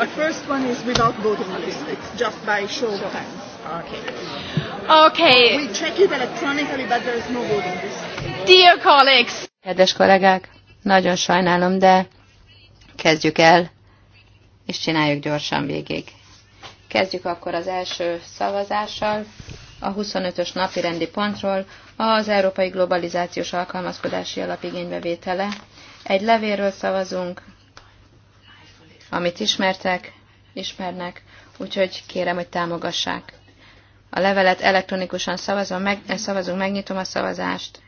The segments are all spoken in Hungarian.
The first one is without voting list. just by show of hands. Okay. Okay. We check it electronically, but there is no voting list. Dear colleagues. Kedves kollégák, nagyon sajnálom, de kezdjük el, és csináljuk gyorsan végig. Kezdjük akkor az első szavazással, a 25-ös napi rendi pontról, az Európai Globalizációs Alkalmazkodási Alapigénybevétele. Egy levélről szavazunk, amit ismertek, ismernek, úgyhogy kérem, hogy támogassák. A levelet elektronikusan szavazom, meg, eh, szavazunk, megnyitom a szavazást.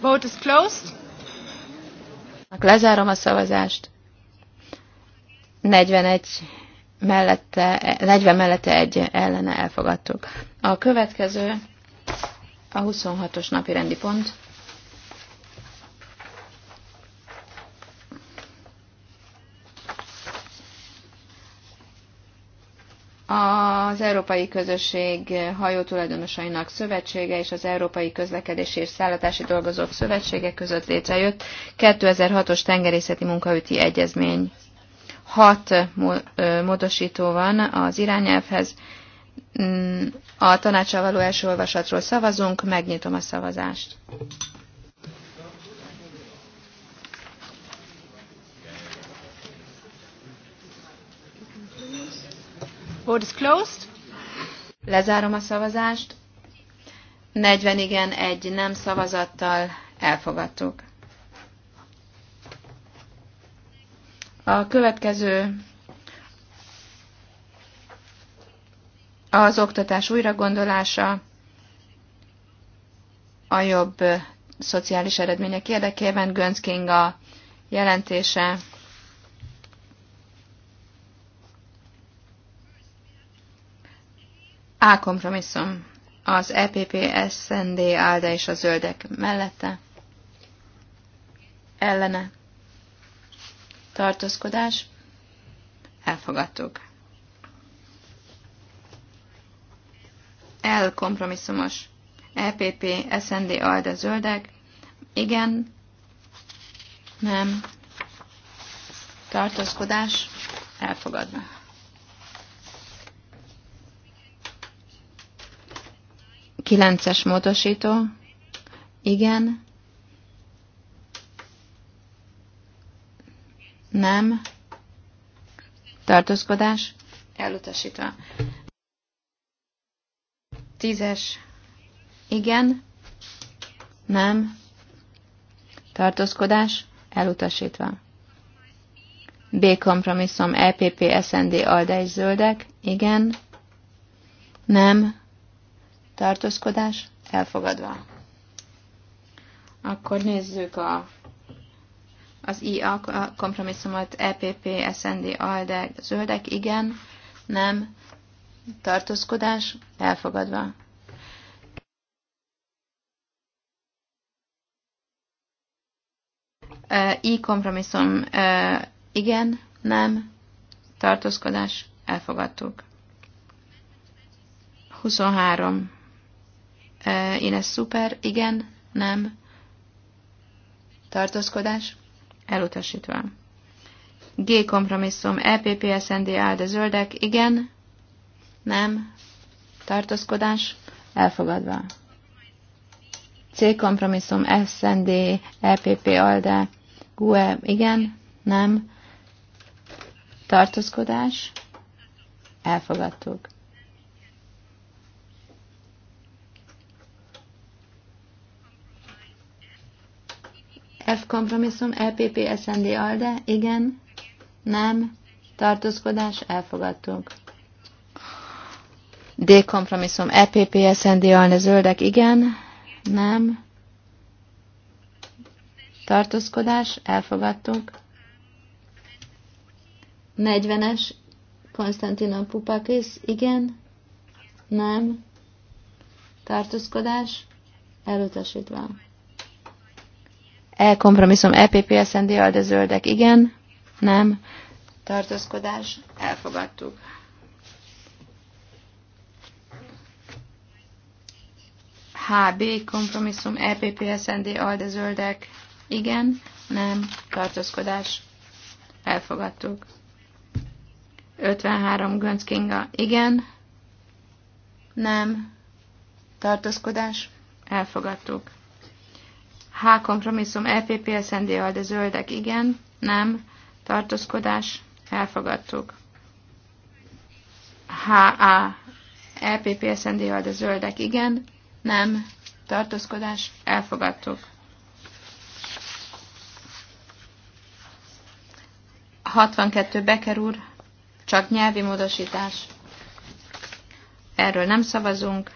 Vote is closed. Lezárom a szavazást. 41 mellette, 40 mellette egy ellene elfogadtuk. A következő a 26-os napi rendi pont. Az Európai Közösség hajótulajdonosainak szövetsége és az Európai Közlekedési és Szállatási Dolgozók Szövetsége között létrejött 2006-os tengerészeti munkaüti egyezmény hat módosító van az irányelvhez. Mm, a tanácsal való első olvasatról szavazunk, megnyitom a szavazást. Vote is closed. Lezárom a szavazást. 40 igen, egy nem szavazattal elfogadtuk. A következő az oktatás újragondolása a jobb szociális eredmények érdekében. Gönc Kinga jelentése. A kompromisszum. Az EPP, SND, ALDE és a zöldek mellette. Ellene tartózkodás, elfogadtuk. El kompromisszumos, EPP, SND, ALDE, zöldek, igen, nem, tartózkodás, elfogadva. Kilences módosító, igen, Nem. Tartózkodás. Elutasítva. Tízes. Igen. Nem. Tartózkodás. Elutasítva. B. Kompromisszum EPP, SND, ALDE és Zöldek. Igen. Nem. Tartózkodás. Elfogadva. Akkor nézzük a az IA kompromisszumot EPP, SND, ALDE, e, zöldek, igen, nem, tartózkodás, elfogadva. E, I kompromisszum, e, igen, nem, tartózkodás, elfogadtuk. 23. Én ez szuper, igen, nem, tartózkodás, Elutasítva. G kompromisszum, EPP, SND, ALDE, zöldek, igen, nem, tartózkodás, elfogadva. C kompromisszum, SND, EPP, ALDE, GUE, igen, nem, tartózkodás, elfogadtuk. F kompromisszum, LPP, e SND, ALDE, igen, nem, tartózkodás, elfogadtuk. D kompromisszum, EPP, SND, ALDE, zöldek, igen, nem, tartózkodás, elfogadtuk. 40-es, Konstantinon Pupakis, igen, nem, tartózkodás, elutasítva. E EPPSND EPP, SND, zöldek, igen, nem, tartózkodás, elfogadtuk. HB kompromisszum EPP, SND, zöldek, igen, nem, tartózkodás, elfogadtuk. 53 Gönc Kinga, igen, nem, tartózkodás, elfogadtuk. H kompromisszum, LPP, e SND, de zöldek, igen, nem, tartózkodás, elfogadtuk. HA, LPP, SND, de zöldek, igen, nem, tartózkodás, elfogadtuk. 62 Becker úr, csak nyelvi módosítás. Erről nem szavazunk.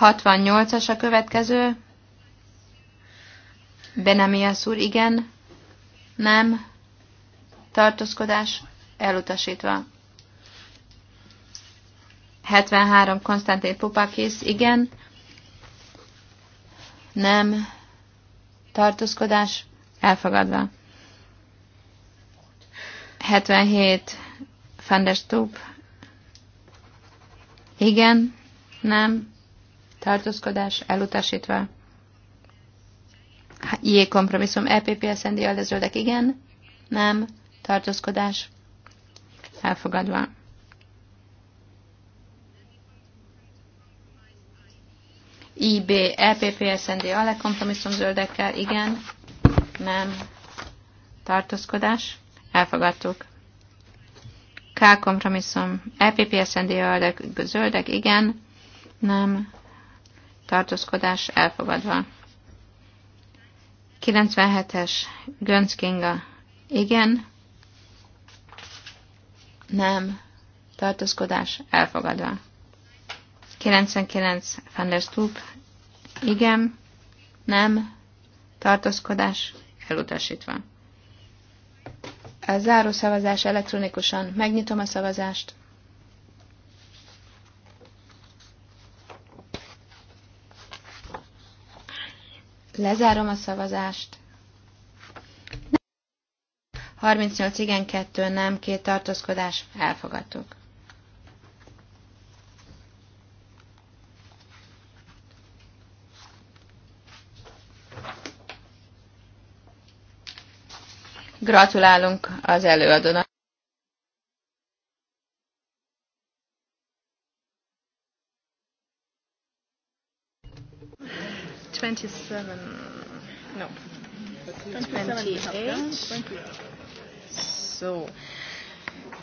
68-as a következő. Benemias úr, igen. Nem. Tartózkodás elutasítva. 73. Konstantin Pupakis, igen. Nem. Tartózkodás elfogadva. 77. Van Igen. Nem tartózkodás elutasítva. J kompromisszum, EPP, SND, zöldek, igen, nem, tartózkodás elfogadva. IB, EPP, SND, ale kompromisszum zöldekkel, igen, nem, tartózkodás, elfogadtuk. K kompromisszum, EPP, SND, zöldek, igen, nem, tartózkodás elfogadva. 97-es Gönc Kinga. Igen. Nem. Tartózkodás elfogadva. 99 Van der Stoop. Igen. Nem. Tartózkodás elutasítva. A záró szavazás elektronikusan. Megnyitom a szavazást. Lezárom a szavazást. 38 igen, 2 nem, két tartózkodás, elfogadtuk. Gratulálunk az előadónak. 27. No. 28. So.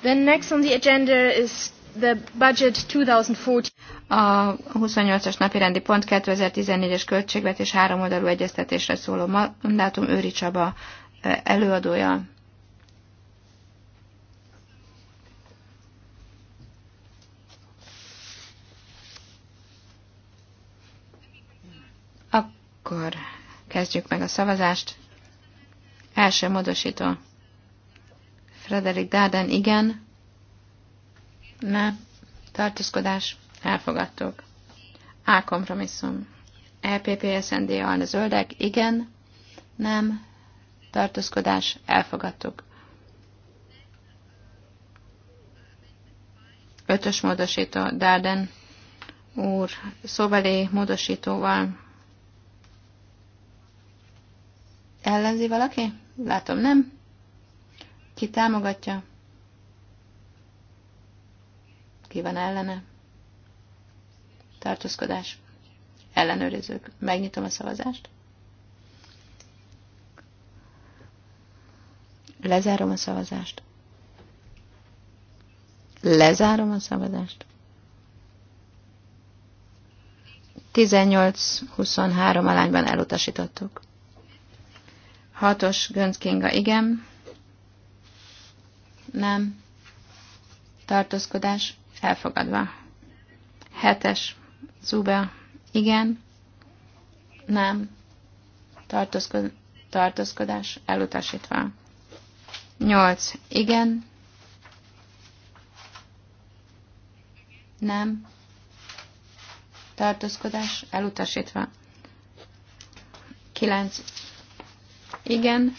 Then next on the agenda is the budget 2014. A 28-as napi rendi pont 2014-es költségvetés háromoldalú egyeztetésre szóló mandátum Őri Csaba eh, előadója. Akkor kezdjük meg a szavazást. Első módosító. Frederik Dáden, igen. Nem. Tartózkodás. Elfogadtuk. A kompromisszum. EPPSND SND, zöldek, igen. Nem. Tartózkodás. Elfogadtuk. Ötös módosító. Dáden úr szóbeli módosítóval Ellenzi valaki? Látom, nem. Ki támogatja? Ki van ellene? Tartózkodás. Ellenőrizők. Megnyitom a szavazást. Lezárom a szavazást. Lezárom a szavazást. 18-23 alányban elutasítottuk. Hatos Gönc Kinga, igen. Nem. Tartózkodás elfogadva. Hetes Zuba, igen. Nem. Tartózko tartózkodás elutasítva. Nyolc Igen. Nem. Tartózkodás elutasítva. 9. Igen.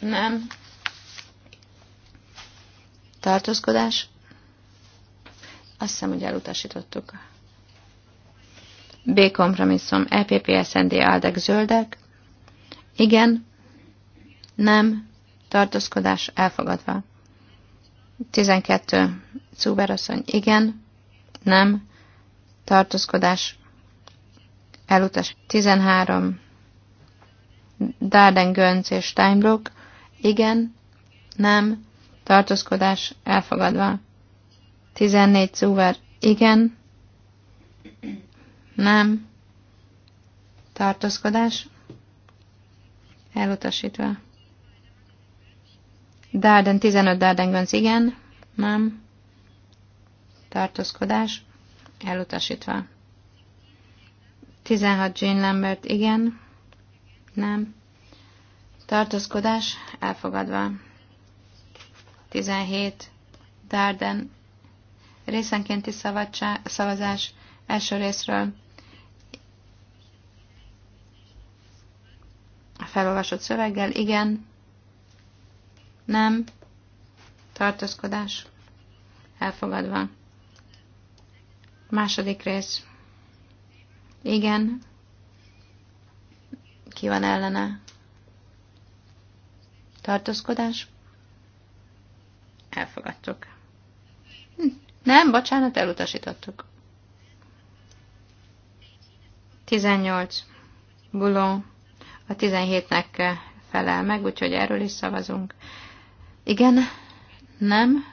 Nem. Tartózkodás. Azt hiszem, hogy elutasítottuk. B kompromisszum. EPP, SND, ALDEK, zöldek. Igen. Nem. Tartózkodás elfogadva. 12. Cúberasszony. Igen. Nem. Tartózkodás elutas 13, Darden, Gönc és Steinbrook, igen, nem, tartózkodás elfogadva. 14 Zuver, igen, nem, tartózkodás elutasítva. Darden 15, Darden Gönc, igen, nem, tartózkodás elutasítva. 16 Jane Lambert, igen. Nem. Tartózkodás elfogadva. 17 Darden. Részenkénti szavazás első részről. A felolvasott szöveggel igen. Nem. Tartózkodás elfogadva. Második rész. Igen. Ki van ellene? Tartózkodás? Elfogadtuk. Hm. Nem, bocsánat, elutasítottuk. 18. Bulon a 17-nek felel meg, úgyhogy erről is szavazunk. Igen, nem,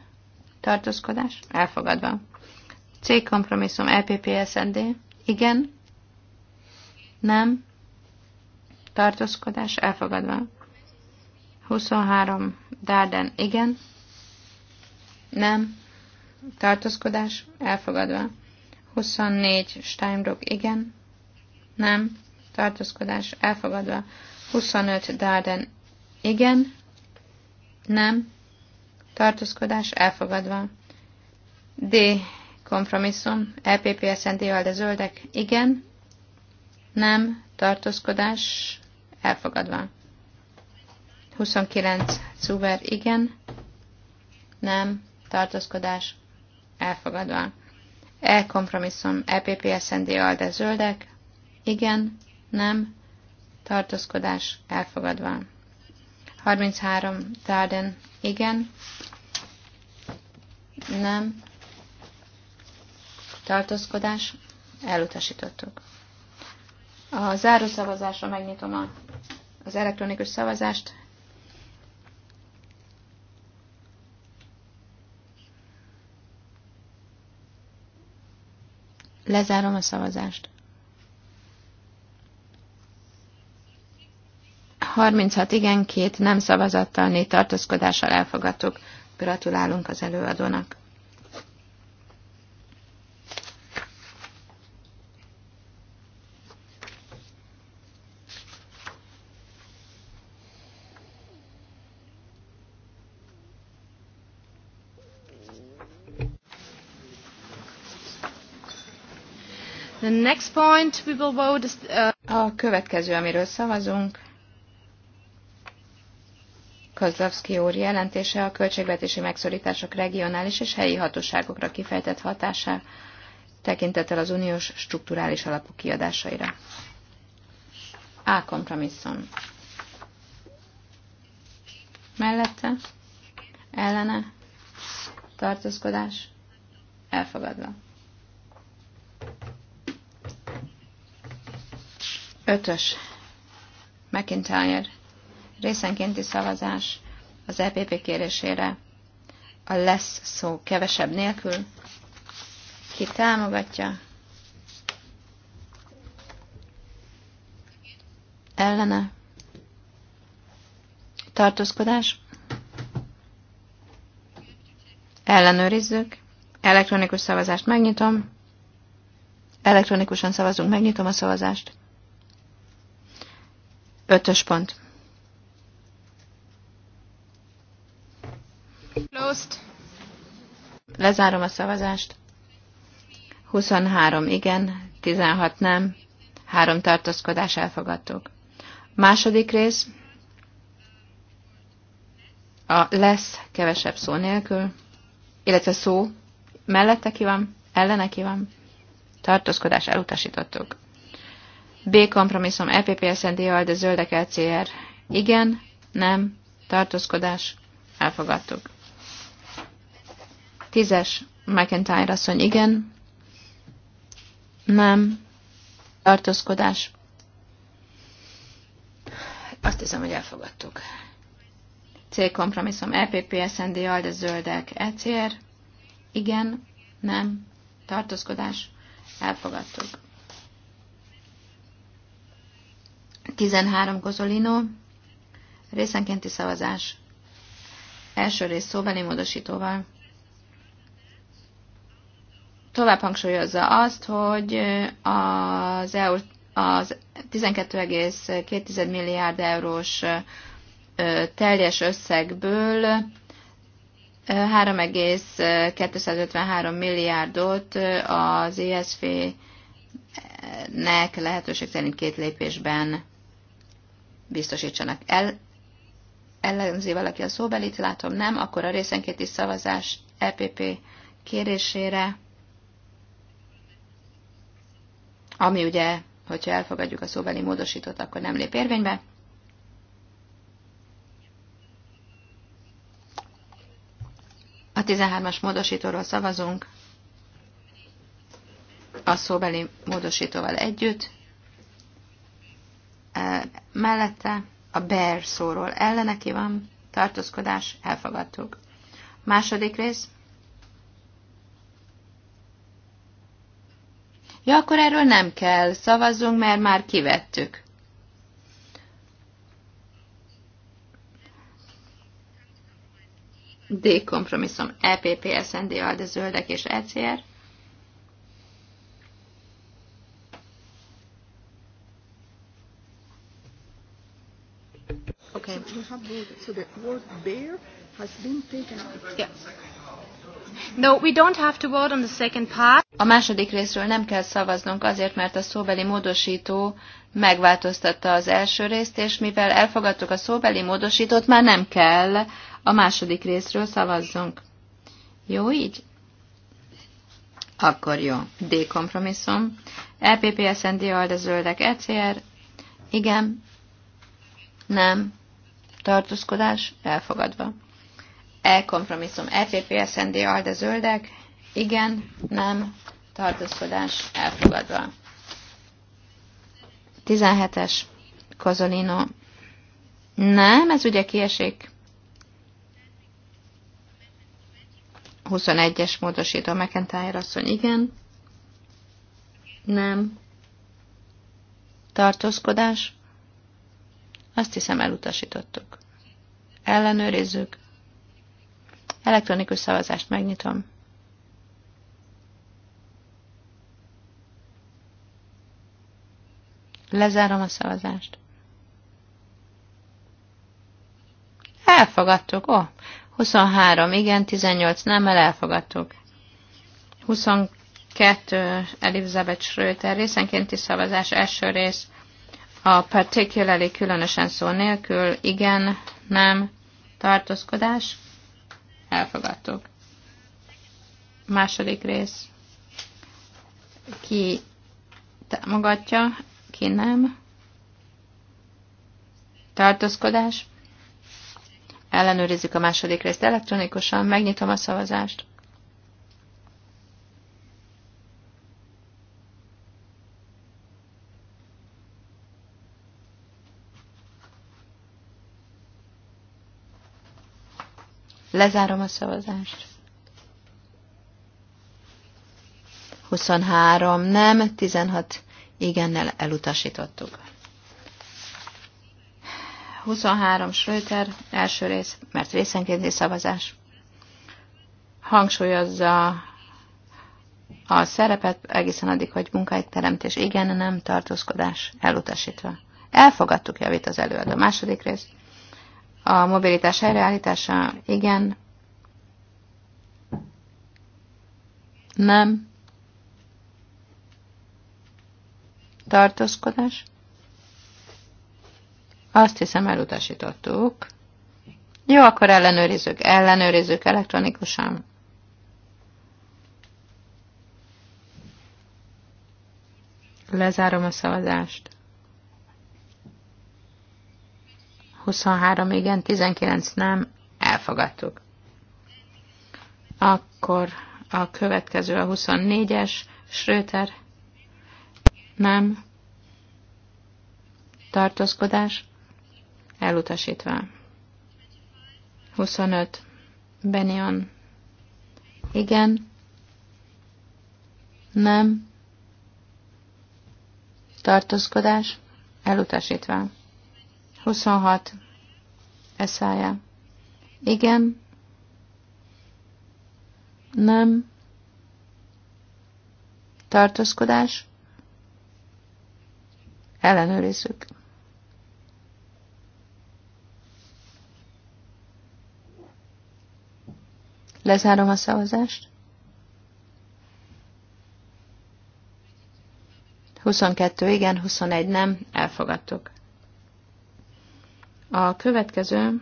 tartózkodás, elfogadva. C kompromisszum, LPPSND, e igen, nem. Tartózkodás elfogadva. 23. Darden. Igen. Nem. Tartózkodás elfogadva. 24. Steinbrook. Igen. Nem. Tartózkodás elfogadva. 25. Darden. Igen. Nem. Tartózkodás elfogadva. D. Kompromisszum. E D. de zöldek. Igen nem, tartózkodás elfogadva. 29 Zuber igen, nem, tartózkodás elfogadva. E kompromisszum EPP SND ALDE zöldek, igen, nem, tartózkodás elfogadva. 33 Darden igen, nem, tartózkodás elutasítottuk. A záró szavazásra megnyitom a, az elektronikus szavazást. Lezárom a szavazást. 36 igen, két nem szavazattal, négy tartózkodással elfogadtuk. Gratulálunk az előadónak. The next point we will vote is, uh... A következő, amiről szavazunk, Kozlavszki úr jelentése a költségvetési megszorítások regionális és helyi hatóságokra kifejtett hatására tekintettel az uniós strukturális alapok kiadásaira. A kompromisszum. Mellette, ellene, tartózkodás, elfogadva. Ötös. McIntyre. Részenkénti szavazás az EPP kérésére. A lesz szó kevesebb nélkül. Ki támogatja? Ellene. Tartózkodás. Ellenőrizzük. Elektronikus szavazást megnyitom. Elektronikusan szavazunk, megnyitom a szavazást. Ötös pont. Closed. Lezárom a szavazást. 23 igen, 16 nem, 3 tartózkodás elfogadtuk. Második rész. A lesz kevesebb szó nélkül, illetve szó mellette ki van, ellene ki van. Tartózkodás elutasítottuk. B kompromisszum EPP SND de zöldek LCR. E igen, nem, tartózkodás, elfogadtuk. Tízes, McIntyre asszony, igen, nem, tartózkodás. Azt hiszem, hogy elfogadtuk. C kompromisszum EPP SND de zöldek LCR. E igen, nem, tartózkodás, elfogadtuk. 13 Kozolino, részenkénti szavazás. Első rész szóbeli módosítóval. Tovább hangsúlyozza azt, hogy az, EU, az 12,2 milliárd eurós teljes összegből 3,253 milliárdot az isf e nek lehetőség szerint két lépésben biztosítsanak. El, ellenzi valaki a szóbelit, látom nem, akkor a részenkéti szavazás EPP kérésére, ami ugye, hogyha elfogadjuk a szóbeli módosítót, akkor nem lép érvénybe. A 13-as módosítóról szavazunk a szóbeli módosítóval együtt mellette a bear szóról ellene ki van, tartózkodás, elfogadtuk. Második rész. Ja, akkor erről nem kell, szavazzunk, mert már kivettük. D kompromisszum, EPP, SND, ALDE, Zöldek és ECR. Okay. So, you have word, so the word bear has been taken out. Yeah. No, we don't have to vote on the second part. A második részről nem kell szavaznunk azért, mert a szóbeli módosító megváltoztatta az első részt, és mivel elfogadtuk a szóbeli módosítót, már nem kell a második részről szavazzunk. Jó így? Akkor jó. D kompromisszum. LPPSND, e SND, zöldek, ECR. Igen. Nem tartózkodás elfogadva. E kompromisszum EPP, SND, ALDE, zöldek, igen, nem, tartózkodás elfogadva. 17-es Kozolino. Nem, ez ugye kiesik. 21-es módosító McIntyre asszony, igen. Nem. Tartózkodás. Azt hiszem elutasítottuk. Ellenőrizzük. Elektronikus szavazást megnyitom. Lezárom a szavazást. Elfogadtuk, ó. Oh, 23, igen, 18, nem, mert elfogadtuk. 22, Elizabeth Schröter, részenkénti szavazás, első rész, a particularly különösen szó nélkül, igen, nem, tartózkodás, elfogadtuk. Második rész, ki támogatja, ki nem, tartózkodás, ellenőrizzük a második részt elektronikusan, megnyitom a szavazást. Lezárom a szavazást. 23 nem, 16 igennel elutasítottuk. 23 Schröter, első rész, mert részenkénti szavazás. Hangsúlyozza a szerepet egészen addig, hogy munkáit teremtés, igen, nem tartózkodás, elutasítva. Elfogadtuk, javít az előadó. Második rész. A mobilitás helyreállítása, igen. Nem. Tartózkodás. Azt hiszem elutasítottuk. Jó, akkor ellenőrizzük. Ellenőrizzük elektronikusan. Lezárom a szavazást. 23 igen, 19 nem, elfogadtuk. Akkor a következő a 24-es, Schröter, nem, tartózkodás, elutasítva. 25. Benion. Igen. Nem. Tartózkodás, elutasítva. 26. Eszája. Igen. Nem. Tartózkodás. Ellenőrizzük. Lezárom a szavazást. 22 igen, 21 nem, elfogadtuk. A következő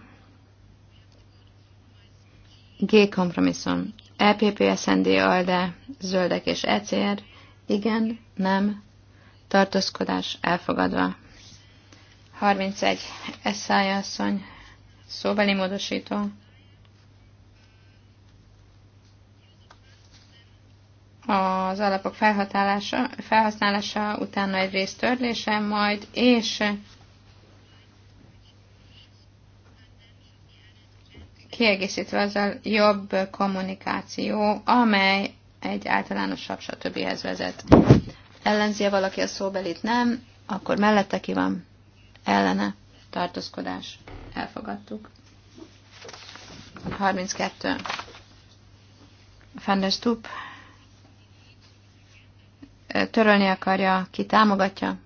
G kompromisszum. EPP, SND, ALDE, Zöldek és ECR. Igen, nem, tartózkodás elfogadva. 31. Eszály asszony, szóbeli módosító. Az alapok felhasználása, felhasználása utána egy rész törlése, majd és kiegészítve ezzel jobb kommunikáció, amely egy általánosabb, stb. vezet. Ellenzi -e valaki a szóbelit? Nem. Akkor mellette ki van? Ellene. Tartózkodás. Elfogadtuk. 32. Van Törölni akarja, ki támogatja,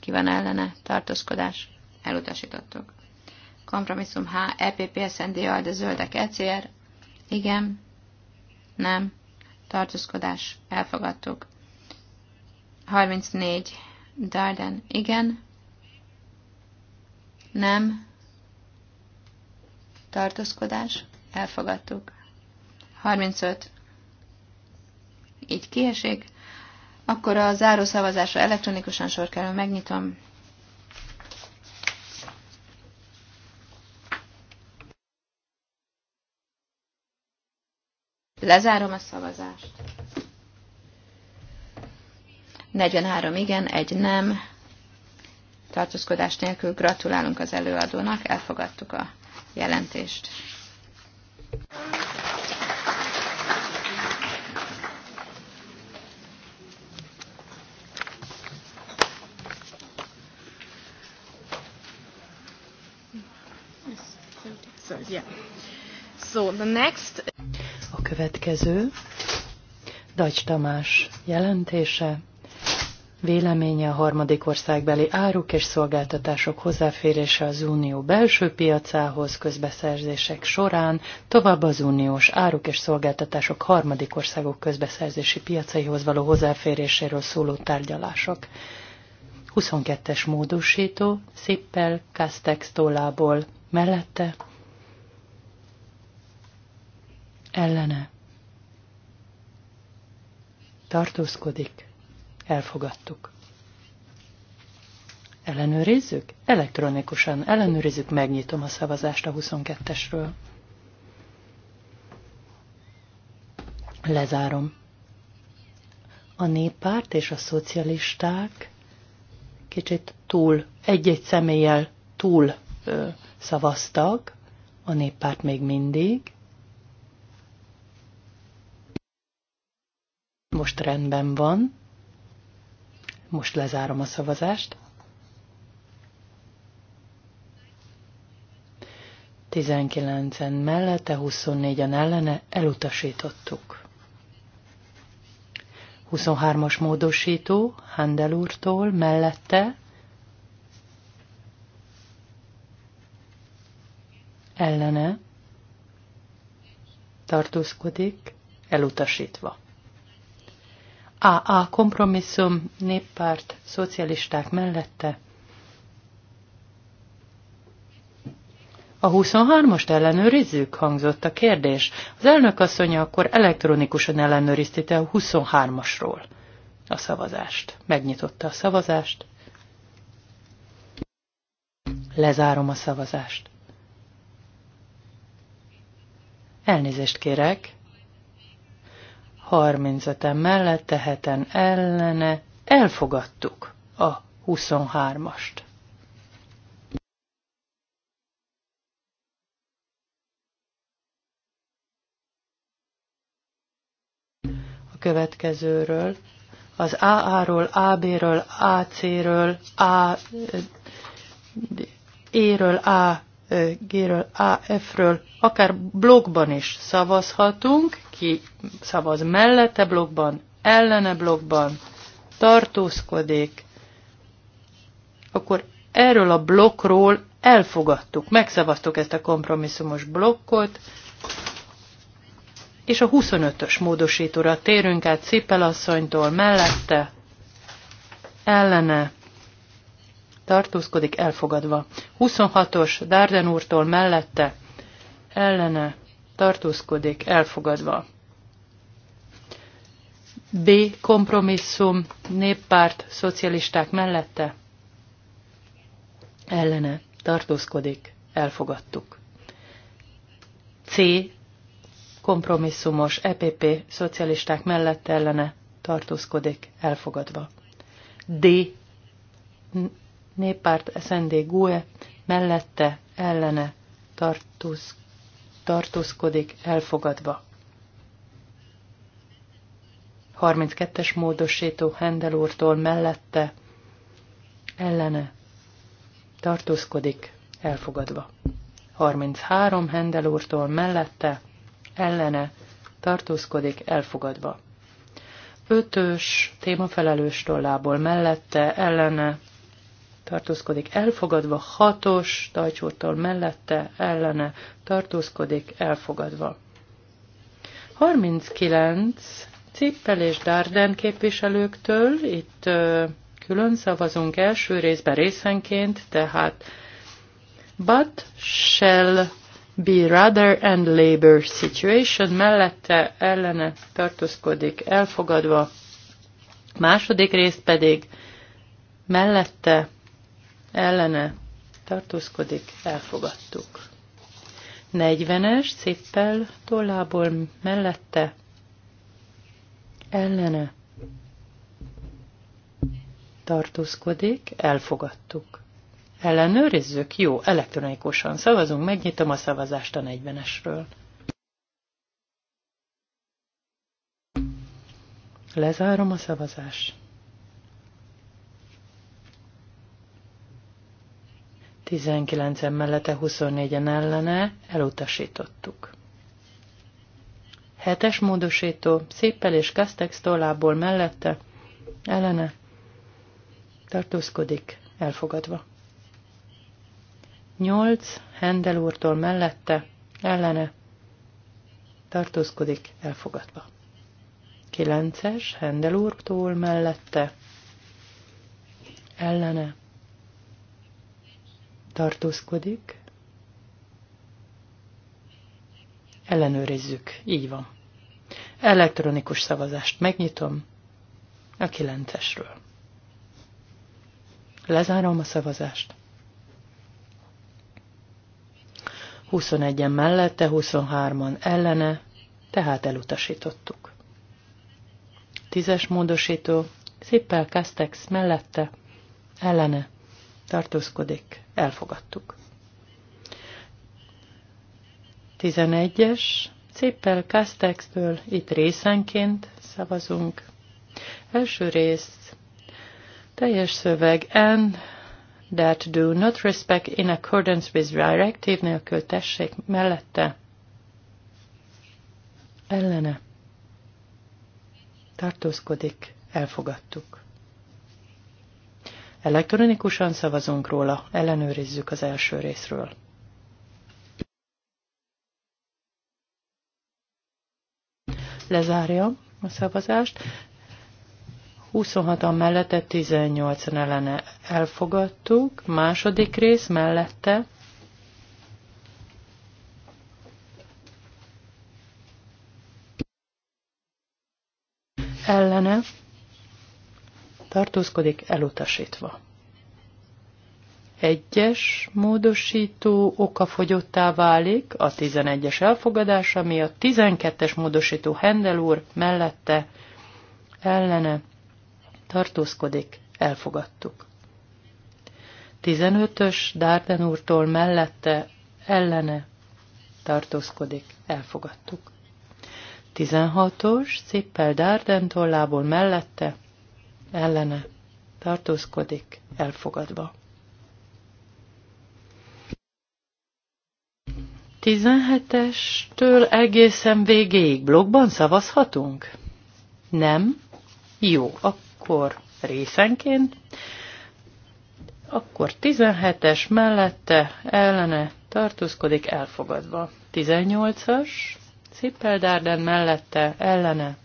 ki van ellene, tartózkodás, elutasítottuk. Kompromisszum H, EPP, SND, de zöldek, ECR. Igen. Nem. Tartózkodás. Elfogadtuk. 34. Darden. Igen. Nem. Tartózkodás. Elfogadtuk. 35. Így kiesik. Akkor a záró szavazásra elektronikusan sor kerül. Megnyitom. Lezárom a szavazást. 43 igen, egy nem. Tartózkodás nélkül gratulálunk az előadónak, elfogadtuk a jelentést. So, yeah. so the next következő. Dacs Tamás jelentése, véleménye a harmadik országbeli áruk és szolgáltatások hozzáférése az unió belső piacához közbeszerzések során, tovább az uniós áruk és szolgáltatások harmadik országok közbeszerzési piacaihoz való hozzáféréséről szóló tárgyalások. 22-es módosító, Szippel, Castex tollából, mellette ellene tartózkodik, elfogadtuk. Ellenőrizzük? Elektronikusan ellenőrizzük, megnyitom a szavazást a 22-esről. Lezárom. A néppárt és a szocialisták kicsit túl, egy-egy személlyel túl ö, szavaztak, a néppárt még mindig, Most rendben van. Most lezárom a szavazást. 19-en mellette, 24-en ellene elutasítottuk. 23-as módosító Handel úrtól mellette ellene tartózkodik, elutasítva. A kompromisszum néppárt, szocialisták mellette. A 23-ast ellenőrizzük? hangzott a kérdés. Az elnök asszonya akkor elektronikusan ellenőriztette a 23-asról a szavazást. Megnyitotta a szavazást. Lezárom a szavazást. Elnézést kérek, 35-en mellette, 7-en ellene elfogadtuk a 23-ast. A következőről, az AA-ról, AB-ről, AC-ről, A, E-ről, A, G-ről, AF-ről, akár blogban is szavazhatunk, ki szavaz mellette blokkban, ellene blokkban, tartózkodik, akkor erről a blokkról elfogadtuk, megszavaztuk ezt a kompromisszumos blokkot, és a 25-ös módosítóra térünk át Cipelasszonytól mellette, ellene, tartózkodik elfogadva. 26-os Dárden úrtól mellette, ellene, tartózkodik, elfogadva. B. Kompromisszum, néppárt, szocialisták mellette, ellene, tartózkodik, elfogadtuk. C. Kompromisszumos, EPP, szocialisták mellette, ellene, tartózkodik, elfogadva. D. Néppárt, SND, GUE, mellette, ellene, tartózkodik tartózkodik, elfogadva. 32-es módosító Hendel úrtól mellette, ellene, tartózkodik, elfogadva. 33 Hendel úrtól mellette, ellene, tartózkodik, elfogadva. 5-ös témafelelős tollából mellette, ellene, tartózkodik elfogadva, hatos Dajcsúrtól mellette, ellene tartózkodik elfogadva. 39 Cippel és Darden képviselőktől, itt ö, külön szavazunk első részben részenként, tehát but shall be rather and labor situation mellette ellene tartózkodik elfogadva, második részt pedig mellette ellene tartózkodik, elfogadtuk. 40-es széppel tollából mellette ellene tartózkodik, elfogadtuk. Ellenőrizzük? Jó, elektronikusan szavazunk, megnyitom a szavazást a 40-esről. Lezárom a szavazást. 19 mellette, 24-en ellene elutasítottuk. Hetes módosító, széppel és Kastex tollából mellette, ellene tartózkodik, elfogadva. 8. Hendel úrtól mellette, ellene tartózkodik, elfogadva. 9-es Hendel úrtól mellette, ellene tartózkodik. Ellenőrizzük. Így van. Elektronikus szavazást megnyitom a kilencesről. Lezárom a szavazást. 21-en mellette, 23-an ellene, tehát elutasítottuk. Tízes módosító, Szippel Castex mellette, ellene, tartózkodik, elfogadtuk. 11-es, Cippel Kastextől itt részenként szavazunk. Első rész, teljes szöveg, and that do not respect in accordance with directive nélkül tessék mellette. Ellene. Tartózkodik, elfogadtuk. Elektronikusan szavazunk róla, ellenőrizzük az első részről. Lezárja a szavazást. 26-an mellette, 18-an ellene elfogadtuk. Második rész mellette ellene tartózkodik, elutasítva. Egyes módosító okafogyottá válik a 11-es elfogadása miatt, 12-es módosító Hendel úr mellette ellene tartózkodik, elfogadtuk. 15-ös Dárden úrtól mellette ellene tartózkodik, elfogadtuk. 16-os Cippel Dárden tollából mellette ellene tartózkodik elfogadva. 17-estől egészen végéig blogban szavazhatunk? Nem? Jó, akkor részenként. Akkor 17-es mellette ellene tartózkodik elfogadva. 18-as Szippel mellette ellene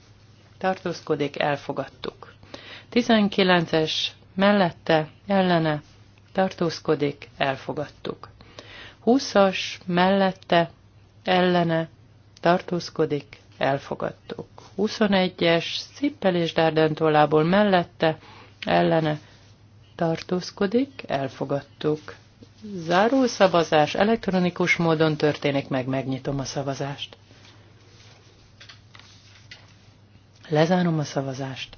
tartózkodik elfogadtuk. 19-es mellette ellene tartózkodik, elfogadtuk. 20-as mellette ellene tartózkodik, elfogadtuk. 21-es Szippel és Dárdentollából mellette ellene tartózkodik, elfogadtuk. Záró szavazás elektronikus módon történik meg, megnyitom a szavazást. Lezárom a szavazást.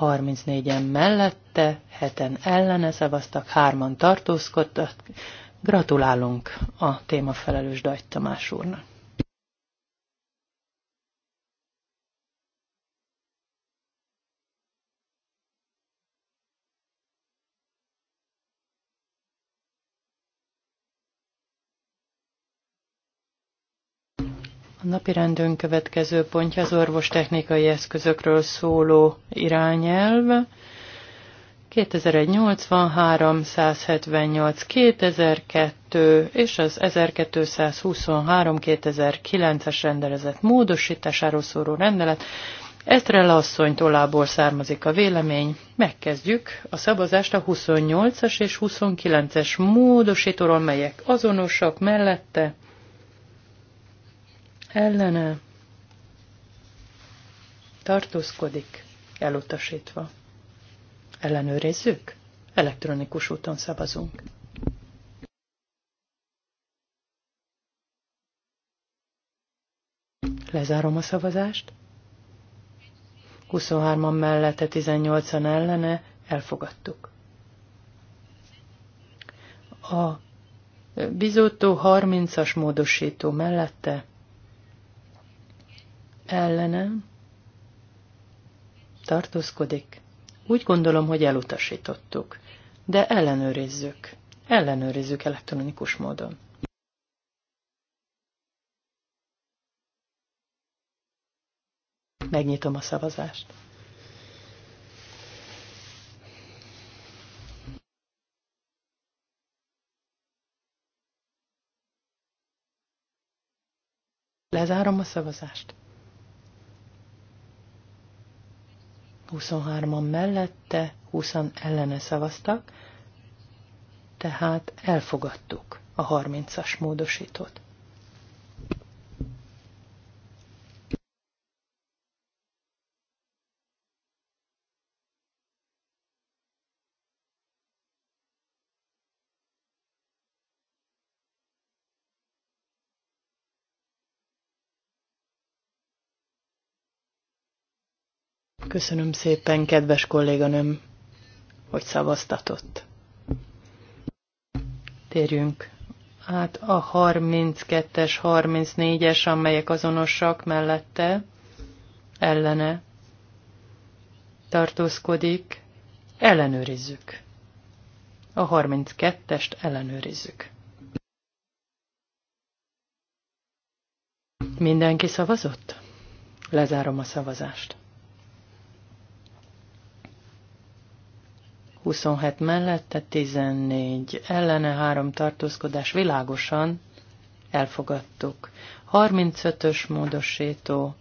34-en mellette, heten ellene szavaztak, hárman tartózkodtak. Gratulálunk a témafelelős Dajt Tamás úrnak. rendőn következő pontja az orvostechnikai eszközökről szóló irányelv. 2083 178 2002 és az 1223-2009-es rendelezett módosításáról szóló rendelet. Esztrella asszony tollából származik a vélemény. Megkezdjük a szavazást a 28-as és 29-es módosítóról, melyek azonosak mellette ellene tartózkodik, elutasítva. Ellenőrizzük, elektronikus úton szavazunk. Lezárom a szavazást. 23-an mellette, 18-an ellene elfogadtuk. A bizottó 30-as módosító mellette ellene tartózkodik. Úgy gondolom, hogy elutasítottuk, de ellenőrizzük. Ellenőrizzük elektronikus módon. Megnyitom a szavazást. Lezárom a szavazást. 23-an mellette, 20 ellene szavaztak, tehát elfogadtuk a 30-as módosítót. Köszönöm szépen, kedves kolléganőm, hogy szavaztatott. Térjünk át a 32-es, 34-es, amelyek azonosak mellette, ellene tartózkodik, ellenőrizzük. A 32-est ellenőrizzük. Mindenki szavazott? Lezárom a szavazást. 27 mellette, 14 ellene, 3 tartózkodás világosan elfogadtuk. 35-ös módosító,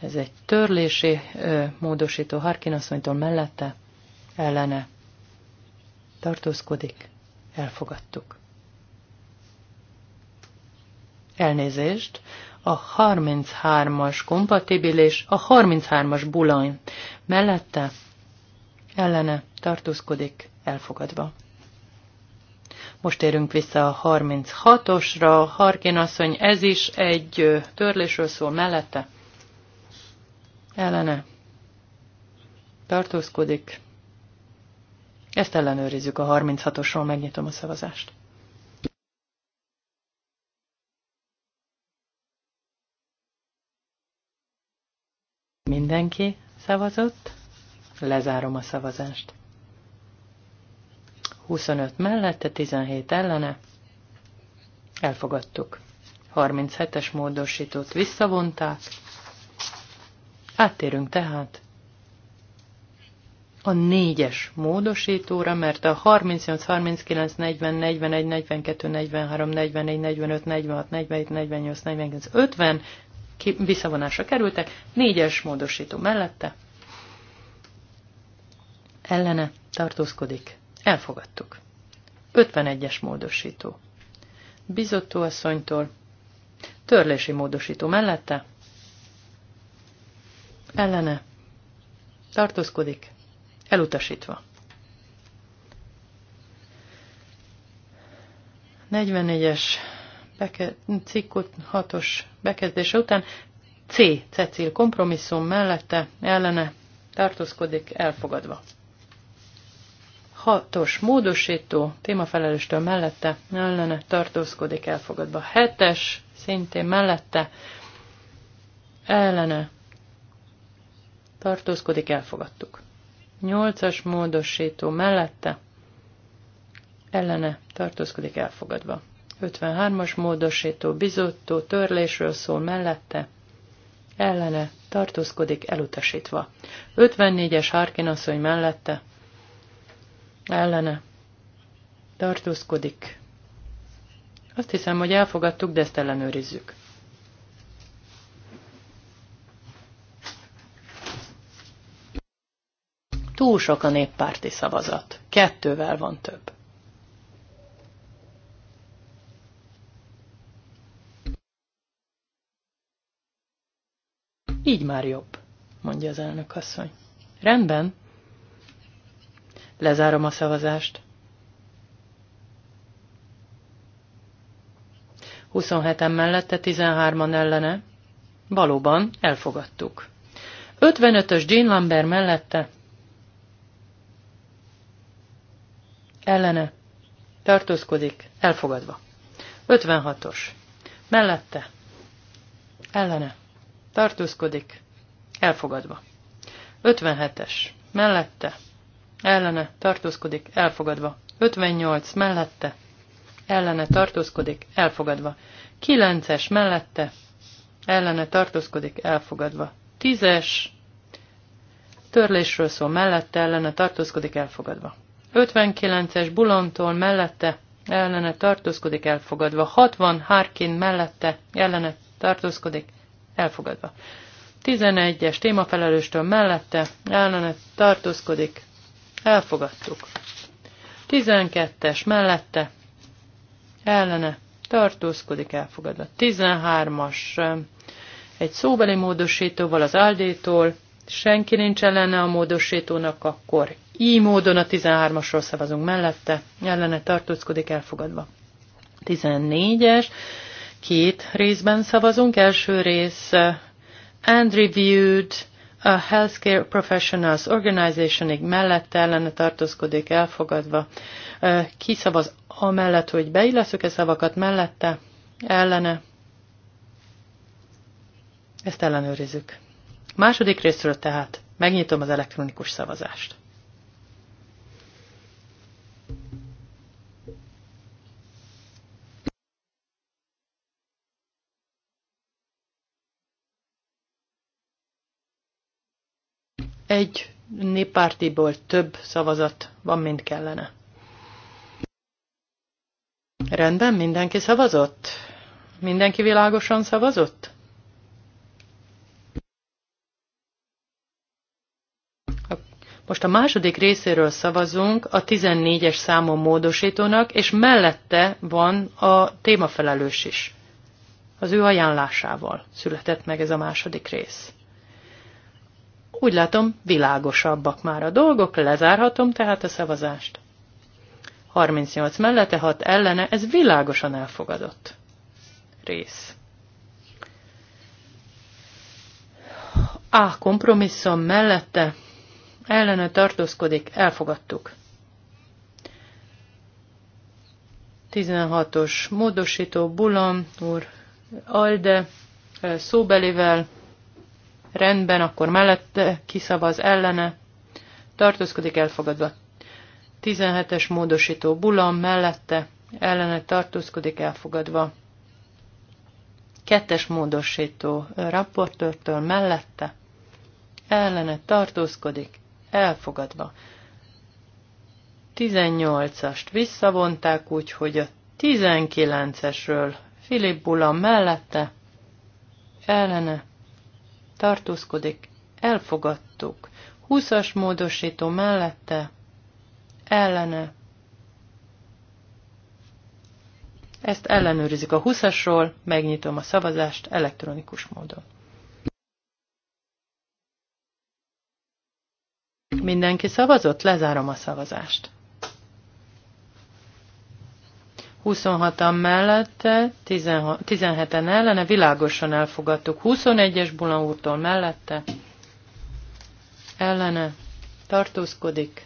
ez egy törlési ö, módosító Harkin asszonytól mellette, ellene tartózkodik, elfogadtuk. Elnézést, a 33-as kompatibilis, a 33-as bulany mellette, ellene tartózkodik, elfogadva. Most érünk vissza a 36-osra. Harkin asszony, ez is egy törlésről szól mellette. Ellene. Tartózkodik. Ezt ellenőrizzük a 36-osról, megnyitom a szavazást. Mindenki szavazott? Lezárom a szavazást. 25 mellette, 17 ellene. Elfogadtuk. 37-es módosítót visszavonták. Áttérünk tehát a négyes módosítóra, mert a 38, 39, 40, 41, 42, 43, 44, 45, 46, 47, 48, 49, 50 visszavonásra kerültek, négyes módosító mellette, ellene tartózkodik, Elfogadtuk. 51-es módosító. Bizottó asszonytól. Törlési módosító mellette. Ellene. Tartózkodik. Elutasítva. 44-es beke- cikkot 6-os bekezdése után C. Cecil kompromisszum mellette ellene tartózkodik elfogadva. Hatos módosító, témafelelőstől mellette, ellene tartózkodik elfogadva. Hetes, szintén mellette, ellene tartózkodik elfogadtuk. Nyolcas módosító mellette, ellene tartózkodik elfogadva. 53-as módosító bizottó törlésről szól mellette, ellene tartózkodik elutasítva. 54-es Harkin asszony mellette, ellene tartózkodik. Azt hiszem, hogy elfogadtuk, de ezt ellenőrizzük. Túl sok a néppárti szavazat. Kettővel van több. Így már jobb, mondja az elnök asszony. Rendben, Lezárom a szavazást. 27-en mellette, 13-an ellene. Valóban elfogadtuk. 55-ös Jean Lambert mellette. Ellene. Tartózkodik. Elfogadva. 56-os. Mellette. Ellene. Tartózkodik. Elfogadva. 57-es. Mellette ellene tartózkodik, elfogadva. 58 mellette, ellene tartózkodik, elfogadva. 9-es mellette, ellene tartózkodik, elfogadva. 10-es törlésről szól mellette, ellene tartózkodik, elfogadva. 59-es bulontól mellette, ellene tartózkodik, elfogadva. 60 hárkin mellette, ellene tartózkodik, elfogadva. 11-es témafelelőstől mellette, ellene tartózkodik, Elfogadtuk. 12-es mellette, ellene, tartózkodik, elfogadva. 13-as, egy szóbeli módosítóval az áldétól, senki nincs ellene a módosítónak, akkor így módon a 13-asról szavazunk mellette, ellene tartózkodik, elfogadva. 14-es, két részben szavazunk, első rész, and reviewed, a Healthcare Professionals Organizationig mellette ellene tartózkodik elfogadva. Kiszavaz amellett, hogy beilleszük-e szavakat mellette, ellene. Ezt ellenőrizzük. Második részről tehát megnyitom az elektronikus szavazást. egy néppártiból több szavazat van, mint kellene. Rendben, mindenki szavazott? Mindenki világosan szavazott? Most a második részéről szavazunk a 14-es számú módosítónak, és mellette van a témafelelős is. Az ő ajánlásával született meg ez a második rész. Úgy látom, világosabbak már a dolgok, lezárhatom tehát a szavazást. 38 mellette, 6 ellene, ez világosan elfogadott rész. A kompromisszum mellette ellene tartózkodik, elfogadtuk. 16-os módosító Bulam úr Alde eh, szóbelivel rendben, akkor mellette kiszavaz ellene, tartózkodik elfogadva. 17-es módosító bulam mellette, ellene tartózkodik elfogadva. Kettes módosító raportőrtől mellette, ellene tartózkodik elfogadva. 18-ast visszavonták, hogy a 19-esről Filip Bula mellette, ellene tartózkodik, elfogadtuk. Húszas módosító mellette, ellene. Ezt ellenőrizik a húszasról, megnyitom a szavazást elektronikus módon. Mindenki szavazott, lezárom a szavazást. 26-an mellette, 17-en ellene, világosan elfogadtuk. 21-es Bulan úrtól mellette, ellene, tartózkodik,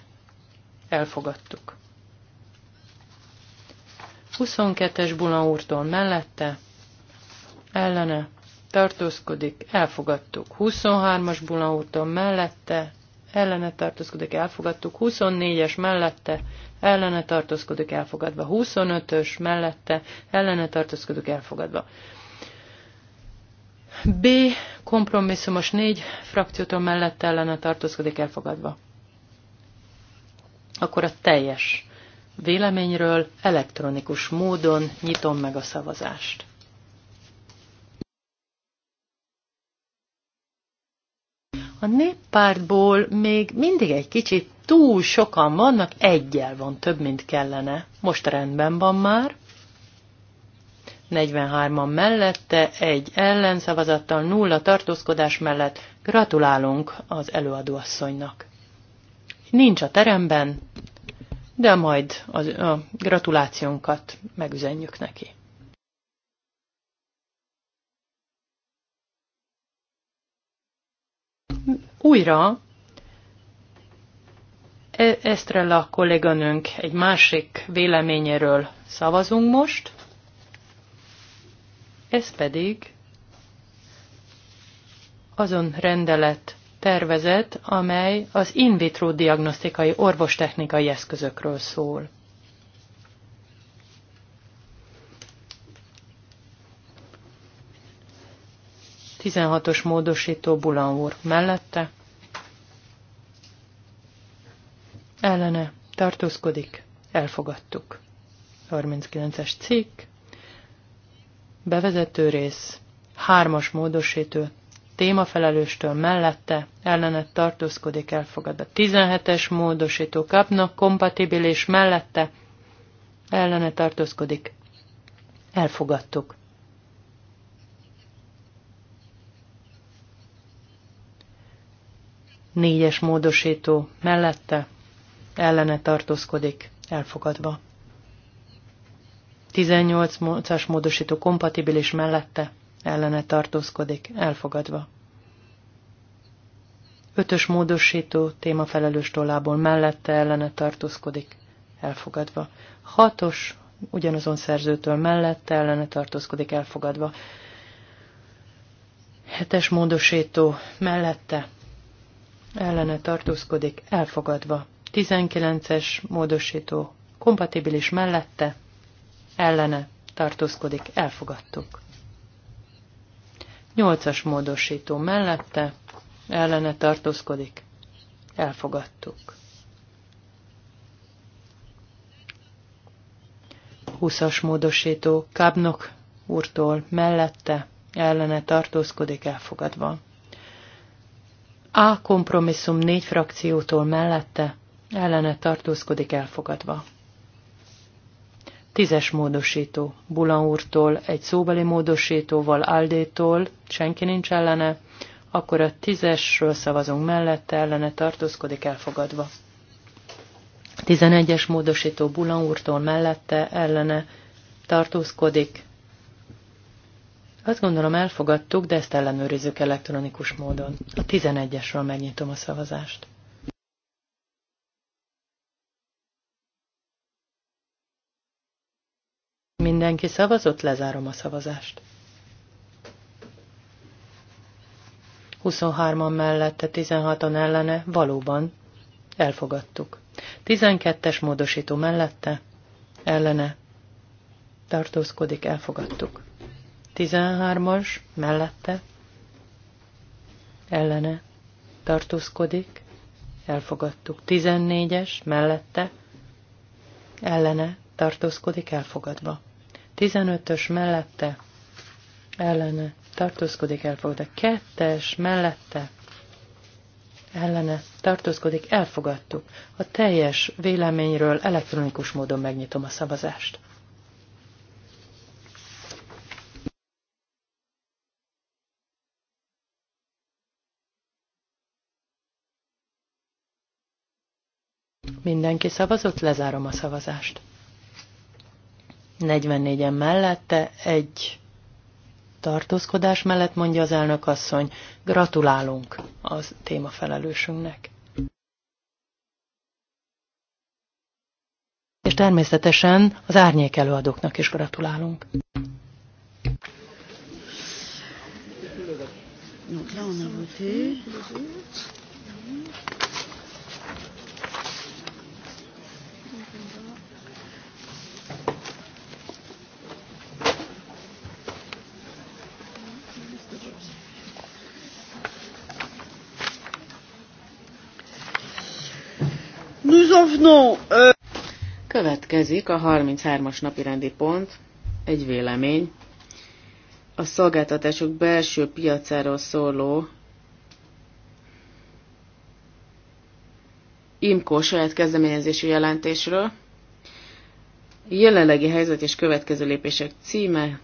elfogadtuk. 22-es Bulan úrtól mellette, ellene, tartózkodik, elfogadtuk. 23-as Bulan úrtól mellette, ellene tartózkodik, elfogadtuk. 24-es mellette ellene tartózkodik, elfogadva. 25-ös mellette ellene tartózkodik, elfogadva. B. Kompromisszumos négy frakciótól mellette ellene tartózkodik, elfogadva. Akkor a teljes véleményről elektronikus módon nyitom meg a szavazást. A néppártból még mindig egy kicsit túl sokan vannak, egyel van több, mint kellene. Most rendben van már. 43-an mellette, egy ellenszavazattal, nulla tartózkodás mellett gratulálunk az előadóasszonynak. Nincs a teremben, de majd az, a gratulációnkat megüzenjük neki. újra e- Estrella kolléganőnk egy másik véleményéről szavazunk most, ez pedig azon rendelet tervezet, amely az in vitro diagnosztikai orvostechnikai eszközökről szól. 16-os módosító Bulan úr mellette. Ellene tartózkodik, elfogadtuk. 39-es cikk, bevezető rész, as módosítő, témafelelőstől mellette, ellene tartózkodik, elfogad a 17-es módosító, kapnak kompatibilis mellette, ellene tartózkodik, elfogadtuk. Négyes módosító mellette ellene tartózkodik, elfogadva. 18-as módosító kompatibilis mellette ellene tartózkodik, elfogadva. Ötös módosító témafelelős tollából mellette ellene tartózkodik, elfogadva. Hatos ugyanazon szerzőtől mellette ellene tartózkodik, elfogadva. Hetes módosító mellette ellene tartózkodik, elfogadva. 19-es módosító kompatibilis mellette, ellene tartózkodik, elfogadtuk. 8-as módosító mellette, ellene tartózkodik, elfogadtuk. 20-as módosító Kábnok úrtól mellette, ellene tartózkodik, elfogadva. A kompromisszum négy frakciótól mellette ellene tartózkodik elfogadva. Tízes módosító. Bulan úrtól, egy szóbeli módosítóval, Aldétól, senki nincs ellene, akkor a tízesről szavazunk mellette, ellene tartózkodik elfogadva. Tizenegyes módosító Bulan úrtól mellette, ellene tartózkodik azt gondolom elfogadtuk, de ezt ellenőrizzük elektronikus módon. A 11-esről megnyitom a szavazást. Mindenki szavazott, lezárom a szavazást. 23-an mellette, 16-an ellene, valóban elfogadtuk. 12-es módosító mellette, ellene, tartózkodik, elfogadtuk. 13 mellette ellene tartózkodik, elfogadtuk. 14-es mellette ellene tartózkodik, elfogadva. 15 mellette ellene tartózkodik, elfogadva. Kettes mellette ellene tartózkodik, elfogadtuk. A teljes véleményről elektronikus módon megnyitom a szavazást. Mindenki szavazott, lezárom a szavazást. 44-en mellette, egy tartózkodás mellett mondja az elnök asszony, gratulálunk az témafelelősünknek. És természetesen az árnyék előadóknak is gratulálunk. Donc là, on a voté. Euh, Következik a 33-as napirendi pont, egy vélemény. A szolgáltatások belső piacáról szóló IMCO saját kezdeményezési jelentésről. Jelenlegi helyzet és következő lépések címe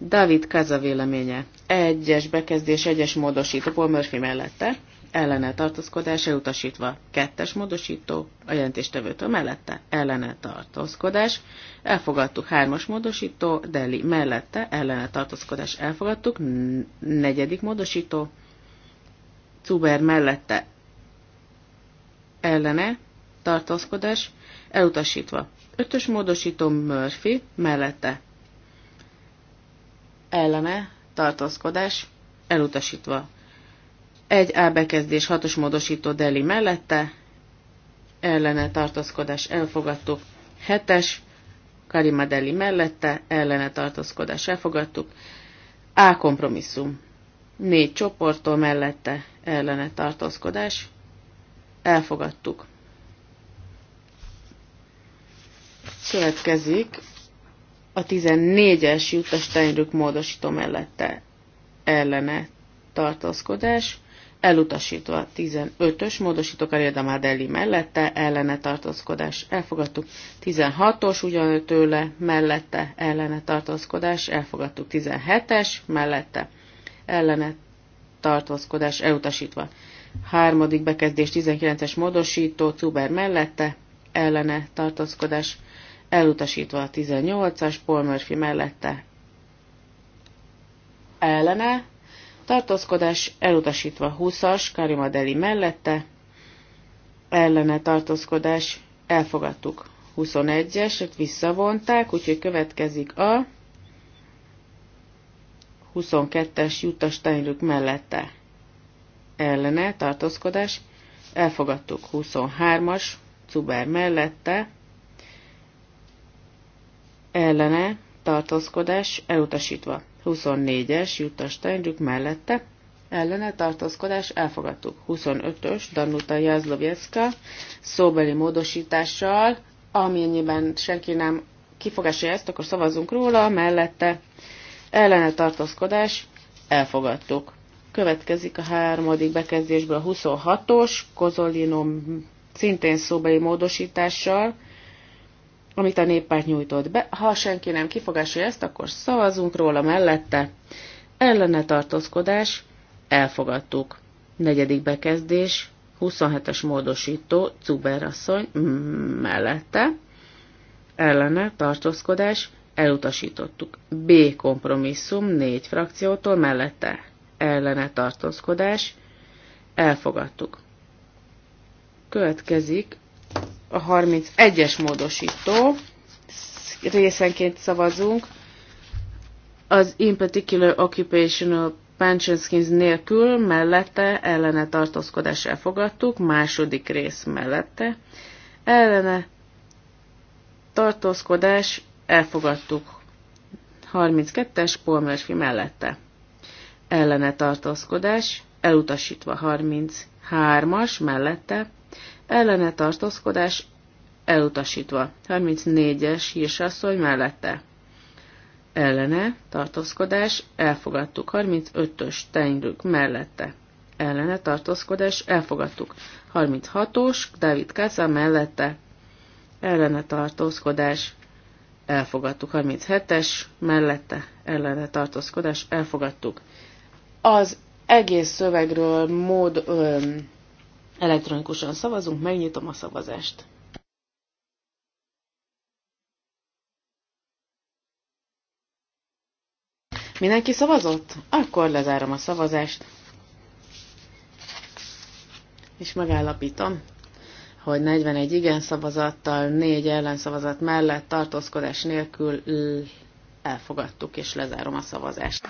David Kaza véleménye. Egyes bekezdés, egyes módosító, Paul Murphy mellette ellene tartózkodás elutasítva. Kettes módosító a jelentéstevőtől mellette ellene tartózkodás. Elfogadtuk hármas módosító, Deli mellette ellene tartózkodás elfogadtuk. Negyedik módosító, Cuber mellette ellene tartózkodás elutasítva. Ötös módosító Murphy mellette ellene tartózkodás elutasítva egy A bekezdés hatos módosító deli mellette, ellene tartózkodás elfogadtuk. Hetes Karima deli mellette, ellene tartózkodás elfogadtuk. A kompromisszum. Négy csoporttól mellette ellene tartózkodás. Elfogadtuk. Következik a 14-es jut módosító mellette ellene tartózkodás elutasítva 15-ös, módosítok a Mádelli mellette, ellene tartózkodás elfogadtuk, 16-os ugyanőtőle mellette, ellene tartózkodás elfogadtuk, 17-es mellette, ellene tartózkodás elutasítva. Harmadik bekezdés 19-es módosító, Cuber mellette, ellene tartózkodás elutasítva a 18-as, Paul Murphy mellette, ellene tartózkodás elutasítva 20-as, karimadeli mellette, ellene tartózkodás elfogadtuk 21-eset, visszavonták, úgyhogy következik a 22-es Jutas Steinrück mellette, ellene tartózkodás elfogadtuk 23-as, Cuber mellette, ellene tartózkodás elutasítva 24-es Jutta Steinrück mellette, ellene tartózkodás elfogadtuk. 25-ös Danuta Jazlovjecka szóbeli módosítással, amennyiben senki nem kifogásolja ezt, akkor szavazunk róla, mellette ellene tartózkodás elfogadtuk. Következik a harmadik bekezdésből a 26-os Kozolino szintén szóbeli módosítással, amit a néppárt nyújtott be. Ha senki nem kifogásolja ezt, akkor szavazunk róla mellette. Ellene tartózkodás, elfogadtuk. Negyedik bekezdés, 27-es módosító, Cuberasszony mellette. Ellene tartózkodás, elutasítottuk. B kompromisszum, négy frakciótól mellette. Ellene tartózkodás, elfogadtuk. Következik a 31-es módosító, részenként szavazunk, az In Particular Occupational Pension Schemes nélkül, mellette, ellene tartózkodás elfogadtuk, második rész mellette, ellene tartózkodás elfogadtuk, 32-es Paul Murphy mellette. Ellene tartózkodás, elutasítva 33-as mellette, ellene tartózkodás elutasítva. 34-es hírsasszony mellette. Ellene tartózkodás elfogadtuk. 35-ös tenyrük mellette. Ellene tartózkodás elfogadtuk. 36-os David Kaza mellette. Ellene tartózkodás elfogadtuk. 37-es mellette. Ellene tartózkodás elfogadtuk. Az egész szövegről mód... Öm, Elektronikusan szavazunk, megnyitom a szavazást. Mindenki szavazott? Akkor lezárom a szavazást. És megállapítom, hogy 41 igen szavazattal, 4 ellenszavazat mellett tartózkodás nélkül elfogadtuk, és lezárom a szavazást.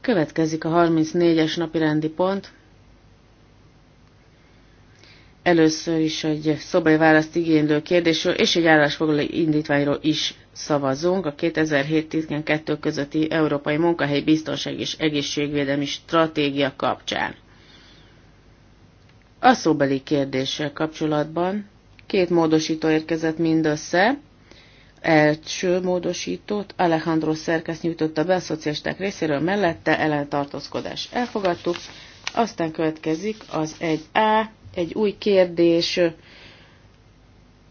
Következik a 34-es napi rendi pont. Először is egy szobai választ igénylő kérdésről és egy állásfoglaló indítványról is szavazunk a 2007-12 közötti Európai Munkahelyi Biztonság és Egészségvédelmi Stratégia kapcsán. A szóbeli kérdéssel kapcsolatban két módosító érkezett mindössze. Első módosítót Alejandro Szerkesz nyújtotta be a szocialisták részéről mellette ellentartózkodás. Elfogadtuk, aztán következik az 1A egy új kérdés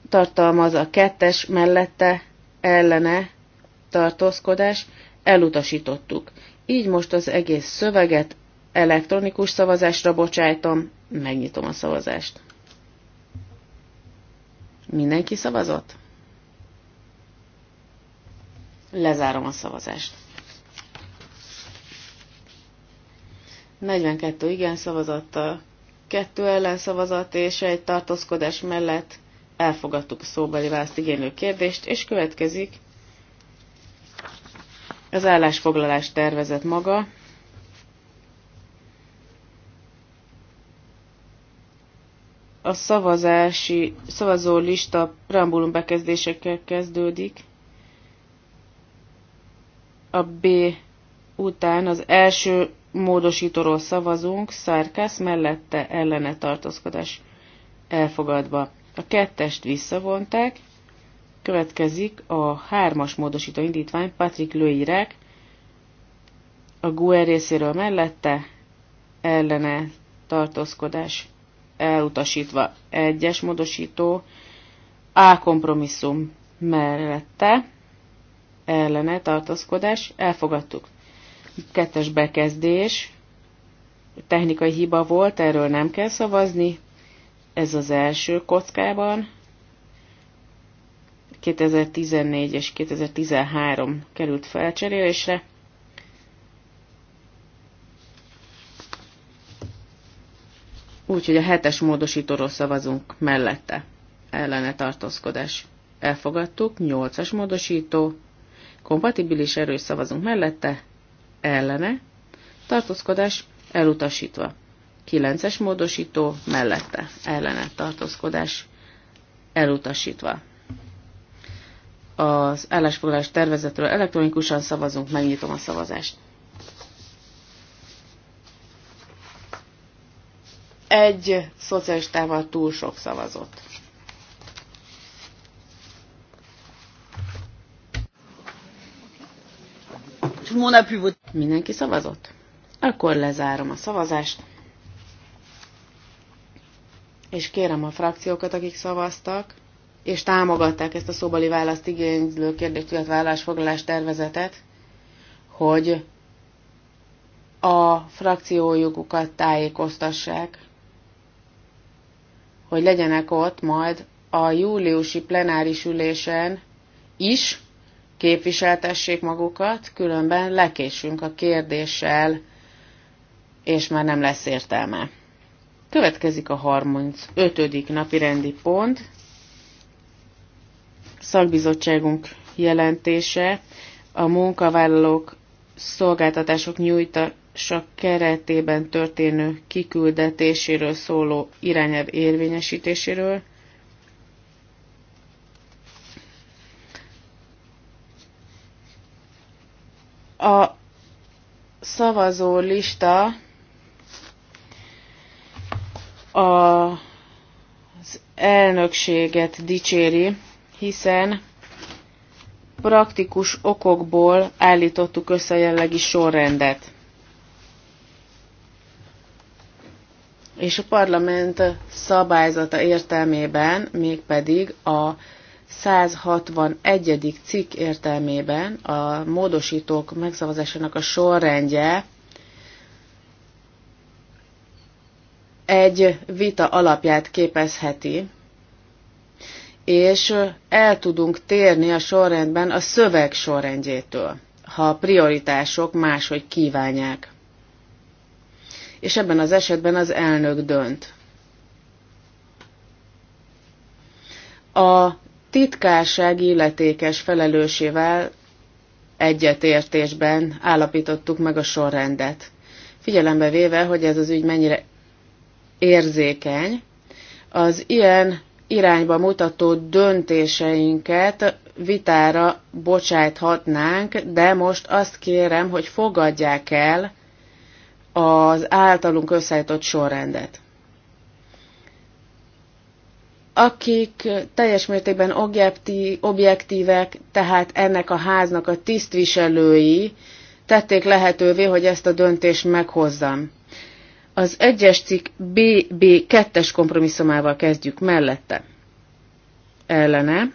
tartalmaz a kettes mellette ellene tartózkodás, elutasítottuk. Így most az egész szöveget elektronikus szavazásra bocsájtom, megnyitom a szavazást. Mindenki szavazott? Lezárom a szavazást. 42 igen szavazattal, kettő ellenszavazat és egy tartózkodás mellett elfogadtuk a szóbeli választ igénylő kérdést, és következik az állásfoglalás tervezet maga. A szavazási, szavazó lista preambulum bekezdésekkel kezdődik. A B után az első módosítóról szavazunk, Szárkász mellette ellene tartózkodás elfogadva. A kettest visszavonták, következik a hármas módosító indítvány Patrick Lőirek, a GUE részéről mellette ellene tartózkodás elutasítva. Egyes módosító A kompromisszum mellette ellene tartózkodás elfogadtuk. Kettes bekezdés, technikai hiba volt, erről nem kell szavazni. Ez az első kockában. 2014 és 2013 került felcserélésre. Úgyhogy a hetes módosítóról szavazunk mellette. Ellene tartózkodás. Elfogadtuk, nyolcas módosító. Kompatibilis erős szavazunk mellette ellene, tartózkodás elutasítva. 9-es módosító mellette, ellene, tartózkodás elutasítva. Az állásfoglalás tervezetről elektronikusan szavazunk, megnyitom a szavazást. Egy szocialistával túl sok szavazott. tout le Mindenki szavazott? Akkor lezárom a szavazást. És kérem a frakciókat, akik szavaztak, és támogatták ezt a szóbeli választ igénylő kérdést, illetve vállásfoglalás tervezetet, hogy a frakciójukat tájékoztassák, hogy legyenek ott majd a júliusi plenáris ülésen is, képviseltessék magukat, különben lekésünk a kérdéssel, és már nem lesz értelme. Következik a 35. napi rendi pont, szakbizottságunk jelentése, a munkavállalók szolgáltatások nyújtása keretében történő kiküldetéséről szóló irányelv érvényesítéséről, A szavazó lista az elnökséget dicséri, hiszen praktikus okokból állítottuk össze a jellegi sorrendet. És a parlament szabályzata értelmében, mégpedig a 161. cikk értelmében a módosítók megszavazásának a sorrendje egy vita alapját képezheti, és el tudunk térni a sorrendben a szöveg sorrendjétől, ha a prioritások máshogy kívánják. És ebben az esetben az elnök dönt. A titkárság illetékes felelősével egyetértésben állapítottuk meg a sorrendet. Figyelembe véve, hogy ez az ügy mennyire érzékeny, az ilyen irányba mutató döntéseinket vitára bocsáthatnánk, de most azt kérem, hogy fogadják el az általunk összeállított sorrendet akik teljes mértékben objektívek, tehát ennek a háznak a tisztviselői tették lehetővé, hogy ezt a döntést meghozzam. Az egyes cikk BB2-es kompromisszumával kezdjük mellette. Ellene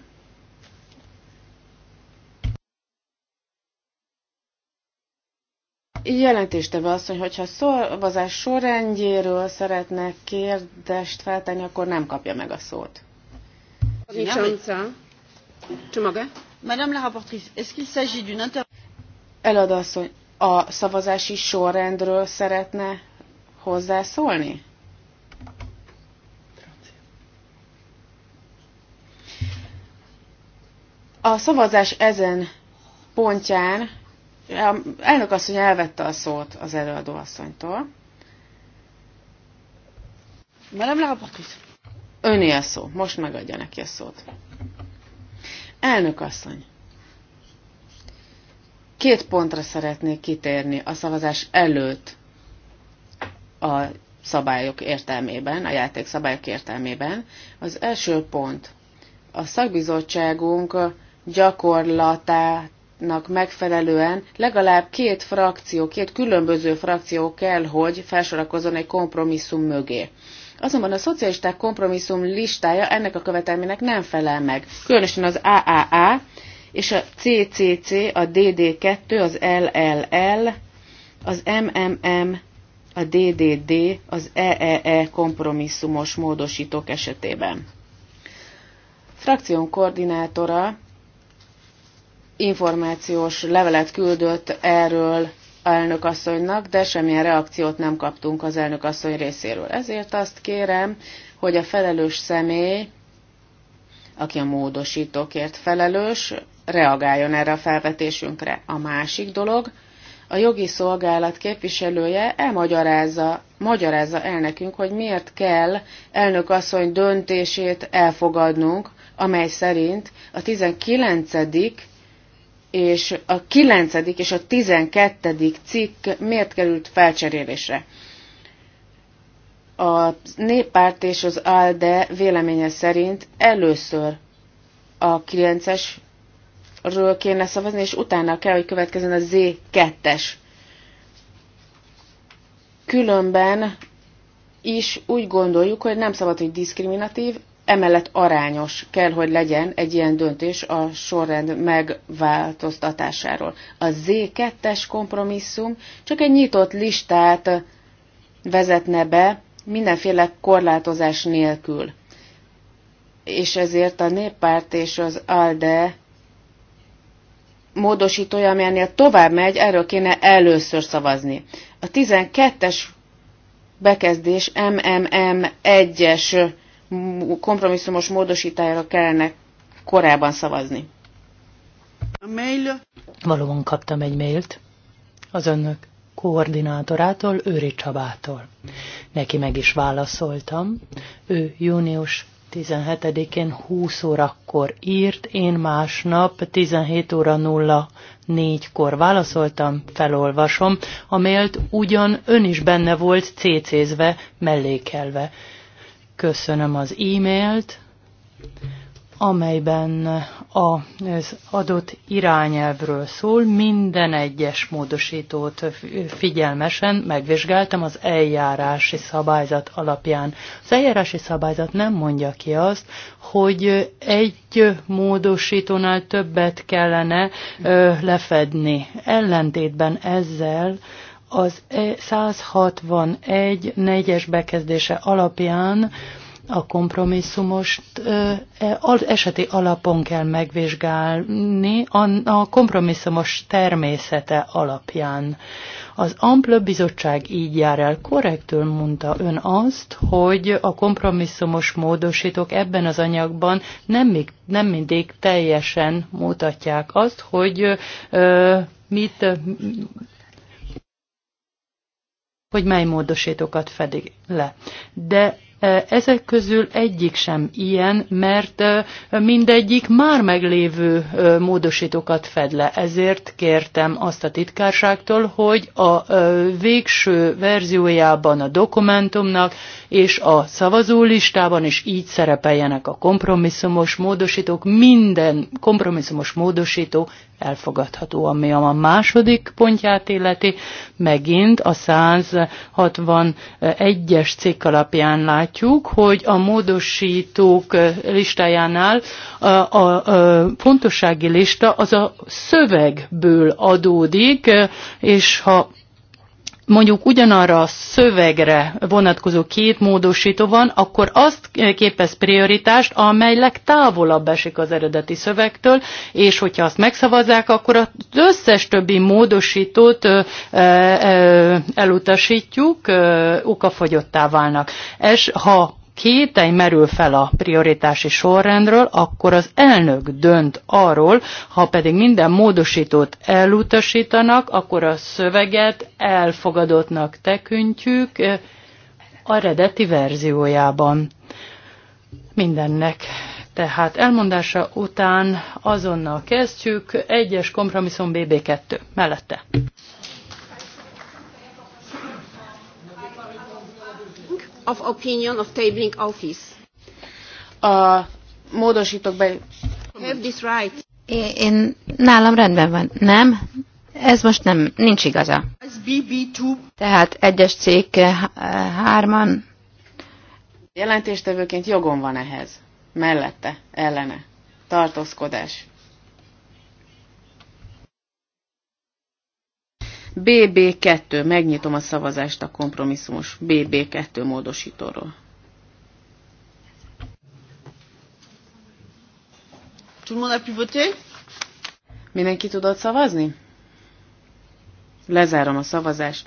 Jelentéstevő hogy hogyha szavazás sorrendjéről szeretne kérdést feltenni, akkor nem kapja meg a szót. Madame la rapportrice, est-ce qu'il s'agit d'une inter... a szavazási sorrendről szeretne hozzászólni? A szavazás ezen pontján elnök asszony elvette a szót az előadó asszonytól. Velem is. Öné a szó. Most megadja neki a szót. Elnök asszony. Két pontra szeretnék kitérni a szavazás előtt a szabályok értelmében, a játék szabályok értelmében. Az első pont. A szakbizottságunk gyakorlatát szabályoknak megfelelően legalább két frakció, két különböző frakció kell, hogy felsorakozzon egy kompromisszum mögé. Azonban a szocialisták kompromisszum listája ennek a követelménynek nem felel meg. Különösen az AAA és a CCC, a DD2, az LLL, az MMM, a DDD, az EEE e e kompromisszumos módosítók esetében. Frakción koordinátora információs levelet küldött erről elnökasszonynak, de semmilyen reakciót nem kaptunk az elnökasszony részéről. Ezért azt kérem, hogy a felelős személy, aki a módosítókért felelős, reagáljon erre a felvetésünkre. A másik dolog, a jogi szolgálat képviselője elmagyarázza, magyarázza el nekünk, hogy miért kell elnökasszony döntését elfogadnunk, amely szerint a 19 és a 9. és a 12. cikk miért került felcserélésre. A néppárt és az ALDE véleménye szerint először a 9-esről kéne szavazni, és utána kell, hogy következzen a Z2-es. Különben is úgy gondoljuk, hogy nem szabad, hogy diszkriminatív, emellett arányos kell, hogy legyen egy ilyen döntés a sorrend megváltoztatásáról. A Z2-es kompromisszum csak egy nyitott listát vezetne be mindenféle korlátozás nélkül. És ezért a néppárt és az ALDE módosítója, ami ennél tovább megy, erről kéne először szavazni. A 12-es bekezdés MMM 1-es kompromisszumos módosítájára kellene korábban szavazni. A mail. Valóban kaptam egy mailt az önök koordinátorától, Őri Csabától. Neki meg is válaszoltam. Ő június 17-én 20 órakor írt, én másnap 17 óra 04-kor válaszoltam, felolvasom, a mailt ugyan ön is benne volt cécézve, mellékelve. Köszönöm az e-mailt, amelyben az adott irányelvről szól. Minden egyes módosítót figyelmesen megvizsgáltam az eljárási szabályzat alapján. Az eljárási szabályzat nem mondja ki azt, hogy egy módosítónál többet kellene lefedni. Ellentétben ezzel az 161 e négyes bekezdése alapján a kompromisszumost e, eseti alapon kell megvizsgálni, a kompromisszumos természete alapján. Az Ample bizottság így jár el. Korrektül mondta ön azt, hogy a kompromisszumos módosítók ebben az anyagban nem, nem mindig teljesen mutatják azt, hogy ö, mit hogy mely módosítókat fedik le. De E, ezek közül egyik sem ilyen, mert e, mindegyik már meglévő e, módosítókat fed le. Ezért kértem azt a titkárságtól, hogy a végső verziójában a dokumentumnak és a szavazólistában is így szerepeljenek a kompromisszumos módosítók. Minden kompromisszumos módosító elfogadható, ami a második pontját illeti. Megint a 161-es cikk alapján látjuk, látjuk, hogy a módosítók listájánál a, a, a fontossági lista az a szövegből adódik, és ha mondjuk ugyanarra a szövegre vonatkozó két módosító van, akkor azt képez prioritást, amely legtávolabb esik az eredeti szövegtől, és hogyha azt megszavazzák, akkor az összes többi módosítót elutasítjuk, okafogyottá válnak. És ha kétel merül fel a prioritási sorrendről, akkor az elnök dönt arról, ha pedig minden módosítót elutasítanak, akkor a szöveget elfogadottnak tekintjük a eh, redeti verziójában. Mindennek. Tehát elmondása után azonnal kezdjük, egyes kompromisszum BB2 mellette. of opinion of tabling office. A módosítok be... Have this right. Én, én, nálam rendben van. Nem? Ez most nem, nincs igaza. Tehát egyes cég eh, eh, hárman. Jelentéstevőként jogom van ehhez. Mellette, ellene. Tartózkodás. BB2, megnyitom a szavazást a kompromisszumos BB2 módosítóról. Tout le monde a pu voter? Mindenki tudott szavazni? Lezárom a szavazást.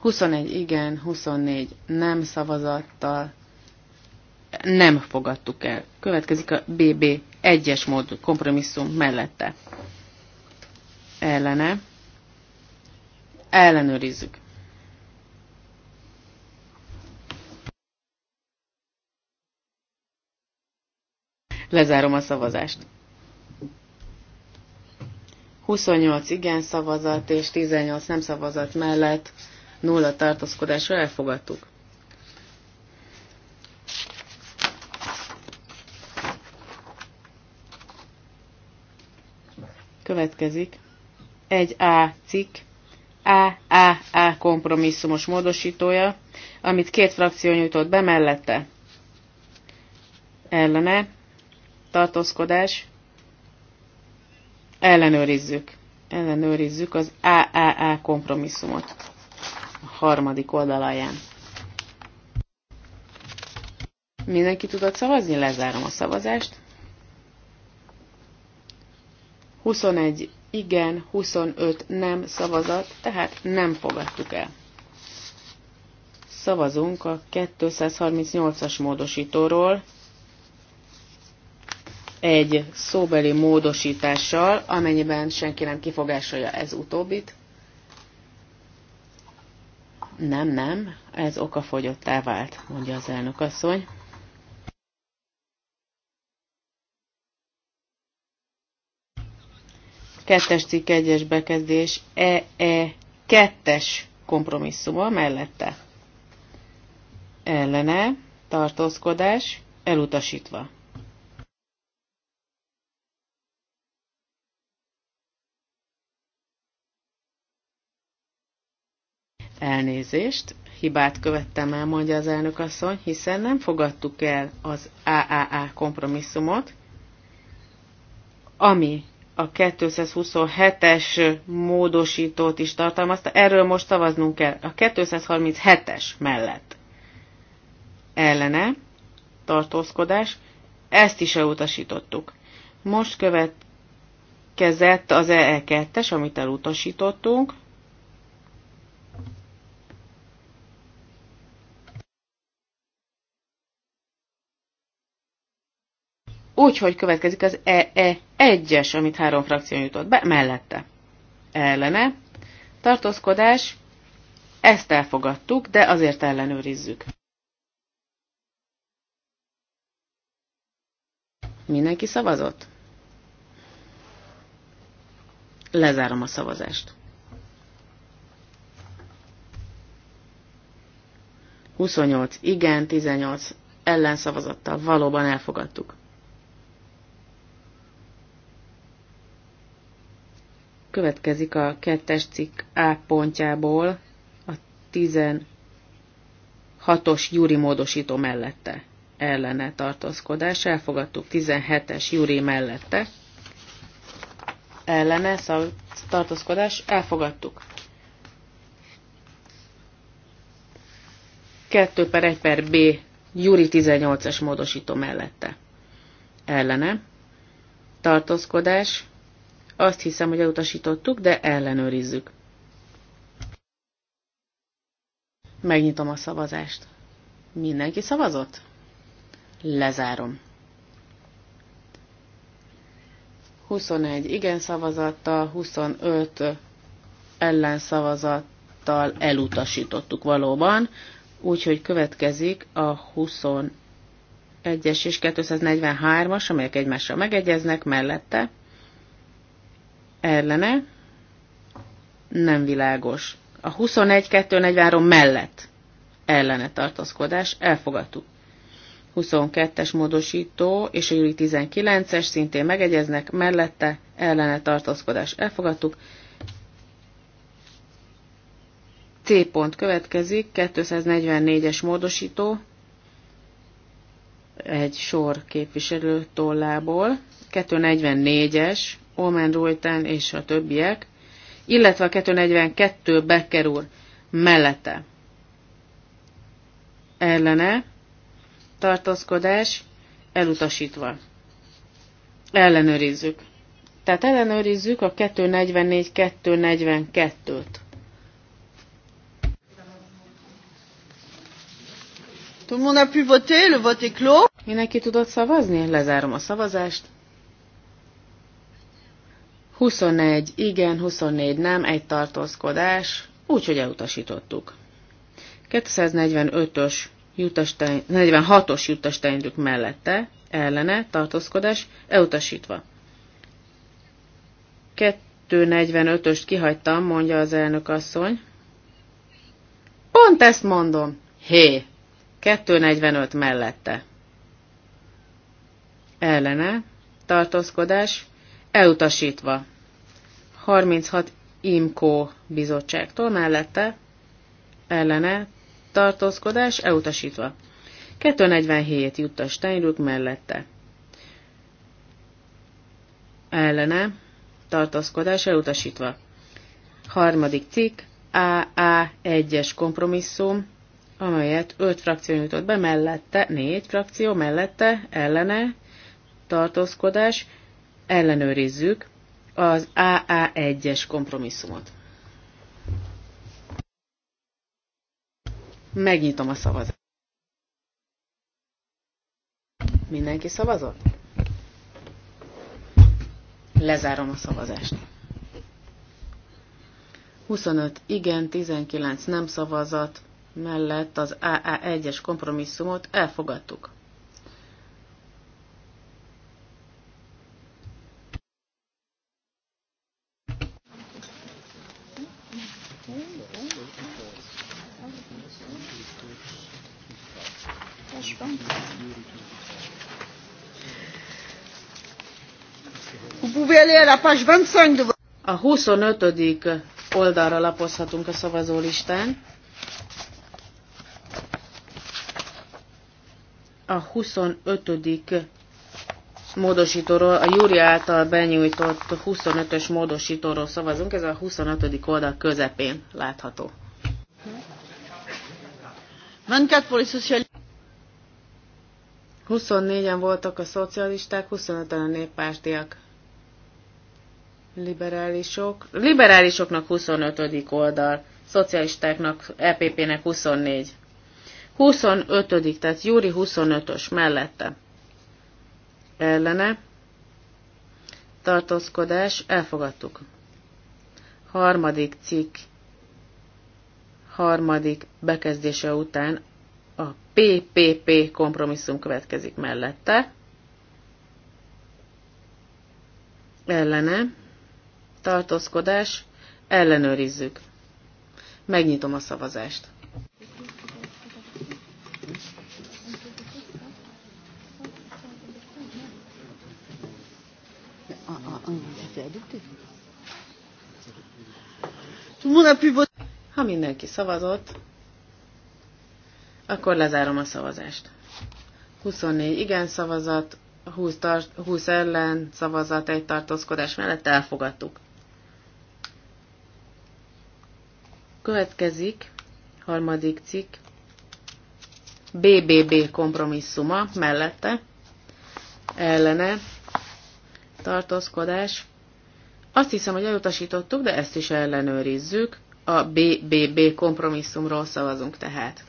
21 igen, 24 nem szavazattal nem fogadtuk el. Következik a BB egyes mód kompromisszum mellette ellene, ellenőrizzük. Lezárom a szavazást. 28 igen szavazat és 18 nem szavazat mellett nulla tartózkodásra elfogadtuk. Következik 1A cikk AAA kompromisszumos módosítója, amit két frakció nyújtott be mellette. Ellene, tartózkodás, ellenőrizzük. Ellenőrizzük az AAA kompromisszumot a harmadik oldalaján. Mindenki tudott szavazni? Lezárom a szavazást. 21 igen, 25 nem szavazat, tehát nem fogadtuk el. Szavazunk a 238-as módosítóról egy szóbeli módosítással, amennyiben senki nem kifogásolja ez utóbbit. Nem, nem, ez okafogyottá vált, mondja az elnök asszony. kettes cikk egyes bekezdés EE e kettes kompromisszuma mellette. Ellene tartózkodás elutasítva. Elnézést, hibát követtem el, mondja az elnök asszony, hiszen nem fogadtuk el az AAA kompromisszumot, ami a 227-es módosítót is tartalmazta, erről most szavaznunk kell. A 237-es mellett ellene tartózkodás, ezt is elutasítottuk. Most következett az EE2-es, amit elutasítottunk, Úgyhogy következik az ee e egyes, amit három frakció jutott be, mellette. Ellene. Tartózkodás. Ezt elfogadtuk, de azért ellenőrizzük. Mindenki szavazott? Lezárom a szavazást. 28 igen, 18 ellenszavazattal valóban elfogadtuk. Következik a kettes cikk A pontjából a 16-os júri módosító mellette ellene tartózkodás. Elfogadtuk 17-es júri mellette ellene tartózkodás. Elfogadtuk. 2 per 1 per B júri 18-es módosító mellette ellene tartózkodás azt hiszem, hogy elutasítottuk, de ellenőrizzük. Megnyitom a szavazást. Mindenki szavazott? Lezárom. 21 igen szavazattal, 25 ellen szavazattal elutasítottuk valóban, úgyhogy következik a 21-es és 243-as, amelyek egymással megegyeznek mellette ellene, nem világos. A 21-243 mellett ellene tartózkodás elfogadtuk. 22-es módosító és a júli 19-es szintén megegyeznek, mellette ellene tartózkodás elfogadtuk. C pont következik, 244-es módosító, egy sor képviselő tollából, 244-es Omen Rújten és a többiek, illetve a 242 Becker úr mellette. Ellene tartózkodás elutasítva. Ellenőrizzük. Tehát ellenőrizzük a 244-242-t. Mindenki tudott szavazni? Lezárom a szavazást. 21 igen, 24 nem, egy tartózkodás, úgyhogy elutasítottuk. 245-ös 46-os jutasteindük mellette, ellene, tartózkodás, elutasítva. 245-öst kihagytam, mondja az elnök asszony. Pont ezt mondom. Hé, 245 mellette. Ellene, tartózkodás, elutasítva. 36 IMCO bizottságtól mellette ellene tartózkodás elutasítva. 247 Jutta Steinruck mellette ellene tartózkodás elutasítva. Harmadik cikk AA1-es kompromisszum, amelyet 5 frakció nyújtott be mellette, 4 frakció mellette ellene tartózkodás ellenőrizzük az AA1-es kompromisszumot. Megnyitom a szavazást. Mindenki szavazott? Lezárom a szavazást. 25 igen, 19 nem szavazat mellett az AA1-es kompromisszumot elfogadtuk. A 25. oldalra lapozhatunk a szavazólistán. A 25. módosítóról, a Júri által benyújtott 25-ös módosítóról szavazunk. Ez a 25. oldal közepén látható. 24 24-en voltak a szocialisták, 25-en a néppártiak. Liberálisok. Liberálisoknak 25. oldal, szocialistáknak, EPP-nek 24. 25. tehát Júri 25-ös mellette. Ellene. Tartózkodás. Elfogadtuk. Harmadik cikk. Harmadik bekezdése után a PPP kompromisszum következik mellette. Ellene tartózkodás, ellenőrizzük. Megnyitom a szavazást. Ha mindenki szavazott, akkor lezárom a szavazást. 24 igen szavazat, 20, 20 ellen szavazat, egy tartózkodás mellett elfogadtuk. Következik harmadik cikk BBB kompromisszuma mellette ellene tartózkodás. Azt hiszem, hogy elutasítottuk, de ezt is ellenőrizzük. A BBB kompromisszumról szavazunk tehát.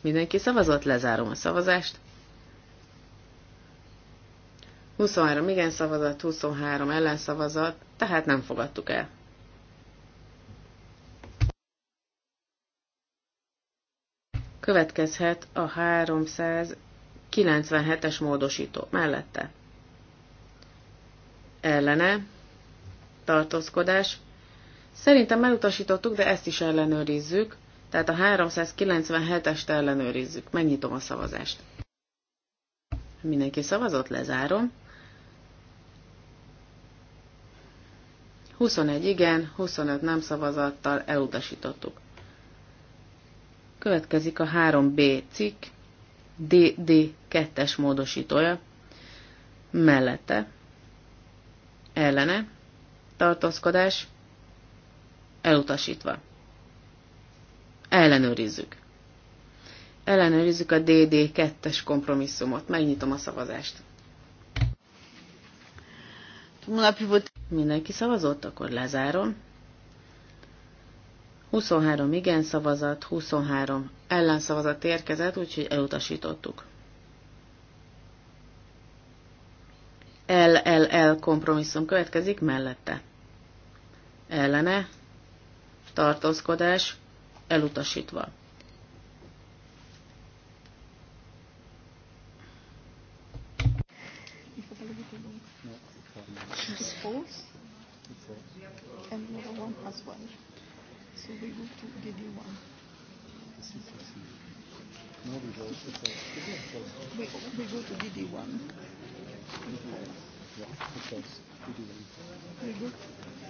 Mindenki szavazott, lezárom a szavazást. 23 igen szavazat, 23 ellenszavazat, tehát nem fogadtuk el. Következhet a 397-es módosító mellette. Ellene, tartózkodás. Szerintem elutasítottuk, de ezt is ellenőrizzük, tehát a 397-est ellenőrizzük. Megnyitom a szavazást. Mindenki szavazott, lezárom. 21 igen, 25 nem szavazattal elutasítottuk. Következik a 3B cikk, DD 2-es módosítója, mellette, ellene, tartózkodás, elutasítva. Ellenőrizzük. Ellenőrizzük a DD2-es kompromisszumot. Megnyitom a szavazást. Mindenki szavazott, akkor lezárom. 23 igen szavazat, 23 ellenszavazat érkezett, úgyhogy elutasítottuk. LLL kompromisszum következik mellette. Ellene, tartózkodás, elutasítva.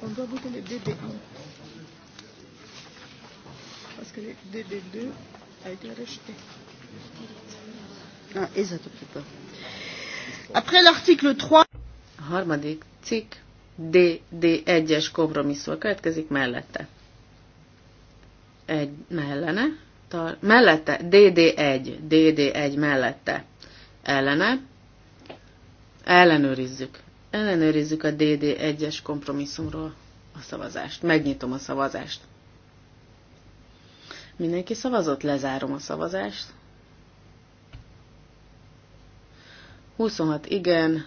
on doit voter le DD1. Parce que le DD2 a été rejeté. Ah, Après l'article 3. harmadik cikk DD1-es kompromisszum következik mellette egy mellene, tar, mellette, DD1, DD1 mellette, ellene, ellenőrizzük. Ellenőrizzük a DD1-es kompromisszumról a szavazást. Megnyitom a szavazást. Mindenki szavazott, lezárom a szavazást. 26 igen,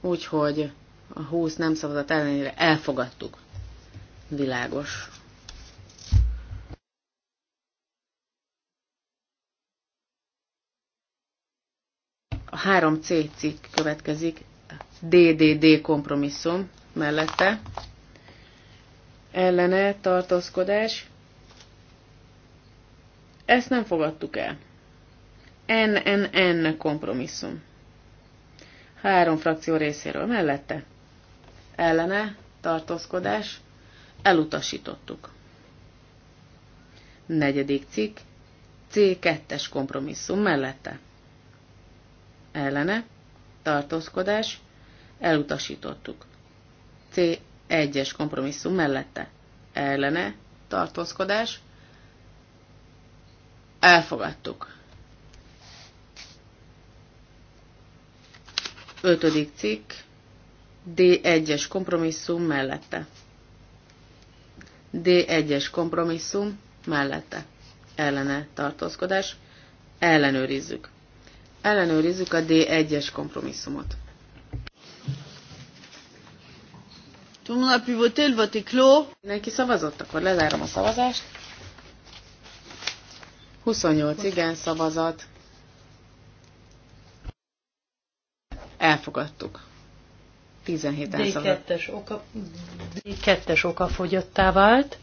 úgyhogy a 20 nem szavazat ellenére elfogadtuk. Világos. A 3C cikk következik, DDD kompromisszum mellette. Ellene tartózkodás. Ezt nem fogadtuk el. NNN kompromisszum. Három frakció részéről mellette. Ellene tartózkodás. Elutasítottuk. Negyedik cikk. C2-es kompromisszum mellette ellene, tartózkodás, elutasítottuk. c egyes kompromisszum mellette, ellene, tartózkodás, elfogadtuk. Ötödik cikk, d egyes kompromisszum mellette. d egyes kompromisszum mellette. Ellene tartózkodás. Ellenőrizzük. Ellenőrizzük a D1-es kompromisszumot. Neki szavazott, akkor lezárom a szavazást. 28 igen szavazat. Elfogadtuk. 17 D2-es oka, D2-es oka fogyottá vált.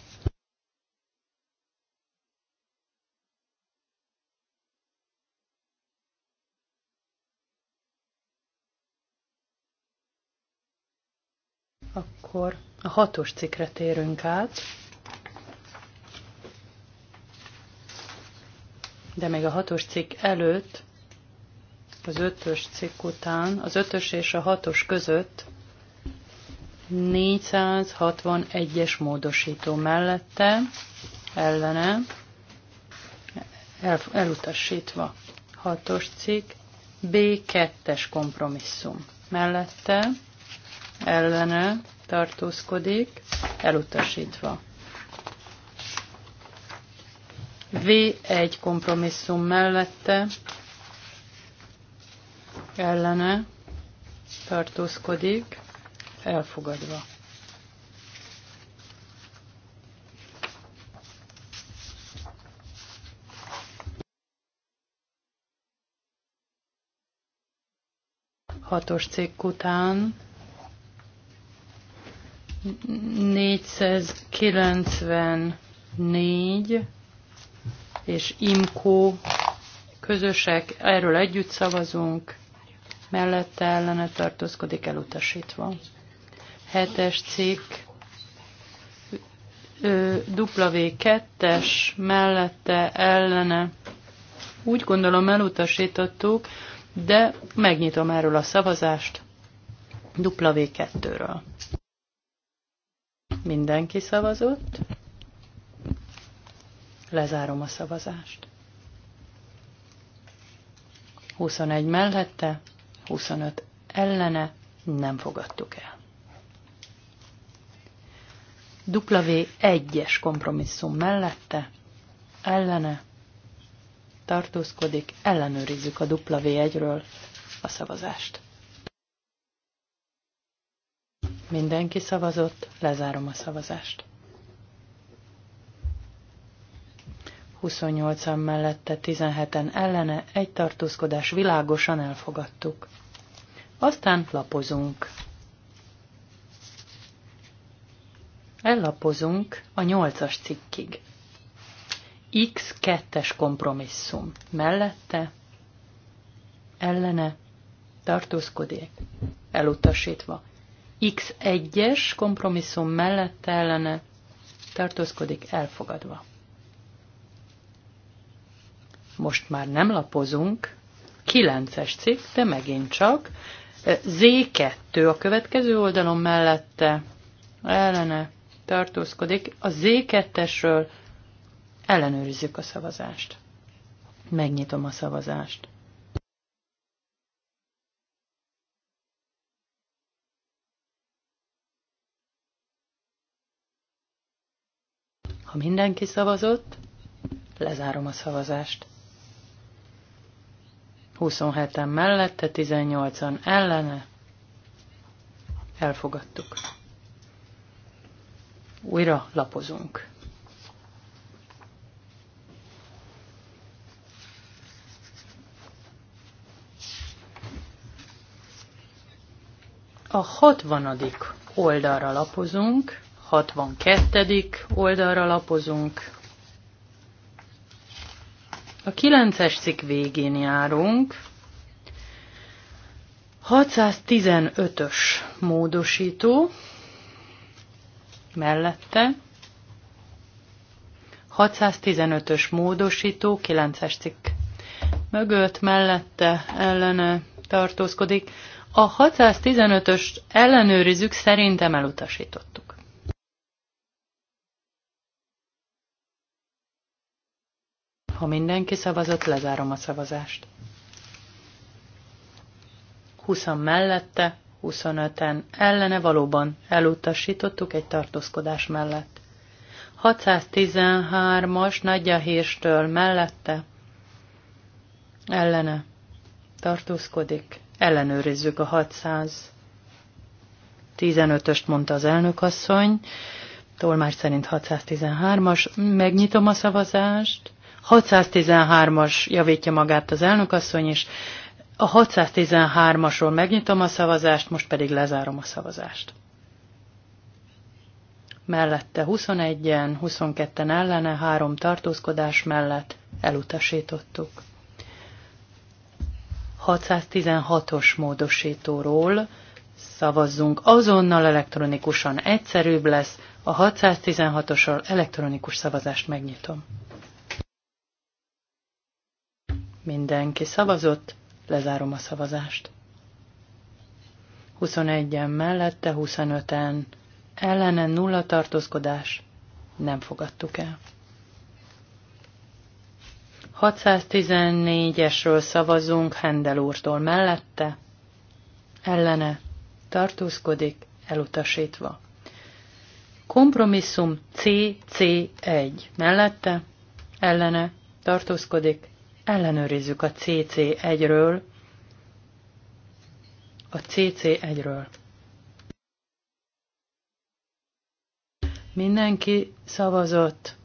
Akkor a hatos cikre térünk át. De még a hatos cikk előtt, az ötös cikk után, az ötös és a hatos között 461-es módosító mellette, ellene, el, elutasítva. Hatos cikk, B2-es kompromisszum mellette, ellene tartózkodik, elutasítva. v egy kompromisszum mellette ellene tartózkodik, elfogadva. Hatos cikk után 494 és Imkó közösek, erről együtt szavazunk, mellette ellene tartózkodik elutasítva. Hetes cikk, W2-es, mellette ellene, úgy gondolom elutasítottuk, de megnyitom erről a szavazást W2-ről. Mindenki szavazott. Lezárom a szavazást. 21 mellette, 25 ellene nem fogadtuk el. w egyes kompromisszum mellette, ellene, tartózkodik, ellenőrizzük a W1-ről a szavazást. Mindenki szavazott, lezárom a szavazást. 28-an mellette, 17-en ellene, egy tartózkodás világosan elfogadtuk. Aztán lapozunk. Ellapozunk a 8-as cikkig. X2-es kompromisszum. Mellette, ellene, tartózkodik, elutasítva. X1-es kompromisszum mellett ellene tartózkodik elfogadva. Most már nem lapozunk, 9-es cikk, de megint csak Z2 a következő oldalon mellette ellene tartózkodik. A Z2-esről ellenőrizzük a szavazást. Megnyitom a szavazást. Ha mindenki szavazott, lezárom a szavazást. 27-en mellette, 18-an ellene. Elfogadtuk. Újra lapozunk. A 60. oldalra lapozunk. 62. oldalra lapozunk. A 9-es cikk végén járunk. 615-ös módosító mellette 615-ös módosító 9-es cikk mögött, mellette, ellene tartózkodik. A 615-ös ellenőrizzük, szerintem elutasítottuk. Ha mindenki szavazott, lezárom a szavazást. 20 mellette, 25-en ellene valóban elutasítottuk egy tartózkodás mellett. 613-as Nagyja Hírstől mellette ellene tartózkodik. Ellenőrizzük a 615-öst, mondta az elnökasszony. Tolmás szerint 613-as. Megnyitom a szavazást. 613-as javítja magát az elnökasszony is. A 613-asról megnyitom a szavazást, most pedig lezárom a szavazást. Mellette 21-en, 22-en ellene, három tartózkodás mellett elutasítottuk. 616-os módosítóról szavazzunk. Azonnal elektronikusan egyszerűbb lesz, a 616-osról elektronikus szavazást megnyitom. Mindenki szavazott, lezárom a szavazást. 21-en mellette, 25-en ellene nulla tartózkodás. Nem fogadtuk el. 614-esről szavazunk Hendel úrtól mellette, ellene tartózkodik, elutasítva. Kompromisszum CC1 mellette, ellene tartózkodik, ellenőrizzük a CC1-ről, a CC1-ről. Mindenki szavazott.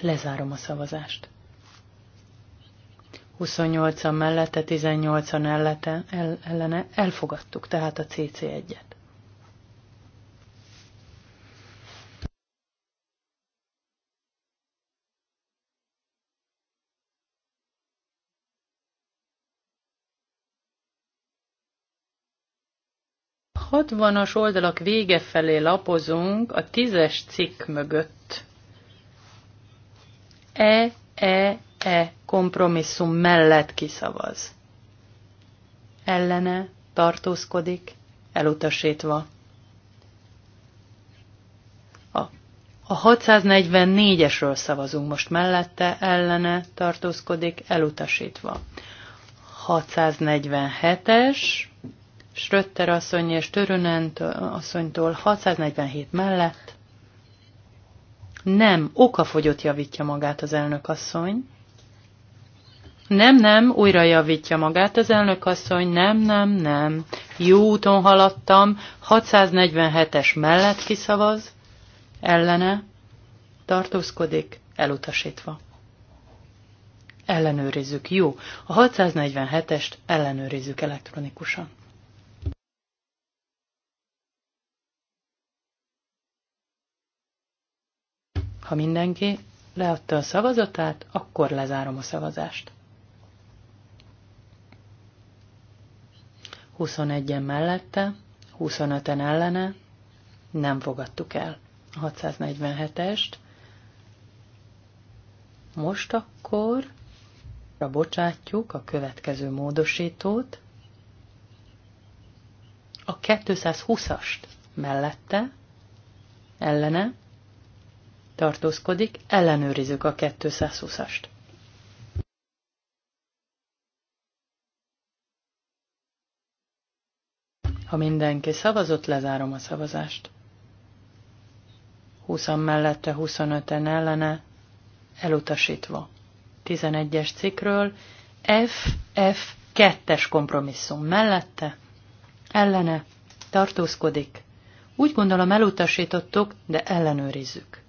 Lezárom a szavazást. 28-an mellette, 18-an ellene elfogadtuk, tehát a CC1-et. 60-as oldalak vége felé lapozunk a tízes cikk mögött. E, E, E kompromisszum mellett kiszavaz. Ellene tartózkodik, elutasítva. A, a 644-esről szavazunk most mellette, ellene tartózkodik, elutasítva. 647-es Schröter asszony és Törönent asszonytól 647 mellett. Nem, okafogyott javítja magát az elnök asszony. Nem, nem, újra javítja magát az elnök asszony, nem, nem, nem. Jó úton haladtam, 647-es mellett kiszavaz, ellene, tartózkodik, elutasítva. Ellenőrizzük, jó, a 647-est ellenőrizzük elektronikusan. Ha mindenki leadta a szavazatát, akkor lezárom a szavazást. 21-en mellette, 25-en ellene nem fogadtuk el a 647-est. Most akkor bocsátjuk a következő módosítót, a 220-ast mellette, ellene, tartózkodik, ellenőrizzük a 220-ast. Ha mindenki szavazott, lezárom a szavazást. 20 mellette, 25-en ellene, elutasítva. 11-es cikkről F, F, 2-es kompromisszum mellette, ellene, tartózkodik. Úgy gondolom elutasítottuk, de ellenőrizzük.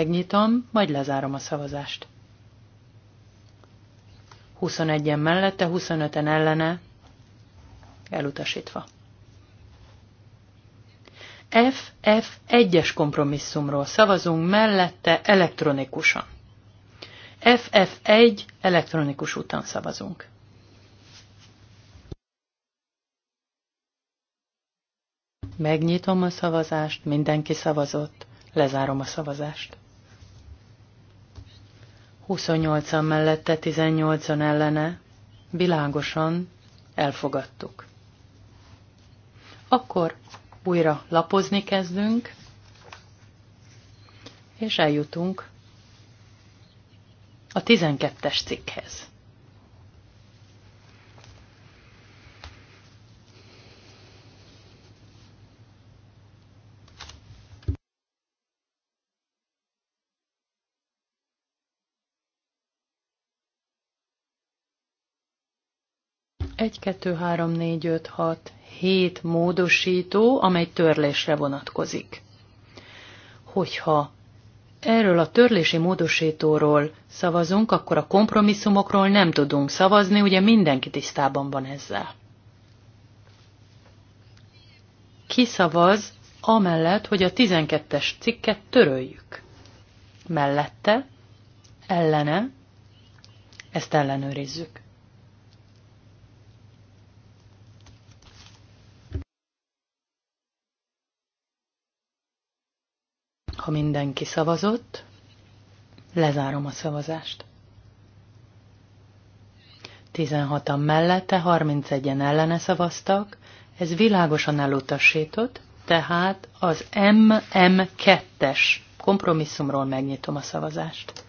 Megnyitom, majd lezárom a szavazást. 21-en mellette, 25-en ellene, elutasítva. FF egyes kompromisszumról szavazunk mellette elektronikusan. FF1 elektronikus után szavazunk. Megnyitom a szavazást, mindenki szavazott, lezárom a szavazást. 28-an mellette, 18-an ellene, világosan elfogadtuk. Akkor újra lapozni kezdünk, és eljutunk a 12-es cikkhez. 1, 2, 3, 4, 5, 6, 7 módosító, amely törlésre vonatkozik. Hogyha erről a törlési módosítóról szavazunk, akkor a kompromisszumokról nem tudunk szavazni, ugye mindenki tisztában van ezzel. Ki szavaz amellett, hogy a 12-es cikket töröljük? Mellette? Ellene? Ezt ellenőrizzük. Ha mindenki szavazott, lezárom a szavazást. 16-an mellette, 31-en ellene szavaztak, ez világosan elutasított, tehát az MM2-es kompromisszumról megnyitom a szavazást.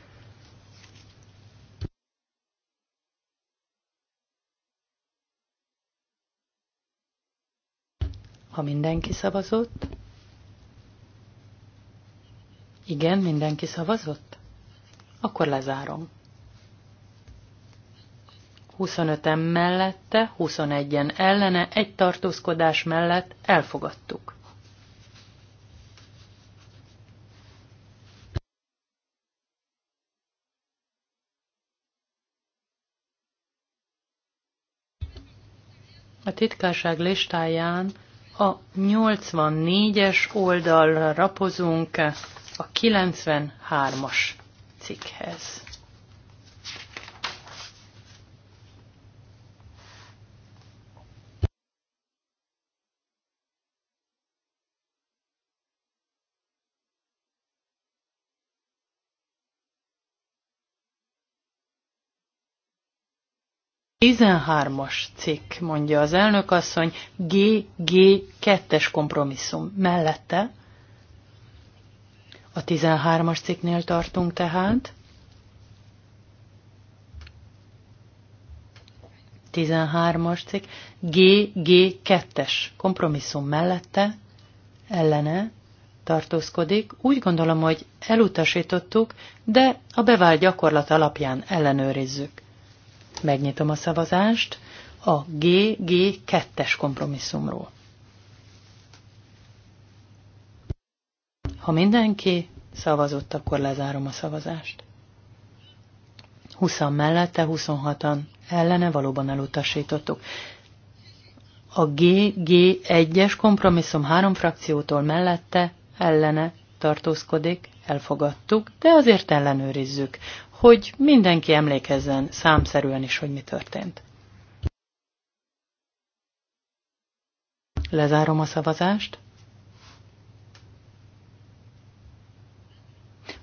Ha mindenki szavazott, igen, mindenki szavazott? Akkor lezárom. 25-en mellette, 21-en ellene, egy tartózkodás mellett elfogadtuk. A titkárság listáján a 84-es oldalra rapozunk a 93-as cikkhez. Tizenhármas cikk, mondja az elnökasszony, GG2-es kompromisszum mellette a 13-as cikknél tartunk tehát. 13-as cikk, GG2-es kompromisszum mellette, ellene tartózkodik. Úgy gondolom, hogy elutasítottuk, de a bevált gyakorlat alapján ellenőrizzük. Megnyitom a szavazást a GG2-es kompromisszumról. Ha mindenki szavazott, akkor lezárom a szavazást. 20 mellette, 26-an ellene valóban elutasítottuk. A GG1-es kompromisszum három frakciótól mellette, ellene tartózkodik, elfogadtuk, de azért ellenőrizzük, hogy mindenki emlékezzen számszerűen is, hogy mi történt. Lezárom a szavazást.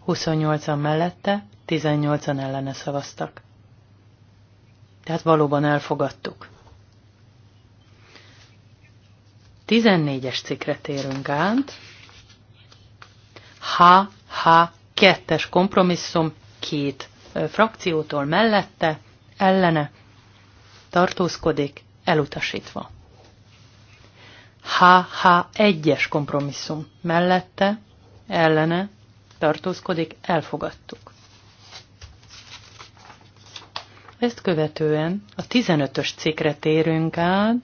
28-an mellette, 18-an ellene szavaztak. Tehát valóban elfogadtuk. 14-es cikre térünk át. Ha, ha, kettes kompromisszum, két frakciótól mellette, ellene, tartózkodik, elutasítva. Ha, ha, egyes kompromisszum, mellette, ellene, tartózkodik, elfogadtuk. Ezt követően a 15-ös cikkre térünk át,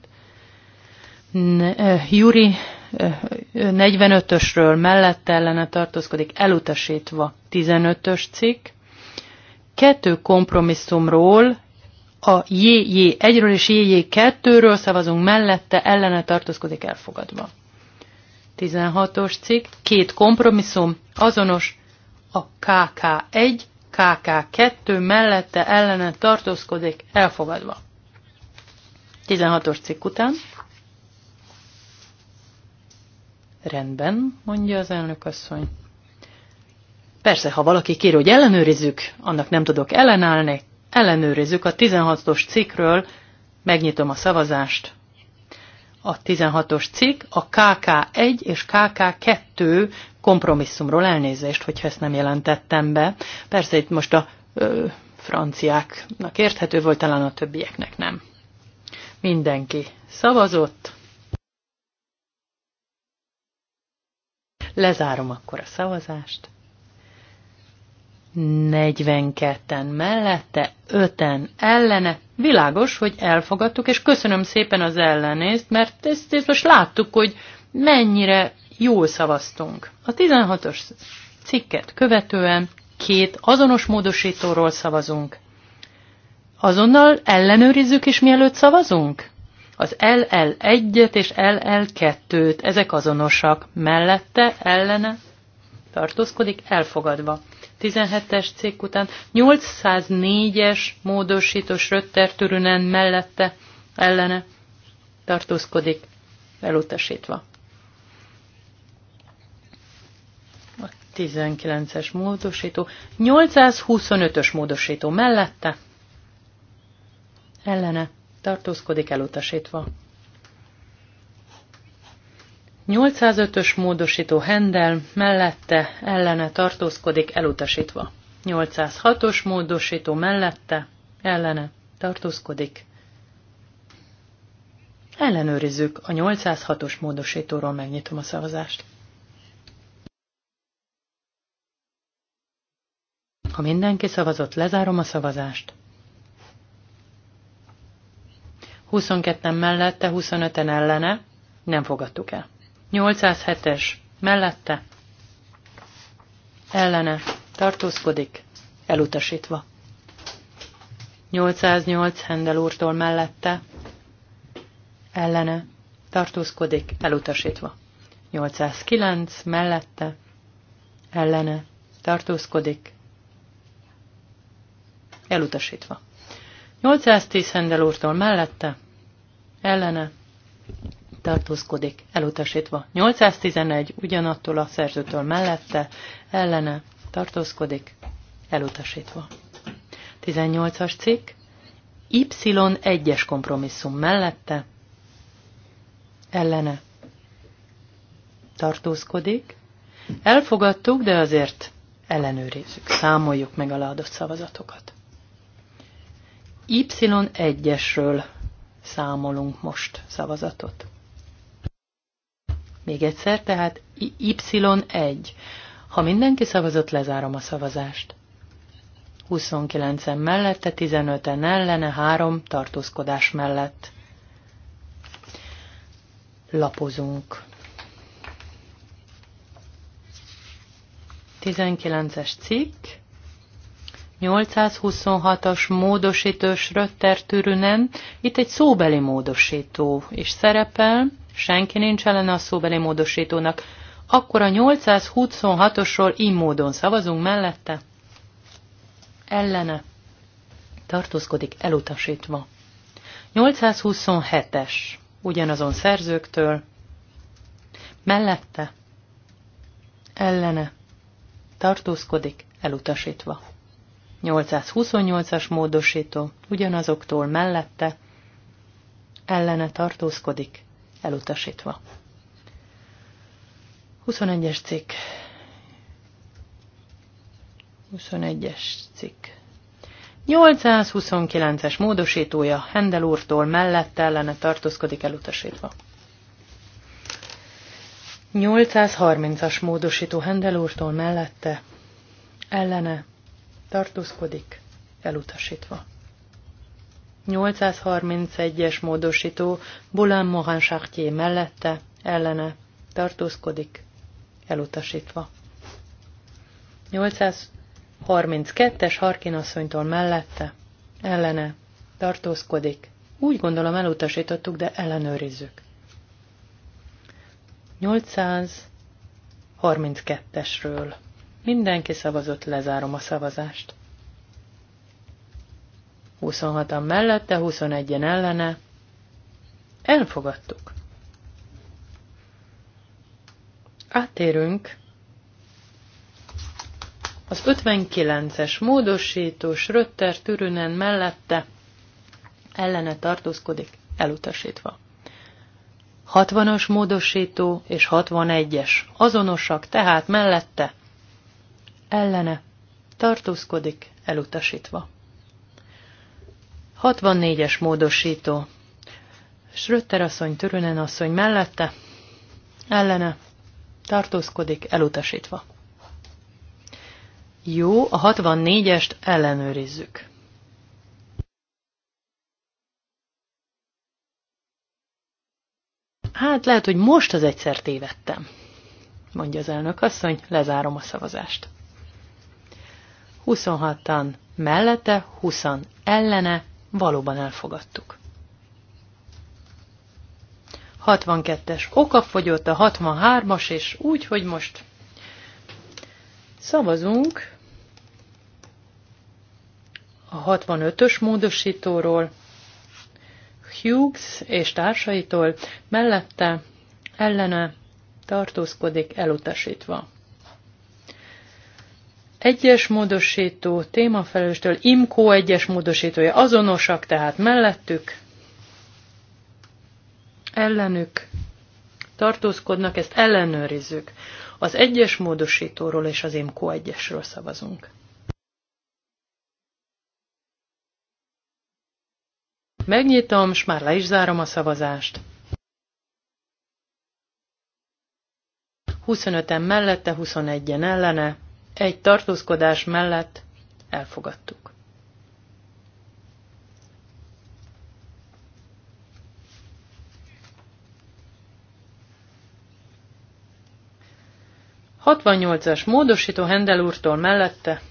Juri 45-ösről mellette ellene tartózkodik, elutasítva 15-ös cikk. Kettő kompromisszumról, a JJ1-ről és JJ2-ről szavazunk mellette, ellene tartózkodik elfogadva. 16-os cikk, két kompromisszum, azonos a KK1, KK2 mellette ellene tartózkodik, elfogadva. 16-os cikk után. Rendben, mondja az elnök asszony. Persze, ha valaki kér, hogy ellenőrizzük, annak nem tudok ellenállni. Ellenőrizzük a 16-os cikkről, megnyitom a szavazást a 16-os cikk a KK1 és KK2 kompromisszumról elnézést, hogyha ezt nem jelentettem be. Persze itt most a ö, franciáknak érthető volt, talán a többieknek nem. Mindenki szavazott. Lezárom akkor a szavazást. 42-en mellette, 5-en ellene. Világos, hogy elfogadtuk, és köszönöm szépen az ellenést, mert ezt, ezt most láttuk, hogy mennyire jól szavaztunk. A 16-os cikket követően két azonos módosítóról szavazunk. Azonnal ellenőrizzük is, mielőtt szavazunk? Az LL1-et és LL2-t, ezek azonosak, mellette, ellene, tartózkodik, elfogadva. 17-es cikk után 804-es módosítós Rötter Türünen mellette ellene tartózkodik elutasítva. A 19-es módosító, 825-ös módosító mellette ellene tartózkodik elutasítva. 805-ös módosító Hendel mellette ellene tartózkodik elutasítva. 806-os módosító mellette ellene tartózkodik. Ellenőrizzük a 806-os módosítóról megnyitom a szavazást. Ha mindenki szavazott, lezárom a szavazást. 22-en mellette, 25-en ellene nem fogadtuk el. 807-es. Mellette. Ellene. Tartózkodik. Elutasítva. 808 Hendel úrtól mellette. Ellene. Tartózkodik. Elutasítva. 809 mellette. Ellene. Tartózkodik. Elutasítva. 810 Hendel úrtól mellette. Ellene tartózkodik, elutasítva. 811 ugyanattól a szerzőtől mellette, ellene tartózkodik, elutasítva. 18-as cikk, Y1-es kompromisszum mellette, ellene tartózkodik. Elfogadtuk, de azért ellenőrizzük, számoljuk meg a leadott szavazatokat. Y1-esről számolunk most szavazatot. Még egyszer, tehát Y1. Ha mindenki szavazott, lezárom a szavazást. 29-en mellette, 15-en ellene, 3 tartózkodás mellett. Lapozunk. 19-es cikk. 826-as módosítős Rötter Türünen. Itt egy szóbeli módosító is szerepel senki nincs ellene a szóbeli módosítónak, akkor a 826-osról így módon szavazunk mellette. Ellene. Tartózkodik elutasítva. 827-es. Ugyanazon szerzőktől. Mellette. Ellene. Tartózkodik elutasítva. 828-as módosító. Ugyanazoktól mellette. Ellene tartózkodik elutasítva. 21-es cikk. 21-es cikk. 829-es módosítója Hendel úrtól mellette ellene tartózkodik elutasítva. 830-as módosító Hendel úrtól mellette ellene tartózkodik elutasítva. 831-es módosító Boulin Morin Chartier mellette, ellene tartózkodik, elutasítva. 832-es Harkin mellette, ellene tartózkodik. Úgy gondolom elutasítottuk, de ellenőrizzük. 832-esről. Mindenki szavazott, lezárom a szavazást. 26-an mellette, 21-en ellene. Elfogadtuk. Áttérünk az 59-es módosítós Rötter Türünen mellette ellene tartózkodik, elutasítva. 60-as módosító és 61-es azonosak, tehát mellette ellene tartózkodik, elutasítva. 64-es módosító. Schröter asszony, Törönen asszony mellette, ellene, tartózkodik, elutasítva. Jó, a 64-est ellenőrizzük. Hát lehet, hogy most az egyszer tévedtem, mondja az elnök asszony, lezárom a szavazást. 26-an mellette, 20 ellene, valóban elfogadtuk. 62-es okafogyott a 63-as, és úgy, hogy most szavazunk a 65-ös módosítóról, Hughes és társaitól, mellette ellene tartózkodik elutasítva. Egyes módosító témafelelőstől IMCO egyes módosítója azonosak, tehát mellettük, ellenük tartózkodnak, ezt ellenőrizzük. Az egyes módosítóról és az IMCO egyesről szavazunk. Megnyitom, és már le is zárom a szavazást. 25-en mellette, 21-en ellene, egy tartózkodás mellett elfogadtuk. Hatvannyolcas módosító Hendel úrtól mellette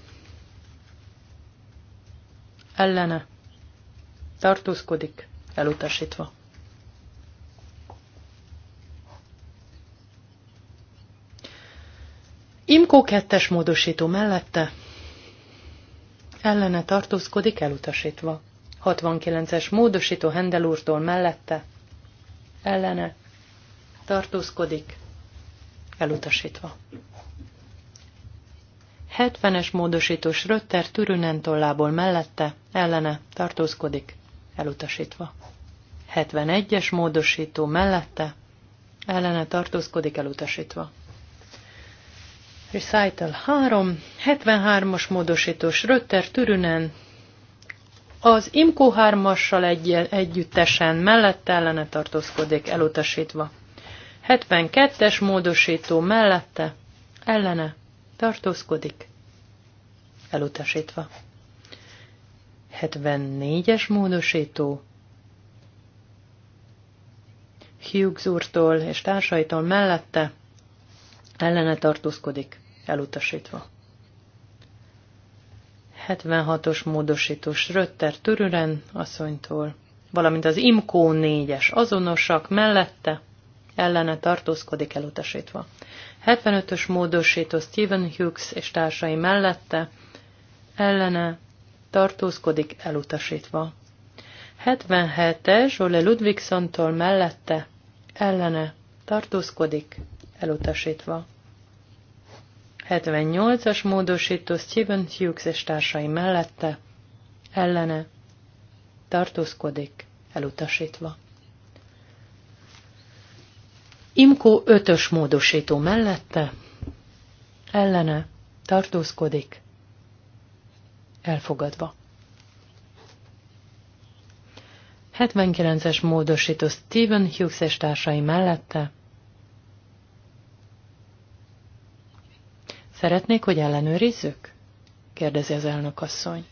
ellene tartózkodik elutasítva. 2 es módosító mellette ellene tartózkodik elutasítva. 69-es módosító Hendel úrtól mellette ellene tartózkodik elutasítva. 70-es módosító Schröter Türünen tollából mellette ellene tartózkodik elutasítva. 71-es módosító mellette ellene tartózkodik elutasítva. Recital 3, 73-as módosítós Rötter Türünen, az IMCO 3-assal egy, együttesen mellette ellene tartózkodik elutasítva. 72-es módosító mellette ellene tartózkodik elutasítva. 74-es módosító Hughes úrtól és társaitól mellette ellene tartózkodik elutasítva. 76-os módosítós Rötter Törüren asszonytól, valamint az Imkó 4-es azonosak mellette ellene tartózkodik elutasítva. 75-ös módosító Stephen Hughes és társai mellette ellene tartózkodik elutasítva. 77-es Ole Ludvigsontól mellette ellene tartózkodik elutasítva. 78-as módosító Stephen Hughes és társai mellette, ellene, tartózkodik, elutasítva. Imkó 5-ös módosító mellette, ellene, tartózkodik, elfogadva. 79-es módosító Stephen Hughes és társai mellette, Szeretnék, hogy ellenőrizzük? kérdezi az elnökasszony.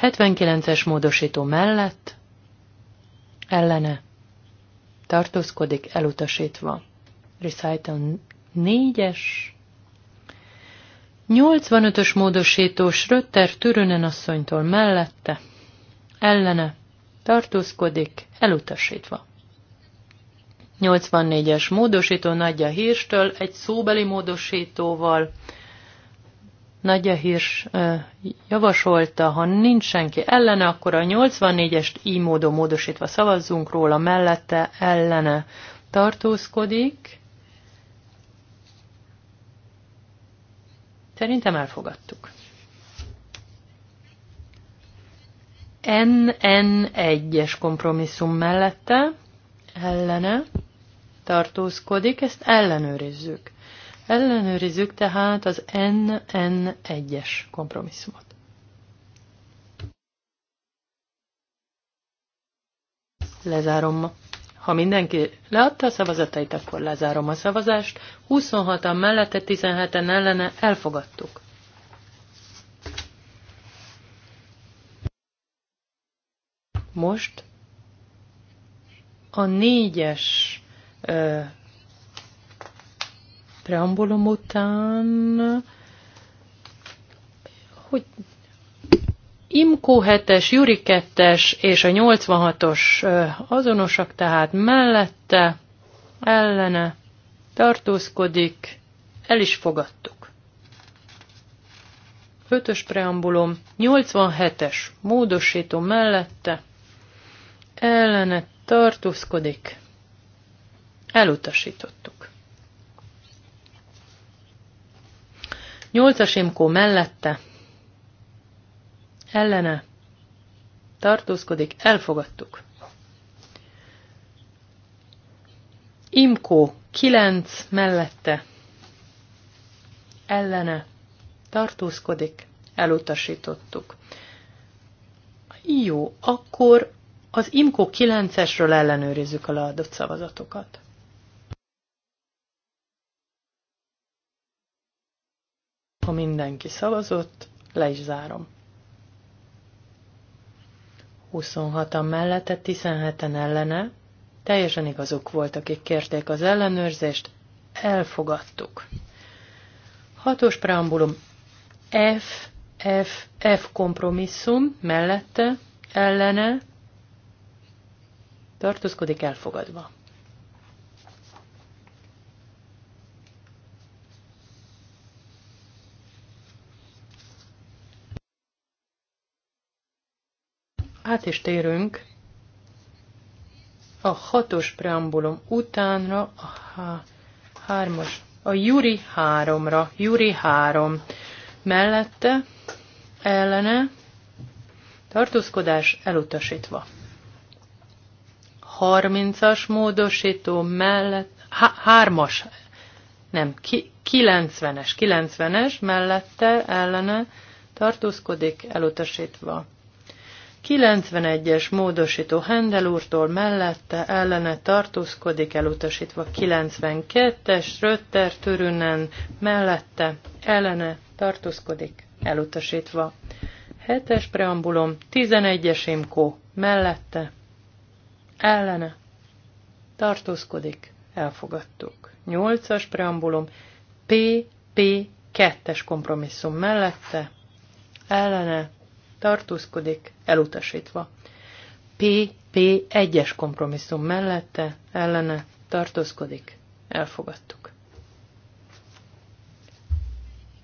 79-es módosító mellett, ellene, tartózkodik elutasítva. Recital 4-es. 85-ös módosító Schröter Türönen asszonytól mellette, ellene, tartózkodik elutasítva. 84-es módosító Nagyja Hírstől egy szóbeli módosítóval. Nagyja Hírs javasolta, ha nincs senki ellene, akkor a 84-est így módon módosítva szavazzunk róla, mellette ellene tartózkodik. Szerintem elfogadtuk. NN1-es kompromisszum mellette, ellene tartózkodik, ezt ellenőrizzük. Ellenőrizzük tehát az NN1-es kompromisszumot. Lezárom. Ha mindenki leadta a szavazatait, akkor lezárom a szavazást. 26-an mellette, 17-en ellene elfogadtuk. Most a négyes preambulum után, hogy Imkó 7-es, Juri 2-es és a 86-os azonosak, tehát mellette, ellene, tartózkodik, el is fogadtuk. 5-ös preambulum, 87-es módosító mellette, ellene tartózkodik, Elutasítottuk. Nyolcas Imkó mellette, ellene, tartózkodik, elfogadtuk. Imkó kilenc mellette, ellene, tartózkodik, elutasítottuk. Jó, akkor az IMKO 9-esről ellenőrizzük a leadott szavazatokat. Ha mindenki szavazott, le is zárom. 26-an mellette, 17-en ellene, teljesen igazuk volt, akik kérték az ellenőrzést, elfogadtuk. Hatos preambulum F, F, F kompromisszum mellette, ellene, tartózkodik elfogadva. át is térünk a hatos preambulum utánra a há hármas, a Juri háromra, Juri három mellette ellene tartózkodás elutasítva. 30-as módosító mellett, há, hármas, nem, ki, 90-es, 90-es mellette ellene tartózkodik elutasítva. 91-es módosító Hendel úrtól mellette ellene tartózkodik, elutasítva 92-es Rötter Törünen mellette ellene tartózkodik, elutasítva. 7-es preambulum 11-es Imkó mellette ellene tartózkodik, elfogadtuk. 8-as preambulum P, P, 2-es kompromisszum mellette ellene tartózkodik, elutasítva. P P egyes kompromisszum mellette, ellene, tartózkodik, elfogadtuk.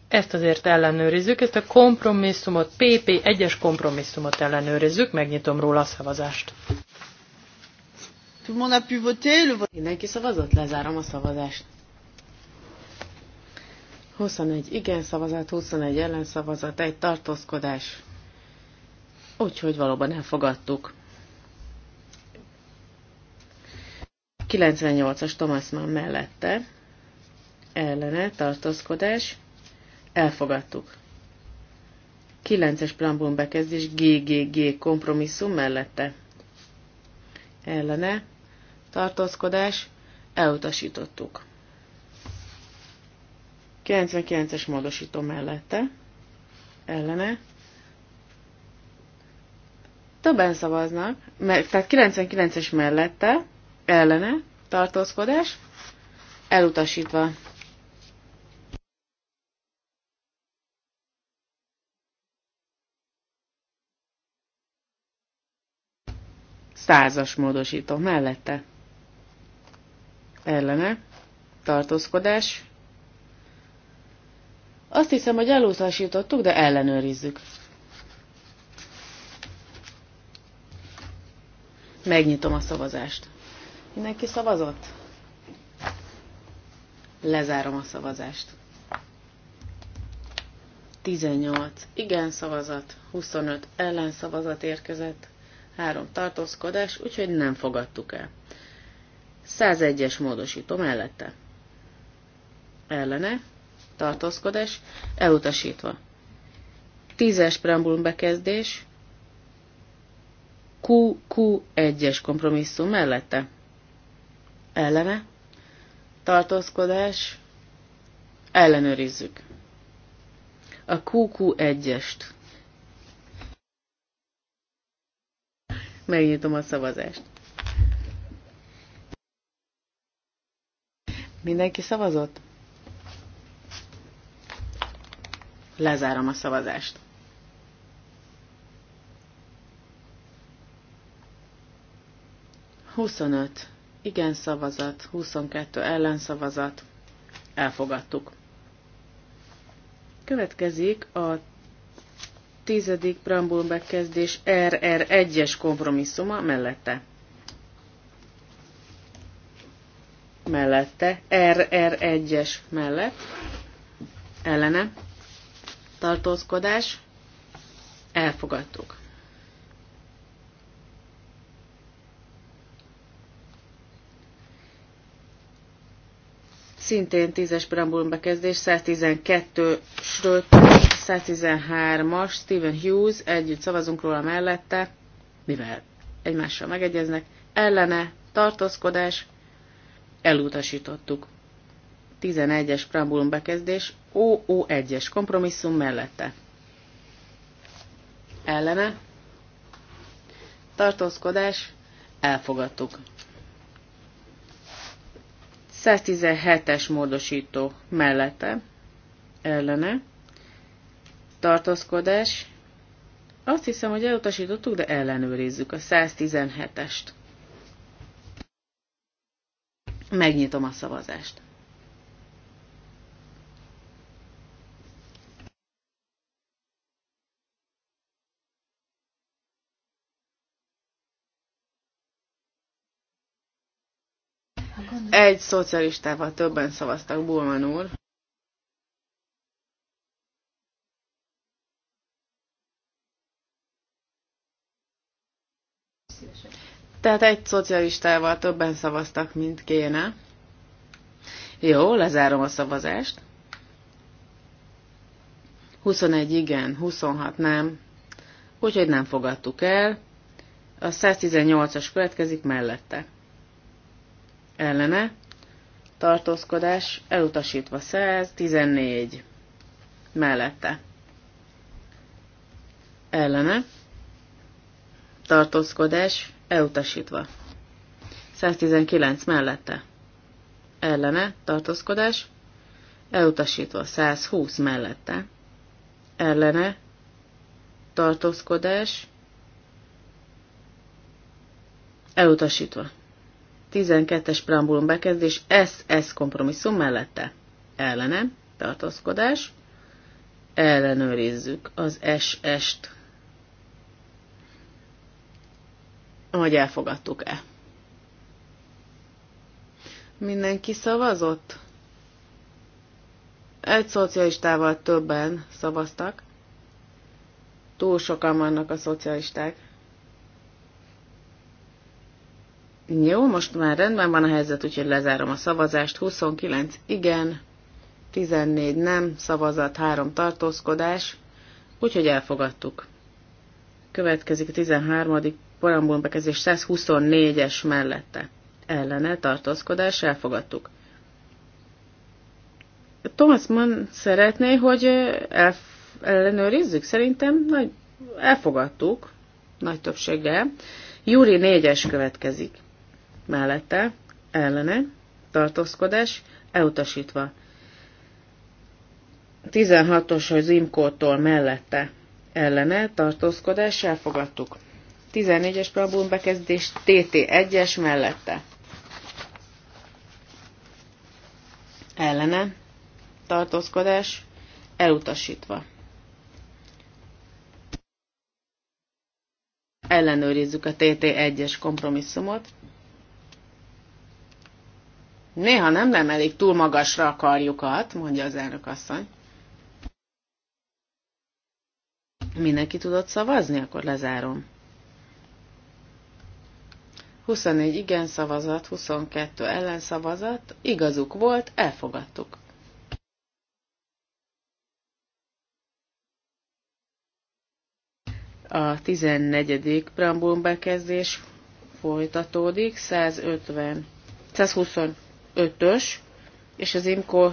Ezt azért ellenőrizzük, ezt a kompromisszumot, pp egyes kompromisszumot ellenőrizzük, megnyitom róla a szavazást. Tout le monde a pu voter, le Mindenki szavazott, lezárom a szavazást. 21 igen szavazat, 21 ellen szavazat, egy tartózkodás. Úgyhogy valóban elfogadtuk. 98-as Thomas Mann mellette ellene tartózkodás elfogadtuk. 9-es preambulum bekezdés GGG kompromisszum mellette. Ellene tartózkodás elutasítottuk. 99-es módosító mellette. Ellene Többen szavaznak, mert, tehát 99-es mellette, ellene, tartózkodás, elutasítva. Százas módosító mellette. Ellene, tartózkodás. Azt hiszem, hogy elutasítottuk, de ellenőrizzük. Megnyitom a szavazást. Mindenki szavazott? Lezárom a szavazást. 18 igen szavazat, 25 ellen szavazat érkezett, 3 tartózkodás, úgyhogy nem fogadtuk el. 101-es módosító mellette. Ellene, tartózkodás, elutasítva. 10-es preambulum bekezdés, QQ1-es kompromisszum mellette. Ellene. Tartózkodás. Ellenőrizzük. A QQ1-est. Megnyitom a szavazást. Mindenki szavazott? Lezárom a szavazást. 25 igen szavazat, 22 ellenszavazat. Elfogadtuk. Következik a tizedik Brambul bekezdés RR1-es kompromisszuma mellette. Mellette, RR1-es mellett, ellene, tartózkodás, elfogadtuk. szintén 10-es preambulum bekezdés, 112 ről 113-as Stephen Hughes, együtt szavazunk róla mellette, mivel egymással megegyeznek, ellene tartózkodás, elutasítottuk. 11-es preambulum bekezdés, OO1-es kompromisszum mellette. Ellene tartózkodás, elfogadtuk. 117-es módosító mellette, ellene, tartózkodás, azt hiszem, hogy elutasítottuk, de ellenőrizzük a 117-est. Megnyitom a szavazást. Egy szocialistával többen szavaztak, Bulman úr. Tehát egy szocialistával többen szavaztak, mint kéne. Jó, lezárom a szavazást. 21 igen, 26 nem. Úgyhogy nem fogadtuk el. A 118-as következik mellette ellene, tartózkodás elutasítva 114 mellette, ellene, tartózkodás elutasítva 119 mellette, ellene, tartózkodás elutasítva 120 mellette, ellene, tartózkodás elutasítva 12-es preambulum bekezdés SS kompromisszum mellette. Ellene, tartózkodás, ellenőrizzük az SS-t, hogy elfogadtuk-e. Mindenki szavazott? Egy szocialistával többen szavaztak. Túl sokan vannak a szocialisták. Jó, most már rendben van a helyzet, úgyhogy lezárom a szavazást. 29 igen, 14 nem, szavazat, 3 tartózkodás, úgyhogy elfogadtuk. Következik a 13. parambon bekezdés 124-es mellette. Ellene tartózkodás, elfogadtuk. Thomas Mann szeretné, hogy elf- ellenőrizzük, szerintem nagy, elfogadtuk, nagy többséggel. Júri 4-es következik mellette, ellene, tartózkodás, elutasítva. 16-os az imkótól mellette, ellene, tartózkodás, elfogadtuk. 14-es preambulum bekezdés, TT1-es mellette. Ellene, tartózkodás, elutasítva. Ellenőrizzük a TT1-es kompromisszumot. Néha nem elég túl magasra a karjukat, mondja az elnök asszony. Mindenki tudott szavazni? Akkor lezárom. 24 igen szavazat, 22 ellen szavazat, igazuk volt, elfogadtuk. A 14. preambulum bekezdés folytatódik, 150, 120 5-ös és az IMCO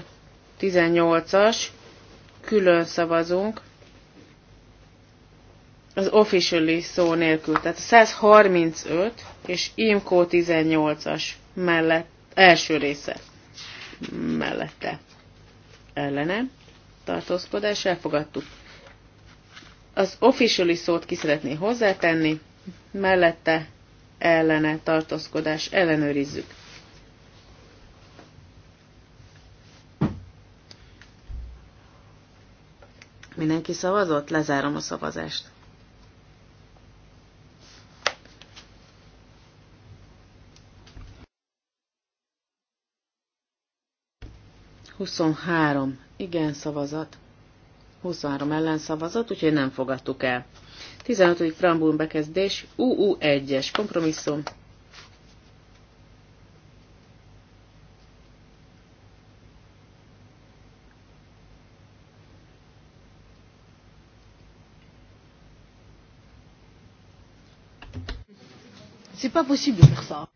18-as, külön szavazunk, az officially szó nélkül, tehát a 135 és IMCO 18-as mellett, első része mellette ellene tartózkodás elfogadtuk. Az officially szót ki szeretné hozzátenni, mellette ellene tartózkodás ellenőrizzük. Mindenki szavazott? Lezárom a szavazást. Huszonhárom igen szavazat, 23 ellen szavazott, úgyhogy nem fogadtuk el. 15. preambulum bekezdés, UU1-es kompromisszum C'est pas possible de faire ça.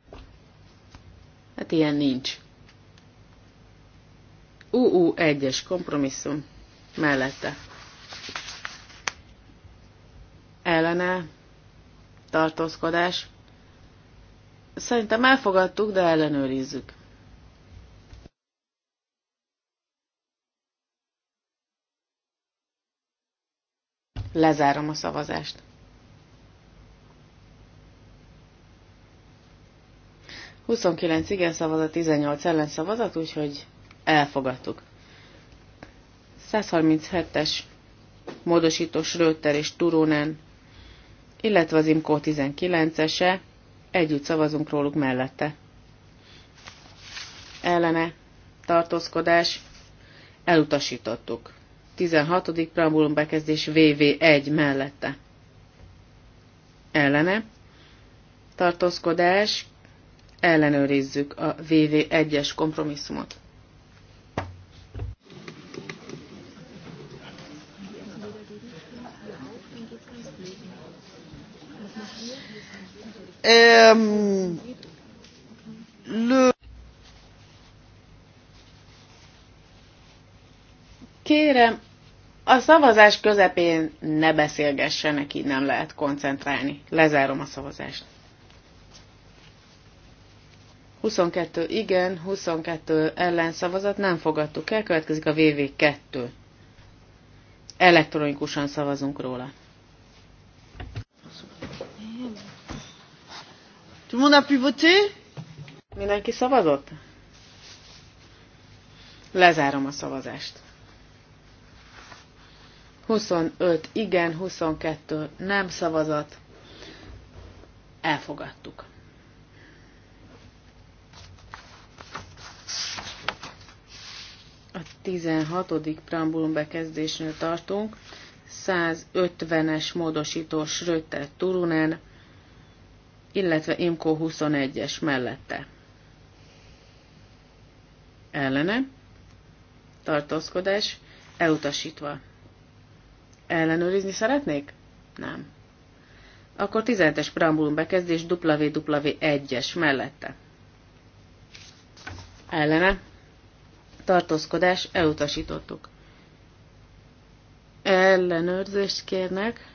Hát ilyen nincs. UU1-es kompromisszum mellette. Ellene tartózkodás. Szerintem elfogadtuk, de ellenőrizzük. Lezárom a szavazást. 29 igen szavazat, 18 ellen szavazat, úgyhogy elfogadtuk. 137-es módosítós Schröter és Turunen, illetve az Imkó 19-ese, együtt szavazunk róluk mellette. Ellene, tartózkodás, elutasítottuk. 16. preambulum bekezdés VV1 mellette. Ellene, tartózkodás, ellenőrizzük a VV1-es kompromisszumot. Um, le... Kérem, a szavazás közepén ne beszélgessenek, így nem lehet koncentrálni. Lezárom a szavazást. 22 igen, 22 ellen szavazat nem fogadtuk el, következik a VV2. Elektronikusan szavazunk róla. Tout le monde a pu voter? Mindenki szavazott? Lezárom a szavazást. 25 igen, 22 nem szavazat. Elfogadtuk. 16. preambulum bekezdésnél tartunk, 150-es módosító Schröter Turunen, illetve Imco 21-es mellette. Ellene, tartózkodás, elutasítva. Ellenőrizni szeretnék? Nem. Akkor 17-es preambulum bekezdés WW1-es e mellette. Ellene, tartózkodás elutasítottuk. Ellenőrzést kérnek.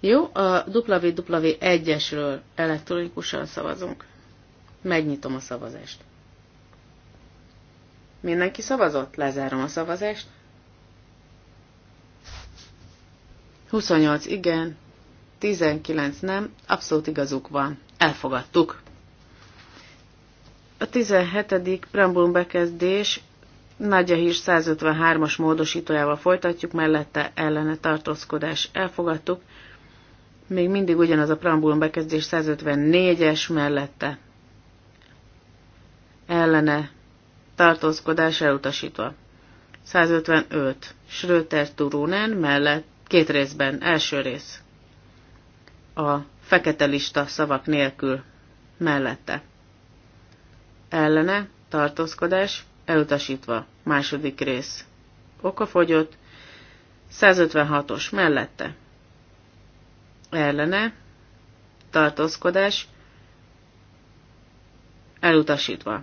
Jó, a WW1-esről e elektronikusan szavazunk. Megnyitom a szavazást. Mindenki szavazott? Lezárom a szavazást. 28 igen, 19 nem, abszolút igazuk van. Elfogadtuk. A 17. preambulum bekezdés Nagyja Hír 153-as módosítójával folytatjuk, mellette ellene tartózkodás elfogadtuk. Még mindig ugyanaz a preambulum bekezdés 154-es mellette ellene tartózkodás elutasítva. 155. Schröter Turunen mellett két részben, első rész. A fekete lista szavak nélkül mellette ellene, tartózkodás, elutasítva, második rész, okafogyott, 156-os mellette, ellene, tartózkodás, elutasítva.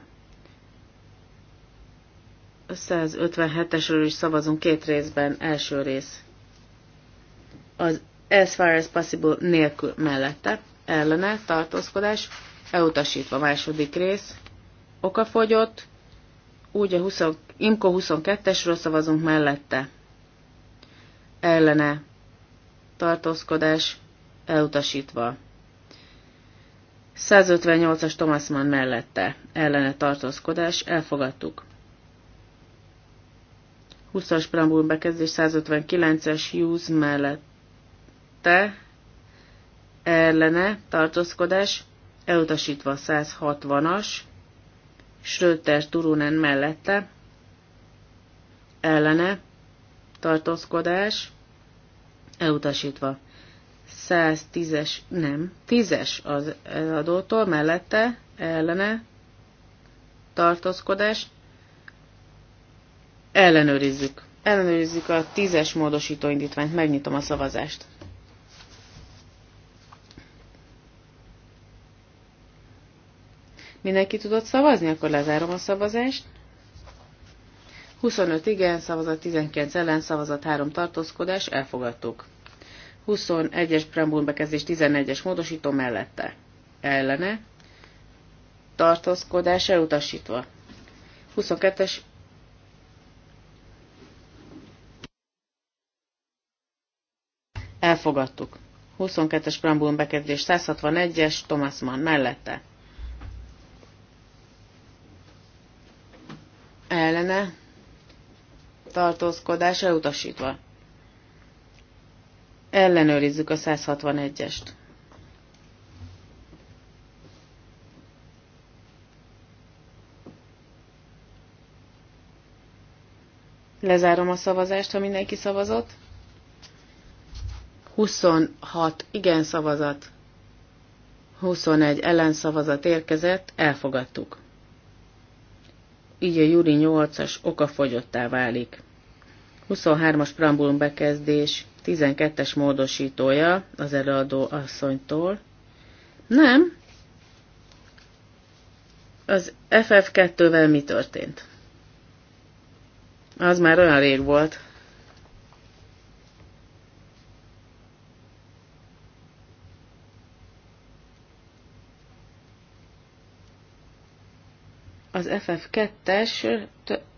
157-esről is szavazunk két részben, első rész. Az as far as possible nélkül mellette, ellene, tartózkodás, elutasítva második rész, okafogyott, úgy a 20, IMKO 22-esről szavazunk mellette. Ellene tartózkodás elutasítva. 158-as Thomas Mann mellette ellene tartózkodás elfogadtuk. 20-as Brambul bekezdés 159-es Hughes mellette ellene tartózkodás elutasítva 160-as Schröter Turunen mellette, ellene, tartózkodás, elutasítva. 110-es, nem, 10-es az adótól mellette, ellene, tartózkodás, ellenőrizzük. Ellenőrizzük a 10-es módosító indítványt, megnyitom a szavazást. Mindenki tudott szavazni? Akkor lezárom a szavazást. 25 igen, szavazat 19 ellen, szavazat 3 tartózkodás, elfogadtuk. 21-es bekezdés, 11-es módosító mellette. Ellene. Tartózkodás elutasítva. 22-es Elfogadtuk. 22-es preambul bekezdés 161-es Thomas Mann mellette. ellene tartózkodás elutasítva. Ellenőrizzük a 161-est. Lezárom a szavazást, ha mindenki szavazott. 26 igen szavazat, 21 ellenszavazat érkezett, elfogadtuk így a júri 8-as okafogyottá válik. 23-as preambulum bekezdés 12-es módosítója az előadó asszonytól. Nem. Az FF2-vel mi történt? Az már olyan rég volt. Az FF2-es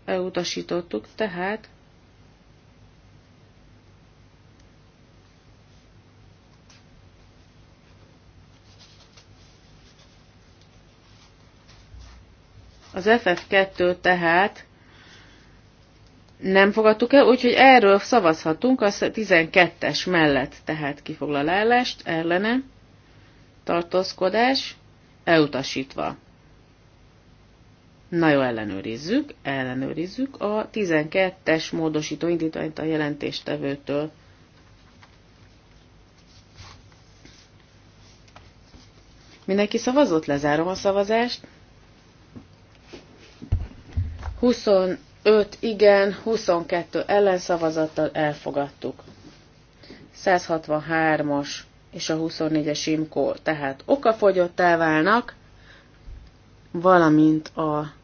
elutasítottuk, tehát az FF2 tehát nem fogadtuk el, úgyhogy erről szavazhatunk a 12-es mellett, tehát kifoglalálást, ellene, tartózkodás, elutasítva. Na jó, ellenőrizzük, ellenőrizzük a 12-es módosító indítványt a jelentéstevőtől. Mindenki szavazott, lezárom a szavazást. 25 igen, 22 ellenszavazattal elfogadtuk. 163-as és a 24-es imkó, tehát okafogyottá válnak, valamint a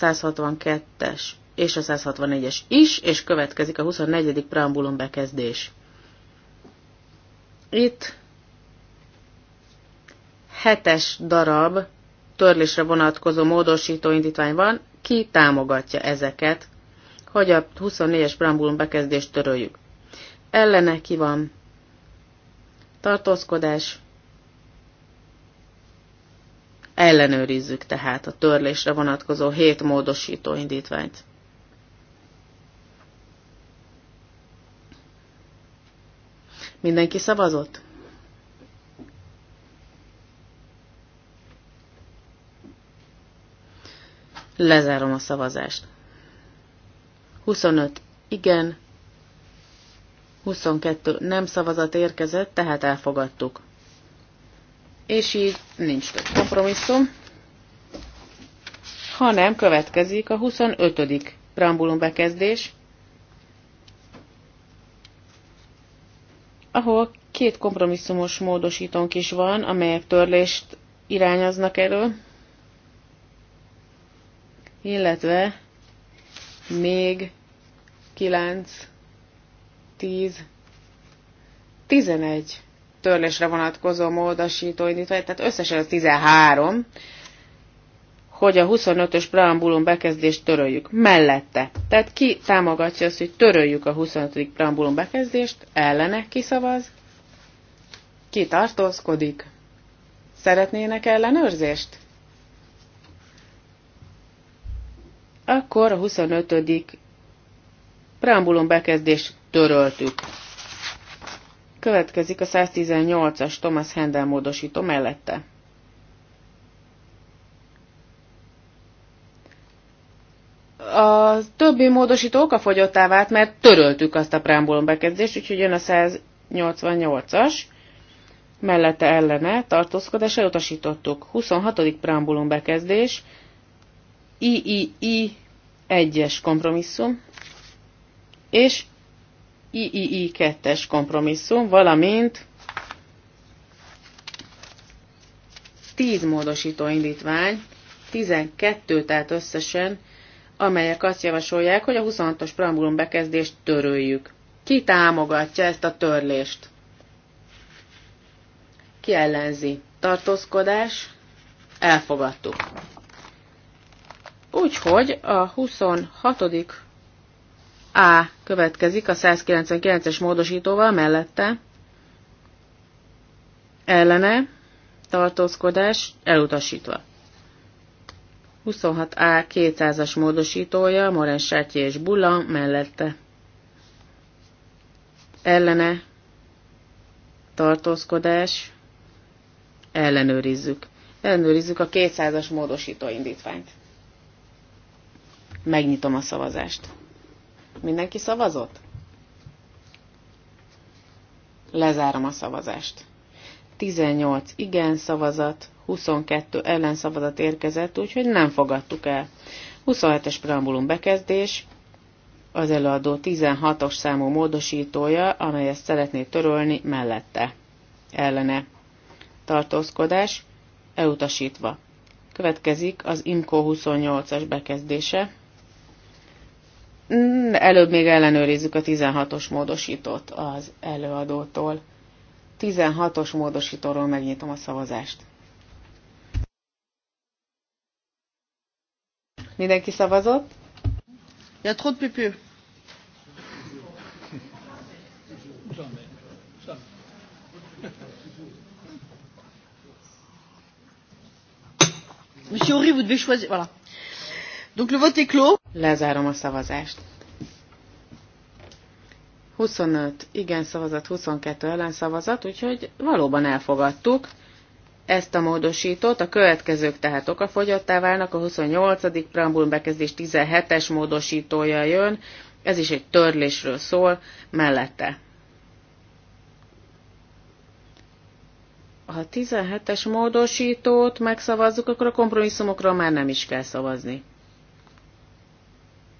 162-es és a 161-es is, és következik a 24. preambulum bekezdés. Itt hetes darab törlésre vonatkozó módosító indítvány van, ki támogatja ezeket, hogy a 24-es preambulum bekezdést töröljük. Ellene ki van tartózkodás, Ellenőrizzük tehát a törlésre vonatkozó hét módosító indítványt. Mindenki szavazott? Lezárom a szavazást. 25 igen, 22 nem szavazat érkezett, tehát elfogadtuk és így nincs több kompromisszum, hanem következik a 25. preambulum bekezdés, ahol két kompromisszumos módosítónk is van, amelyek törlést irányoznak elő, illetve még 9, 10, 11 törlésre vonatkozó módosító indítvány, tehát összesen az 13, hogy a 25-ös preambulum bekezdést töröljük. Mellette. Tehát ki támogatja azt, hogy töröljük a 25. preambulum bekezdést, ellene kiszavaz, ki tartózkodik. Szeretnének ellenőrzést? Akkor a 25. preambulum bekezdést töröltük. Következik a 118-as Thomas Handel módosító mellette. A többi módosító okafogyottá vált, mert töröltük azt a preambulum bekezdést, úgyhogy jön a 188-as, mellette ellene tartózkodás elutasítottuk. 26. preambulum bekezdés, III 1-es kompromisszum, és III 2-es kompromisszum, valamint 10 módosító indítvány, 12 tehát összesen, amelyek azt javasolják, hogy a 26-os preambulum bekezdést töröljük. Ki támogatja ezt a törlést? Ki ellenzi? Tartózkodás? Elfogadtuk. Úgyhogy a 26. A következik a 199-es módosítóval mellette. Ellene tartózkodás elutasítva. 26A 200-as módosítója Moren Sátyé és Bulla mellette. Ellene tartózkodás ellenőrizzük. Ellenőrizzük a 200-as módosító indítványt. Megnyitom a szavazást. Mindenki szavazott? Lezárom a szavazást. 18 igen szavazat, 22 ellen szavazat érkezett, úgyhogy nem fogadtuk el. 27-es preambulum bekezdés, az előadó 16-os számú módosítója, amely ezt szeretné törölni mellette. Ellene. Tartózkodás elutasítva. Következik az IMCO 28-as bekezdése. Mm, előbb még ellenőrizzük a 16-os módosítót az előadótól. 16-os módosítóról megnyitom a szavazást. Mindenki szavazott? Ja, trop de Monsieur Horry, vous devez choisir. Voilà. Donc le vote est clos. Lezárom a szavazást. 25 igen szavazat, 22 ellen szavazat, úgyhogy valóban elfogadtuk ezt a módosítót. A következők tehát okafogyottá válnak, a 28. preambul bekezdés 17-es módosítója jön, ez is egy törlésről szól, mellette. Ha 17-es módosítót megszavazzuk, akkor a kompromisszumokra már nem is kell szavazni.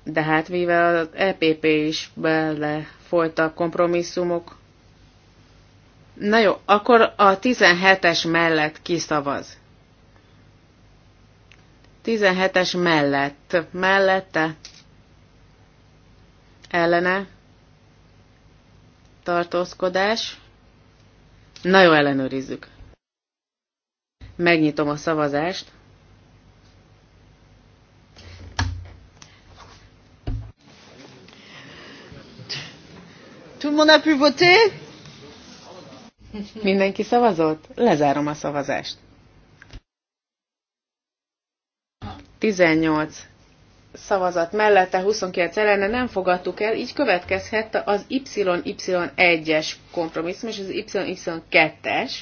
De hát mivel az e EPP is bele folyt a kompromisszumok, Na jó, akkor a 17-es mellett kiszavaz. 17-es mellett. Mellette. Ellene. Tartózkodás. Na jó, ellenőrizzük. Megnyitom a szavazást. le monde a pu voter? Mindenki szavazott? Lezárom a szavazást. 18 szavazat mellette, 29 ellene nem fogadtuk el, így következhet az YY1-es kompromisszum és az YY2-es,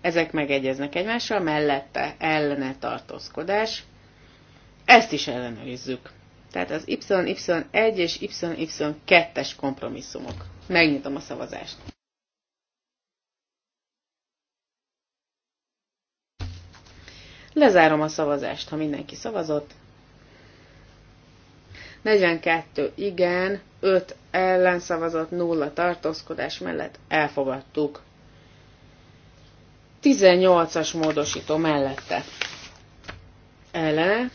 ezek megegyeznek egymással, mellette ellene tartózkodás. Ezt is ellenőrizzük. Tehát az YY1 és YY2-es kompromisszumok. Megnyitom a szavazást. Lezárom a szavazást, ha mindenki szavazott. 42 igen, 5 ellen szavazott, 0 tartózkodás mellett elfogadtuk. 18-as módosító mellette. Ellene.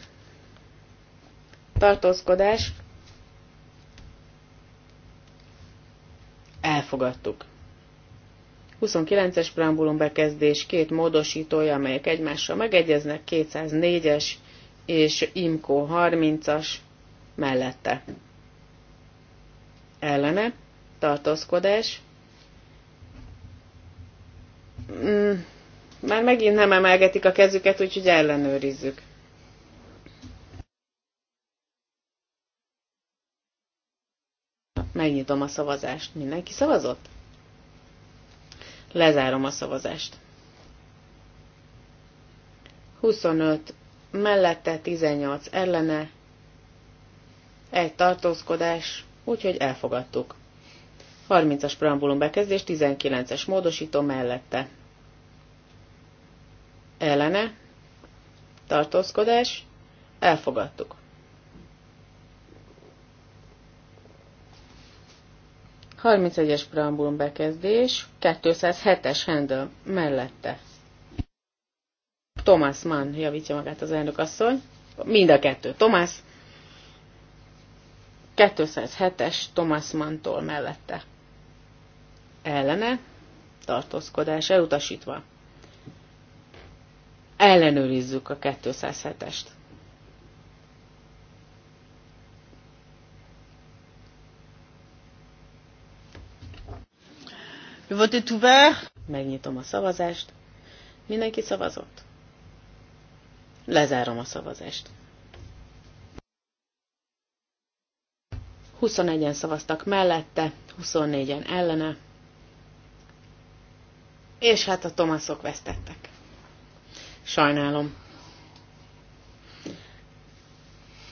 Tartózkodás. elfogadtuk. 29-es preambulum bekezdés két módosítója, amelyek egymással megegyeznek, 204-es és IMCO 30-as mellette. Ellene, tartózkodás. Mm, már megint nem emelgetik a kezüket, úgyhogy ellenőrizzük. Megnyitom a szavazást. Mindenki szavazott? Lezárom a szavazást. 25 mellette, 18 ellene, egy tartózkodás, úgyhogy elfogadtuk. 30-as preambulum bekezdés, 19-es módosító mellette. Ellene, tartózkodás, elfogadtuk. 31-es preambulum bekezdés, 207-es Handel mellette. Thomas Mann javítja magát az elnök asszony. Mind a kettő. Thomas 207-es Thomas Mann-tól mellette. Ellene tartózkodás elutasítva. Ellenőrizzük a 207-est. Le vote est ouvert. Megnyitom a szavazást. Mindenki szavazott. Lezárom a szavazást. 21-en szavaztak mellette, 24-en ellene, és hát a Tomaszok vesztettek. Sajnálom.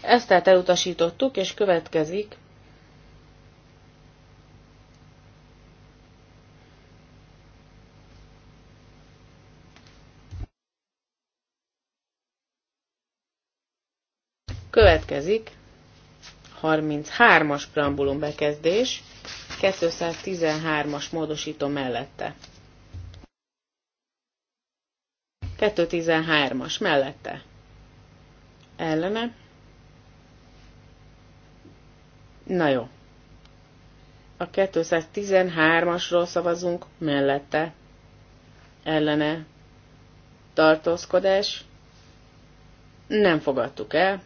Ezt tehát elutasítottuk, és következik Következik 33-as preambulum bekezdés, 213-as módosító mellette. 213-as mellette. Ellene. Na jó. A 213-asról szavazunk mellette. Ellene. Tartózkodás. Nem fogadtuk el.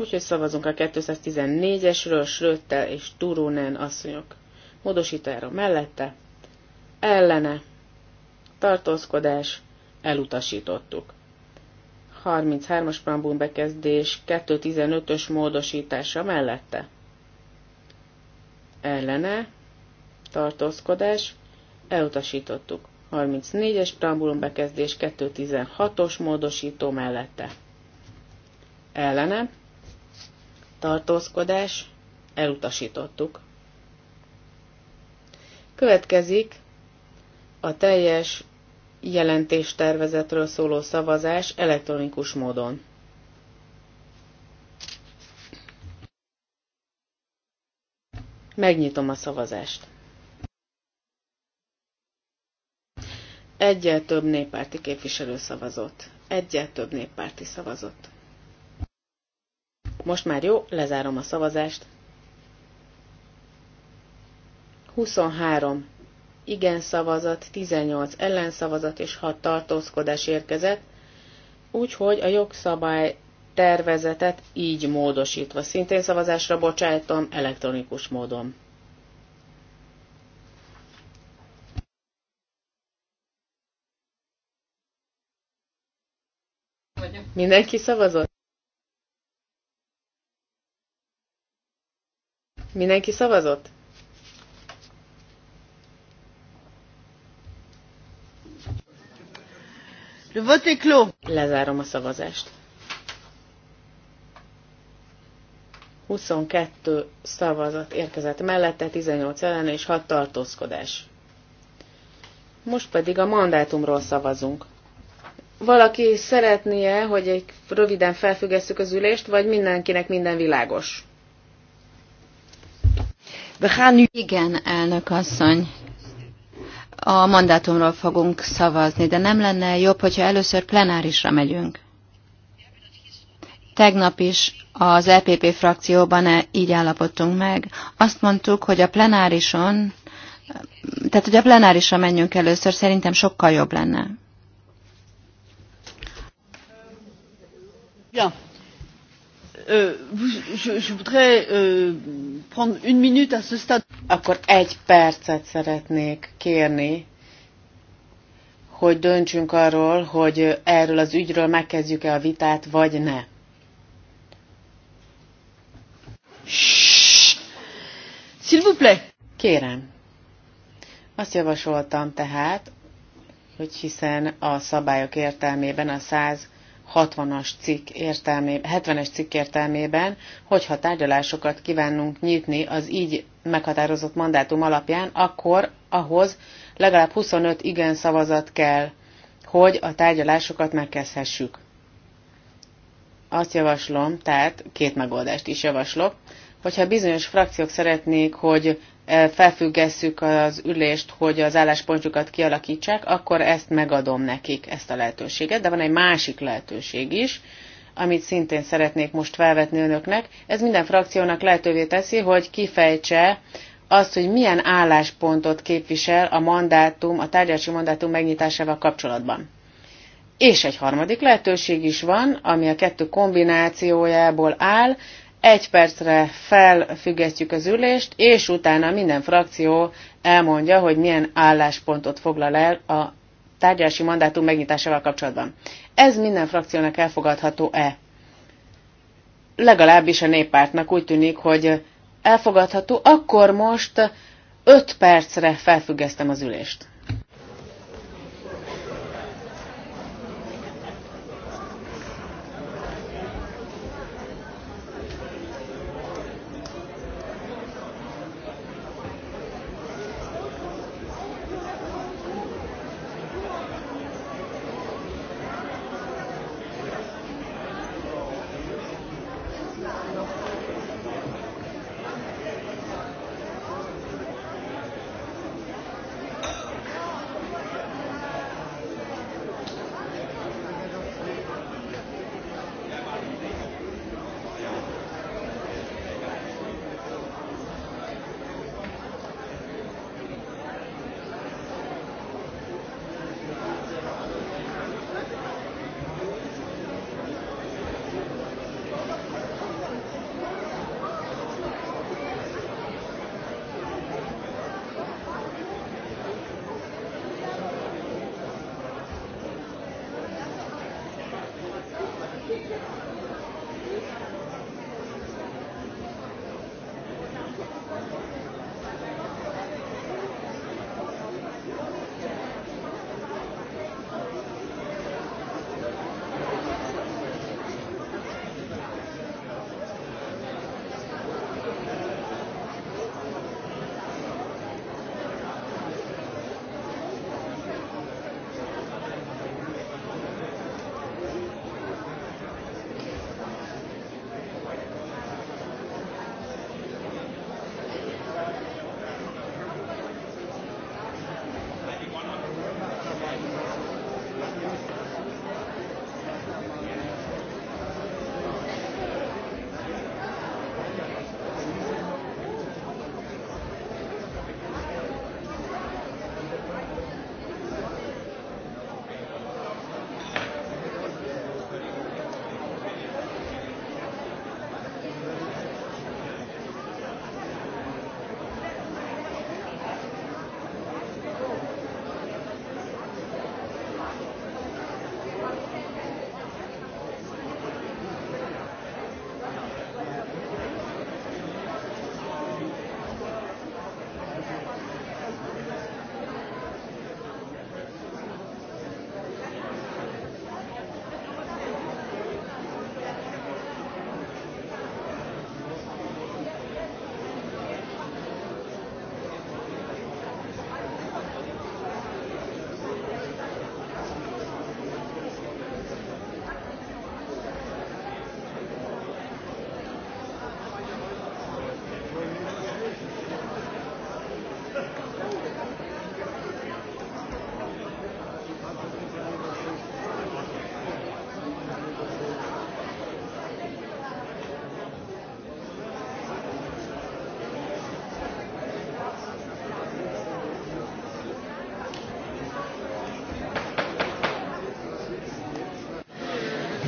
Úgyhogy szavazunk a 214-esről, Schröter és Turunen asszonyok módosítára mellette. Ellene. Tartózkodás. Elutasítottuk. 33-as preambul bekezdés 215-ös módosítása mellette. Ellene. Tartózkodás. Elutasítottuk. 34-es preambulum bekezdés 216-os módosító mellette. Ellene tartózkodás, elutasítottuk. Következik a teljes jelentéstervezetről szóló szavazás elektronikus módon. Megnyitom a szavazást. Egyel több néppárti képviselő szavazott. Egyel több néppárti szavazott most már jó, lezárom a szavazást. 23 igen szavazat, 18 ellenszavazat és 6 tartózkodás érkezett, úgyhogy a jogszabály tervezetet így módosítva szintén szavazásra bocsájtom elektronikus módon. Mindenki szavazott? Mindenki szavazott? Le vote clos. Lezárom a szavazást. 22 szavazat érkezett mellette, 18 ellen és 6 tartózkodás. Most pedig a mandátumról szavazunk. Valaki szeretnie, hogy egy röviden felfüggesszük az ülést, vagy mindenkinek minden világos? Igen, elnök asszony. A mandátumról fogunk szavazni, de nem lenne jobb, hogyha először plenárisra megyünk. Tegnap is az EPP frakcióban e- így állapodtunk meg. Azt mondtuk, hogy a plenárison, tehát hogy a plenárisra menjünk először, szerintem sokkal jobb lenne. Ja. Akkor egy percet szeretnék kérni, hogy döntsünk arról, hogy erről az ügyről megkezdjük-e a vitát, vagy ne. S'il vous plaît. Kérem. Azt javasoltam tehát, hogy hiszen a szabályok értelmében a 100 60-as cikk értelmében, 70-es cikk értelmében, hogyha tárgyalásokat kívánunk nyitni az így meghatározott mandátum alapján, akkor ahhoz legalább 25 igen szavazat kell, hogy a tárgyalásokat megkezdhessük. Azt javaslom, tehát két megoldást is javaslok, hogyha bizonyos frakciók szeretnék, hogy felfüggesszük az ülést, hogy az álláspontjukat kialakítsák, akkor ezt megadom nekik, ezt a lehetőséget. De van egy másik lehetőség is, amit szintén szeretnék most felvetni önöknek. Ez minden frakciónak lehetővé teszi, hogy kifejtse azt, hogy milyen álláspontot képvisel a mandátum, a tárgyalási mandátum megnyitásával kapcsolatban. És egy harmadik lehetőség is van, ami a kettő kombinációjából áll, egy percre felfüggesztjük az ülést, és utána minden frakció elmondja, hogy milyen álláspontot foglal el a tárgyalási mandátum megnyitásával kapcsolatban. Ez minden frakciónak elfogadható-e? Legalábbis a néppártnak úgy tűnik, hogy elfogadható, akkor most 5 percre felfüggesztem az ülést.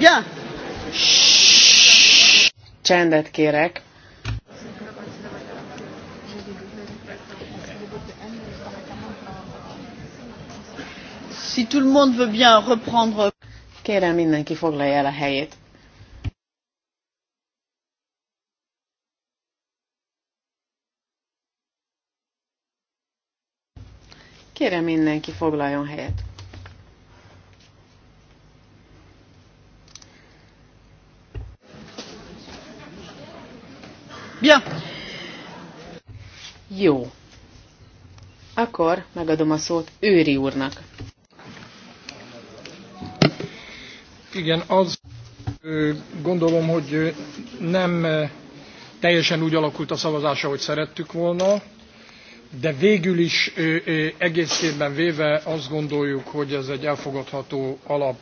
Ja! Csendet kérek. Si tout le monde veut bien reprendre. Kérem mindenki foglalja el a helyét. Kérem mindenki foglaljon helyet. Bien. Jó. Akkor megadom a szót Őri úrnak. Igen, az gondolom, hogy nem teljesen úgy alakult a szavazás, ahogy szerettük volna, de végül is egészében véve azt gondoljuk, hogy ez egy elfogadható alap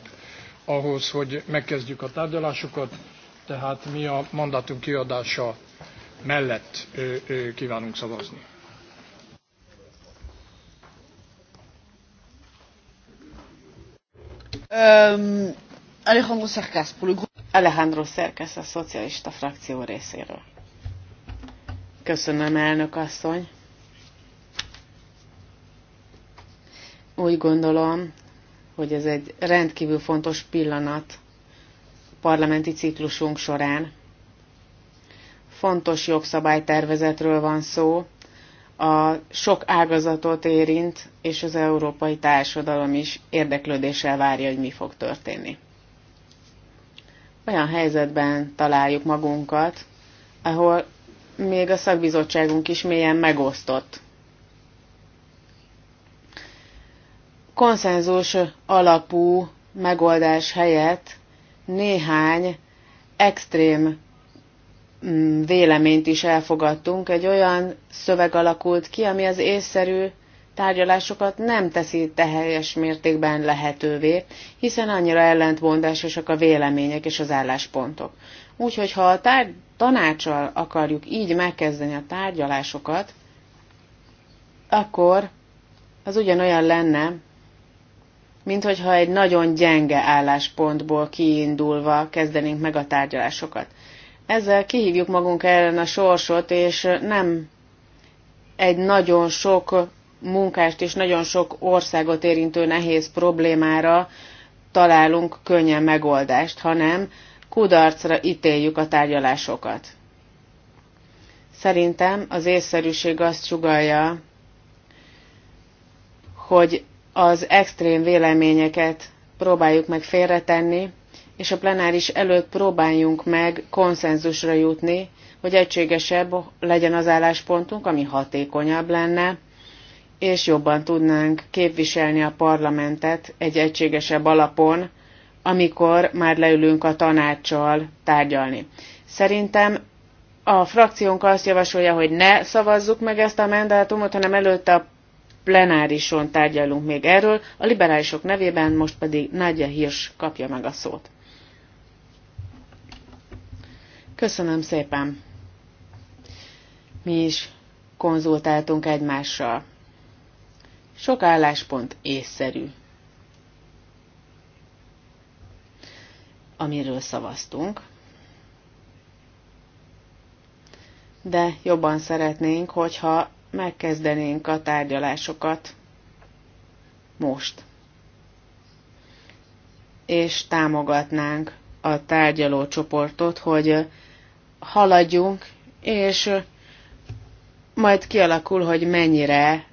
ahhoz, hogy megkezdjük a tárgyalásokat, tehát mi a mandátum kiadása mellett kívánunk szavazni. Um, Alejandro Szerkász, Alejandro Szerkász a szocialista frakció részéről. Köszönöm, elnök asszony. Úgy gondolom, hogy ez egy rendkívül fontos pillanat a parlamenti ciklusunk során, fontos jogszabálytervezetről van szó, a sok ágazatot érint, és az európai társadalom is érdeklődéssel várja, hogy mi fog történni. Olyan helyzetben találjuk magunkat, ahol még a szakbizottságunk is mélyen megosztott. Konszenzus alapú megoldás helyett néhány extrém Mm, véleményt is elfogadtunk, egy olyan szöveg alakult ki, ami az észszerű tárgyalásokat nem teszi teljes mértékben lehetővé, hiszen annyira ellentmondásosak a vélemények és az álláspontok. Úgyhogy ha a tár- tanácsal akarjuk így megkezdeni a tárgyalásokat, akkor az ugyanolyan lenne, mint hogyha egy nagyon gyenge álláspontból kiindulva kezdenénk meg a tárgyalásokat. Ezzel kihívjuk magunk ellen a sorsot, és nem egy nagyon sok munkást és nagyon sok országot érintő nehéz problémára találunk könnyen megoldást, hanem kudarcra ítéljük a tárgyalásokat. Szerintem az észszerűség azt sugalja, hogy az extrém véleményeket próbáljuk meg félretenni, és a plenáris előtt próbáljunk meg konszenzusra jutni, hogy egységesebb legyen az álláspontunk, ami hatékonyabb lenne, és jobban tudnánk képviselni a parlamentet egy egységesebb alapon, amikor már leülünk a tanácssal tárgyalni. Szerintem a frakciónk azt javasolja, hogy ne szavazzuk meg ezt a mandátumot, hanem előtte a plenárison tárgyalunk még erről. A liberálisok nevében most pedig Nagyja Hirsch kapja meg a szót. Köszönöm szépen. Mi is konzultáltunk egymással. Sok álláspont észszerű. Amiről szavaztunk. De jobban szeretnénk, hogyha megkezdenénk a tárgyalásokat most. És támogatnánk a tárgyaló csoportot, hogy haladjunk, és majd kialakul, hogy mennyire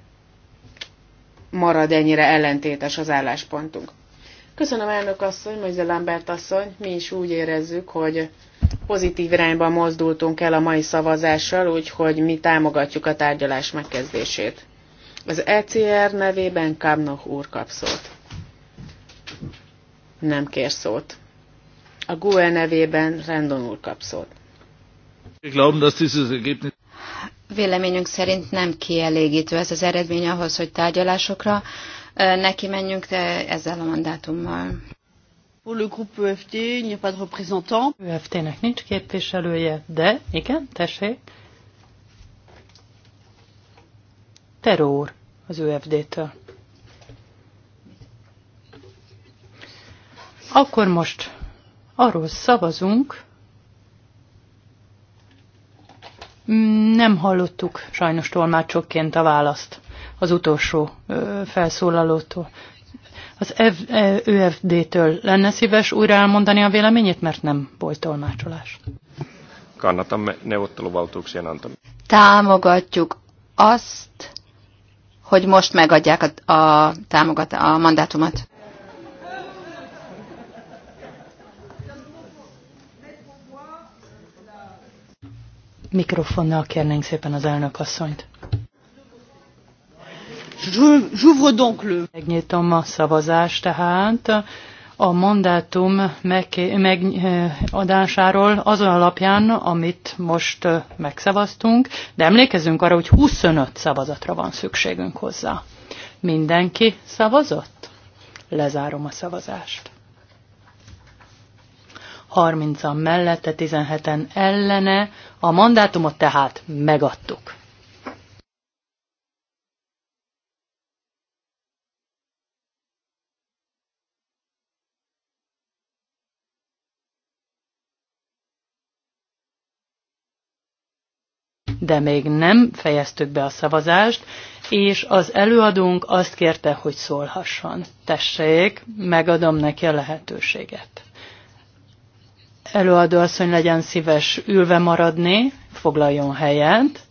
marad ennyire ellentétes az álláspontunk. Köszönöm elnök asszony, Magyze Lambert asszony, mi is úgy érezzük, hogy pozitív irányba mozdultunk el a mai szavazással, úgyhogy mi támogatjuk a tárgyalás megkezdését. Az ECR nevében Kamnok úr kap szót. Nem kér szót. A GUE nevében Rendon úr kap szót. Véleményünk szerint nem kielégítő ez az eredmény ahhoz, hogy tárgyalásokra neki menjünk de ezzel a mandátummal. Pour le groupe EFT, il n'y a pas de représentant. EFT-nek nincs képviselője, de igen, tessék. Terror az ÖFD-től. Akkor most arról szavazunk, Nem hallottuk sajnos tolmácsokként a választ az utolsó ö, felszólalótól. Az e, ÖFD-től lenne szíves újra elmondani a véleményét, mert nem volt tolmácsolás. Kannatamme neuvotteluvaltuuksien antamista. Támogatjuk azt, hogy most megadják a, a, támogat, a mandátumot. Mikrofonnal kérnénk szépen az elnök asszonyt. J'ouvre donc le... Megnyitom a szavazást tehát a mandátum megadásáról azon alapján, amit most megszavaztunk, de emlékezünk arra, hogy 25 szavazatra van szükségünk hozzá. Mindenki szavazott? Lezárom a szavazást. 30-an mellette, 17-en ellene. A mandátumot tehát megadtuk. de még nem fejeztük be a szavazást, és az előadónk azt kérte, hogy szólhasson. Tessék, megadom neki a lehetőséget előadó asszony legyen szíves ülve maradni, foglaljon helyet,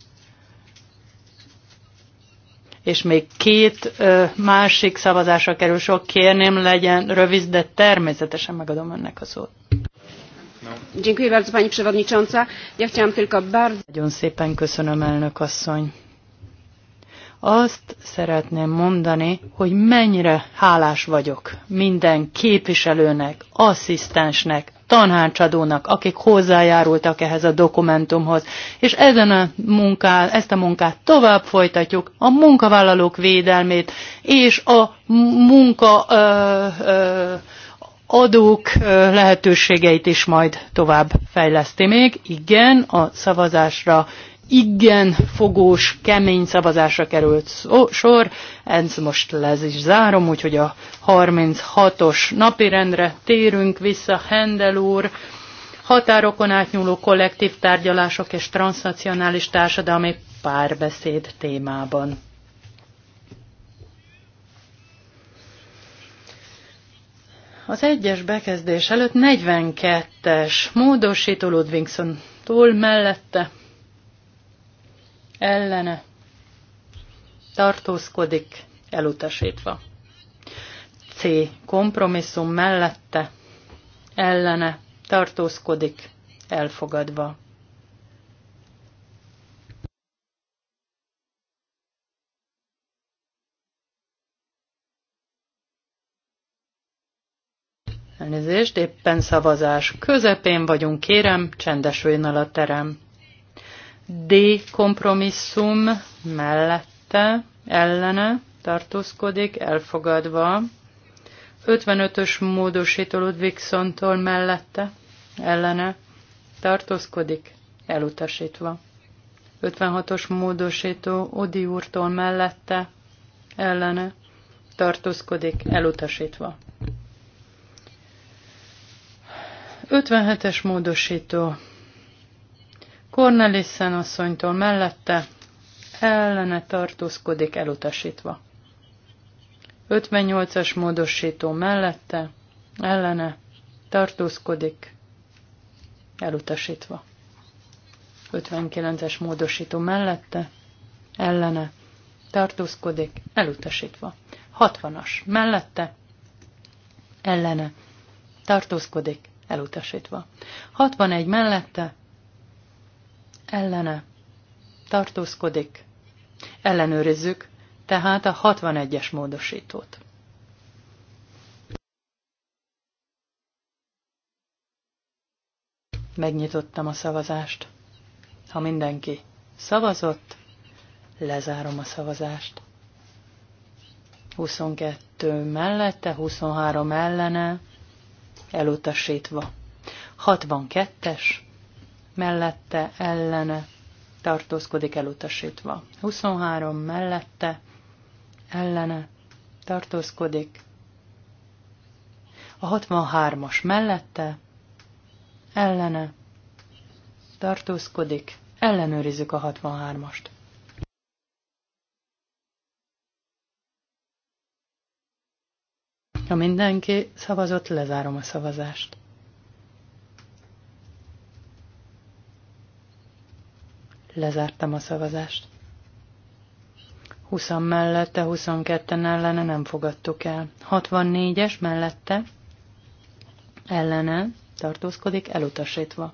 és még két ö, másik szavazásra kerül sok, kérném legyen rövid, de természetesen megadom önnek a szót. Dziękuję bardzo Pani Przewodnicząca. Ja chciałam tylko bardzo... Nagyon szépen köszönöm, elnök asszony. Azt szeretném mondani, hogy mennyire hálás vagyok minden képviselőnek, asszisztensnek, tanácsadónak, akik hozzájárultak ehhez a dokumentumhoz. És ezen a munká, ezt a munkát tovább folytatjuk, a munkavállalók védelmét és a munka ö, ö, adók lehetőségeit is majd tovább fejleszti még. Igen, a szavazásra igen fogós, kemény szavazásra került sor. Ezt most lesz is zárom, úgyhogy a 36-os napirendre térünk vissza. Hendel úr, határokon átnyúló kollektív tárgyalások és transnacionális társadalmi párbeszéd témában. Az egyes bekezdés előtt 42-es módosító Ludvigson túl mellette ellene tartózkodik, elutasítva. C. Kompromisszum mellette, ellene tartózkodik, elfogadva. Elnézést, éppen szavazás közepén vagyunk, kérem, csendesüljön a terem de kompromisszum mellette, ellene tartózkodik, elfogadva. 55-ös módosító Ludvigszontól mellette, ellene tartózkodik, elutasítva. 56-os módosító Odi úrtól mellette, ellene tartózkodik, elutasítva. 57-es módosító Cornelissen asszonytól mellette ellene tartózkodik elutasítva. 58-as módosító mellette ellene tartózkodik elutasítva. 59-es módosító mellette ellene tartózkodik elutasítva. 60-as mellette ellene tartózkodik elutasítva. 61 mellette ellene tartózkodik. Ellenőrizzük, tehát a 61-es módosítót. Megnyitottam a szavazást. Ha mindenki szavazott, lezárom a szavazást. 22 mellette, 23 ellene, elutasítva. 62-es, mellette ellene tartózkodik elutasítva. 23 mellette ellene tartózkodik. A 63-as mellette ellene tartózkodik. Ellenőrizzük a 63-ast. Ha mindenki szavazott, lezárom a szavazást. Lezártam a szavazást. 20 mellette, 22 ellene nem fogadtuk el. 64-es mellette, ellene tartózkodik, elutasítva.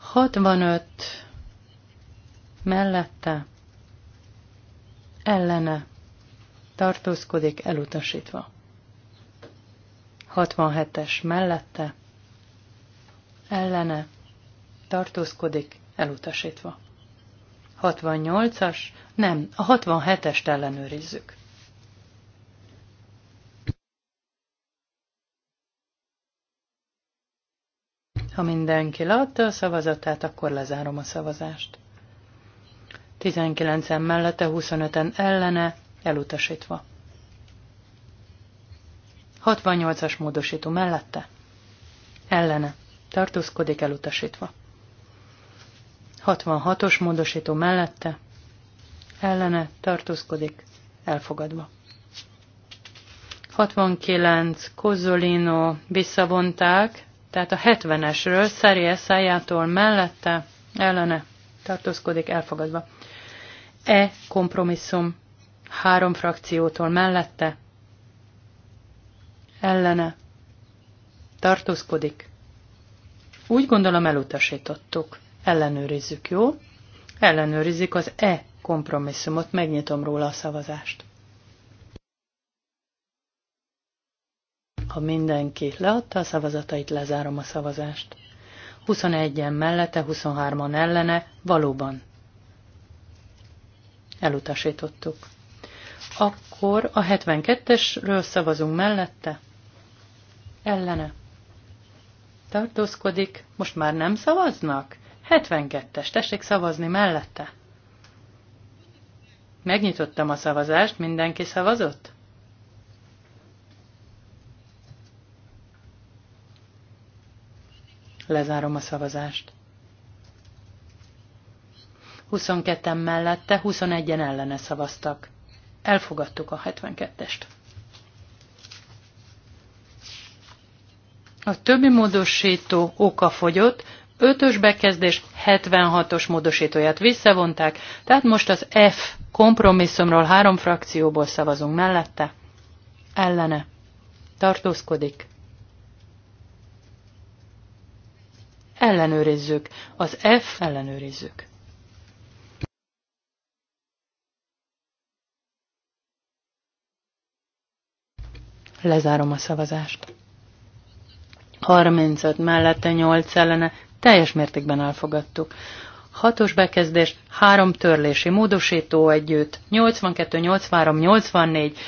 65 mellette, ellene tartózkodik, elutasítva. 67-es mellette, ellene tartózkodik, elutasítva. 68-as? Nem, a 67-est ellenőrizzük. Ha mindenki látta a szavazatát, akkor lezárom a szavazást. 19-en mellette, 25-en ellene, elutasítva. 68-as módosító mellette, ellene, tartózkodik elutasítva. 66-os módosító mellette ellene tartózkodik elfogadva. 69 Kozzolino visszavonták, tehát a 70-esről Szeri Eszájától mellette ellene tartózkodik elfogadva. E kompromisszum három frakciótól mellette ellene tartózkodik. Úgy gondolom elutasítottuk. Ellenőrizzük, jó? Ellenőrizzük az E kompromisszumot, megnyitom róla a szavazást. Ha mindenki leadta a szavazatait, lezárom a szavazást. 21-en mellette, 23-an ellene, valóban. Elutasítottuk. Akkor a 72-esről szavazunk mellette. Ellene. Tartózkodik. Most már nem szavaznak? 72-es, tessék szavazni mellette. Megnyitottam a szavazást, mindenki szavazott? Lezárom a szavazást. 22-en mellette, 21-en ellene szavaztak. Elfogadtuk a 72-est. A többi módosító oka fogyott, 5-ös bekezdés 76-os módosítóját visszavonták, tehát most az F kompromisszumról három frakcióból szavazunk mellette. Ellene. Tartózkodik. Ellenőrizzük. Az F ellenőrizzük. Lezárom a szavazást. 35 mellette 8 ellene teljes mértékben elfogadtuk. Hatos bekezdés, három törlési módosító együtt, 82, 83, 84.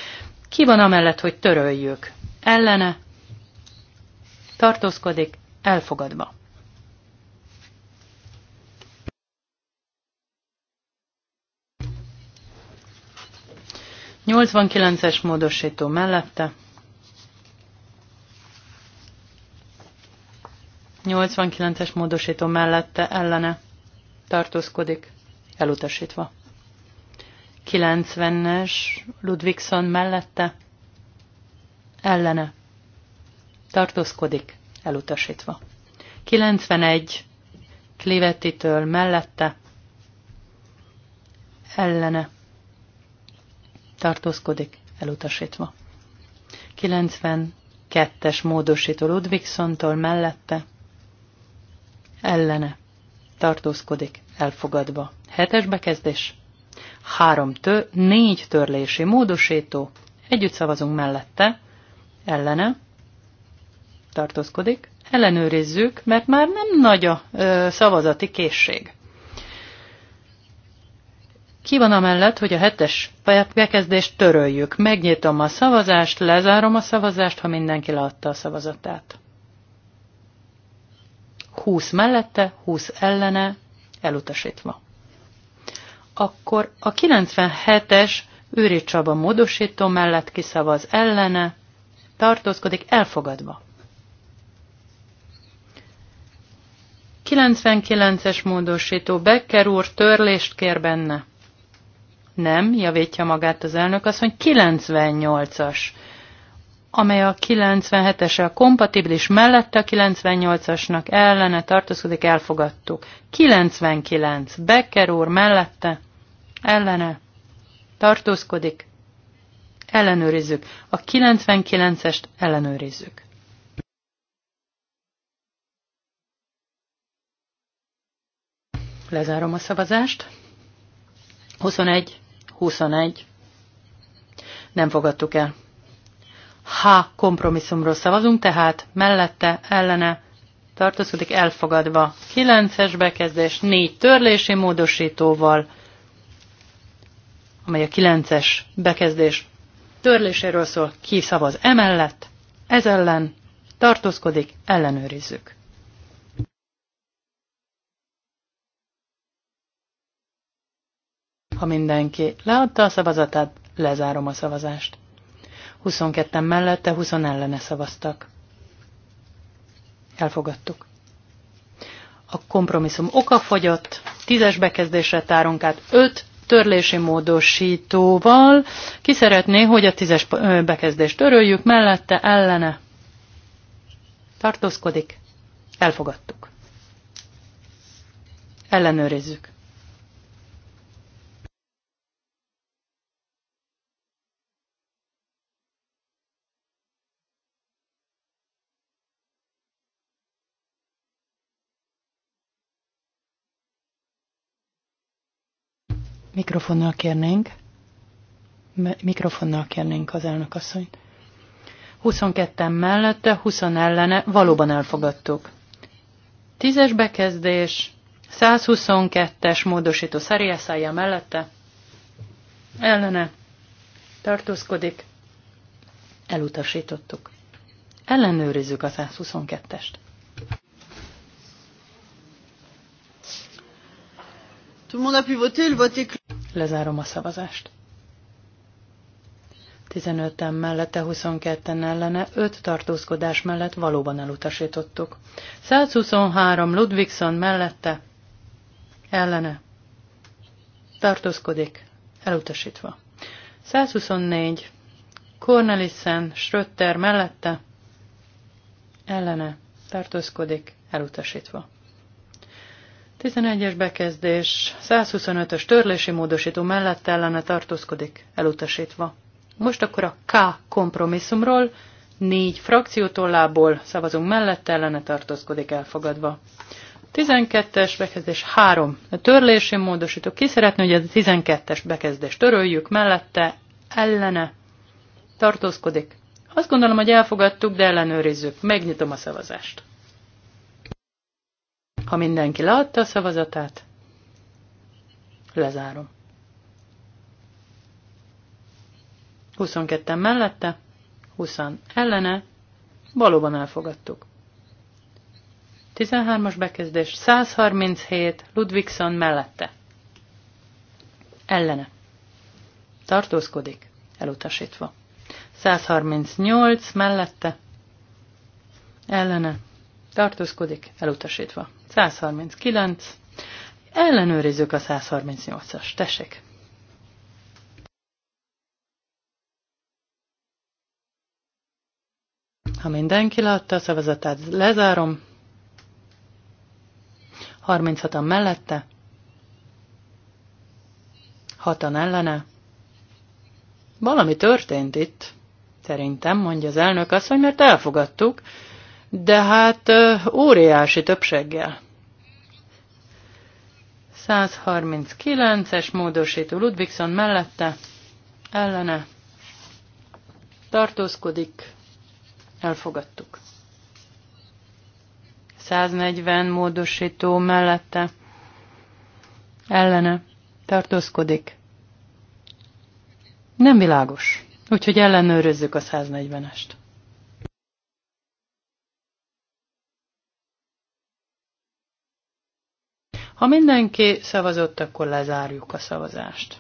Ki van amellett, hogy töröljük? Ellene? Tartózkodik? Elfogadva. Nyolcvankilences módosító mellette 89-es módosító mellette ellene tartózkodik, elutasítva. 90-es Ludvigson mellette ellene tartózkodik, elutasítva. 91 Klivettitől mellette ellene tartózkodik, elutasítva. 92-es módosító Ludvigsontól mellette ellene tartózkodik elfogadva. Hetes bekezdés. Három tő, négy törlési módosító. Együtt szavazunk mellette. Ellene tartózkodik. Ellenőrizzük, mert már nem nagy a ö, szavazati készség. Ki van amellett, hogy a hetes bekezdést töröljük? Megnyitom a szavazást, lezárom a szavazást, ha mindenki leadta a szavazatát. 20 mellette, 20 ellene, elutasítva. Akkor a 97-es Őri Csaba módosító mellett kiszavaz ellene, tartózkodik elfogadva. 99-es módosító Becker úr törlést kér benne. Nem, javítja magát az elnök mondja, 98-as amely a 97-essel kompatibilis mellette a 98-asnak ellene tartozkodik, elfogadtuk. 99. Becker úr mellette ellene tartózkodik, ellenőrizzük. A 99-est ellenőrizzük. Lezárom a szavazást. 21. 21. Nem fogadtuk el ha kompromisszumról szavazunk, tehát mellette, ellene, tartózkodik elfogadva. 9-es bekezdés 4 törlési módosítóval, amely a 9-es bekezdés törléséről szól, ki szavaz emellett, ez ellen, tartózkodik, ellenőrizzük. Ha mindenki leadta a szavazatát, lezárom a szavazást. 22-en mellette, 20 ellene szavaztak. Elfogadtuk. A kompromisszum fogyott, tízes bekezdésre tárunk át öt törlési módosítóval. Ki szeretné, hogy a tízes bekezdést töröljük, mellette, ellene? Tartózkodik? Elfogadtuk. Ellenőrizzük. Mikrofonnal kérnénk. Mikrofonnal kérnénk az elnök asszonyt. 22 mellette, 20 ellene, valóban elfogadtuk. Tízes bekezdés, 122-es módosító szeriászája mellette, ellene, tartózkodik, elutasítottuk. Ellenőrizzük a 122-est. Tout le monde a pu voter, le vote est clos. Lezárom a szavazást. 15-en mellette, 22-en ellene, 5 tartózkodás mellett valóban elutasítottuk. 123 Ludvigson mellette, ellene, tartózkodik, elutasítva. 124 Cornelissen Schröter mellette, ellene, tartózkodik, elutasítva. 11-es bekezdés, 125-ös törlési módosító mellett ellene tartózkodik, elutasítva. Most akkor a K kompromisszumról, négy frakciótollából szavazunk mellette, ellene tartózkodik, elfogadva. 12-es bekezdés 3. A törlési módosító. Ki szeretne, hogy a 12-es bekezdést töröljük mellette, ellene tartózkodik? Azt gondolom, hogy elfogadtuk, de ellenőrizzük. Megnyitom a szavazást. Ha mindenki leadta a szavazatát, lezárom. 22-en mellette, 20 ellene, valóban elfogadtuk. 13-as bekezdés, 137, Ludvigson mellette. Ellene. Tartózkodik, elutasítva. 138 mellette. Ellene tartózkodik, elutasítva. 139, ellenőrizzük a 138-as, tessék! Ha mindenki látta a szavazatát, lezárom. 36-an mellette, 6-an ellene. Valami történt itt, szerintem, mondja az elnök azt, hogy mert elfogadtuk, de hát óriási többséggel. 139-es módosító Ludvigson mellette, ellene tartózkodik, elfogadtuk. 140 módosító mellette, ellene tartózkodik. Nem világos, úgyhogy ellenőrözzük a 140-est. Ha mindenki szavazott, akkor lezárjuk a szavazást.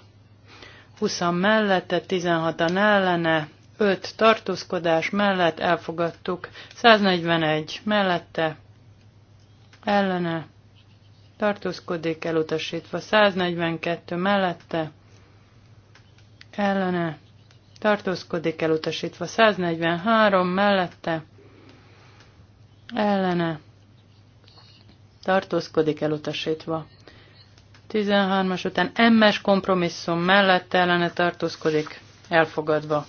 20 mellette, 16-an ellene, 5 tartózkodás mellett elfogadtuk, 141 mellette, ellene, tartózkodik elutasítva, 142 mellette, ellene, tartózkodik elutasítva, 143 mellette, ellene, tartózkodik elutasítva. 13-as után emmes kompromisszum mellett ellene tartózkodik elfogadva.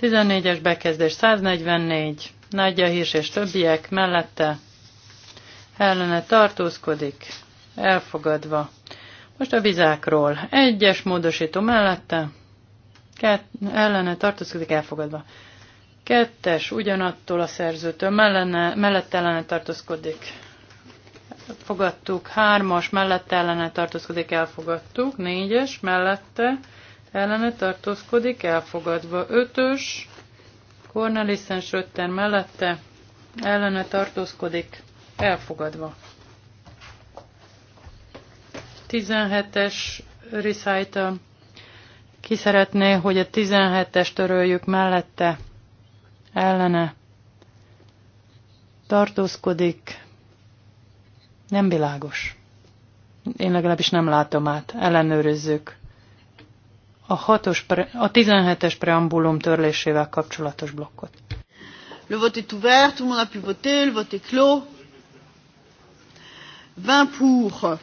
14-es bekezdés 144, Nagyja Hírs és többiek mellette ellene tartózkodik elfogadva. Most a vizákról. Egyes módosító mellette, ellene tartózkodik elfogadva. Kettes, ugyanattól a szerzőtől mellene, mellette ellene tartózkodik. Fogadtuk. Hármas, mellette ellene tartózkodik, elfogadtuk. Négyes, mellette ellene tartózkodik, elfogadva. Ötös, Cornelissen Sötter mellette ellene tartózkodik, elfogadva. 17-es recital. Ki szeretné, hogy a 17 es töröljük mellette? ellene tartózkodik, nem világos. Én legalábbis nem látom át. Ellenőrizzük. A, hatos pre, a 17-es preambulum törlésével kapcsolatos blokkot. Le vote est ouvert, tout le monde a pu voter, le vote est clos. 20 pour.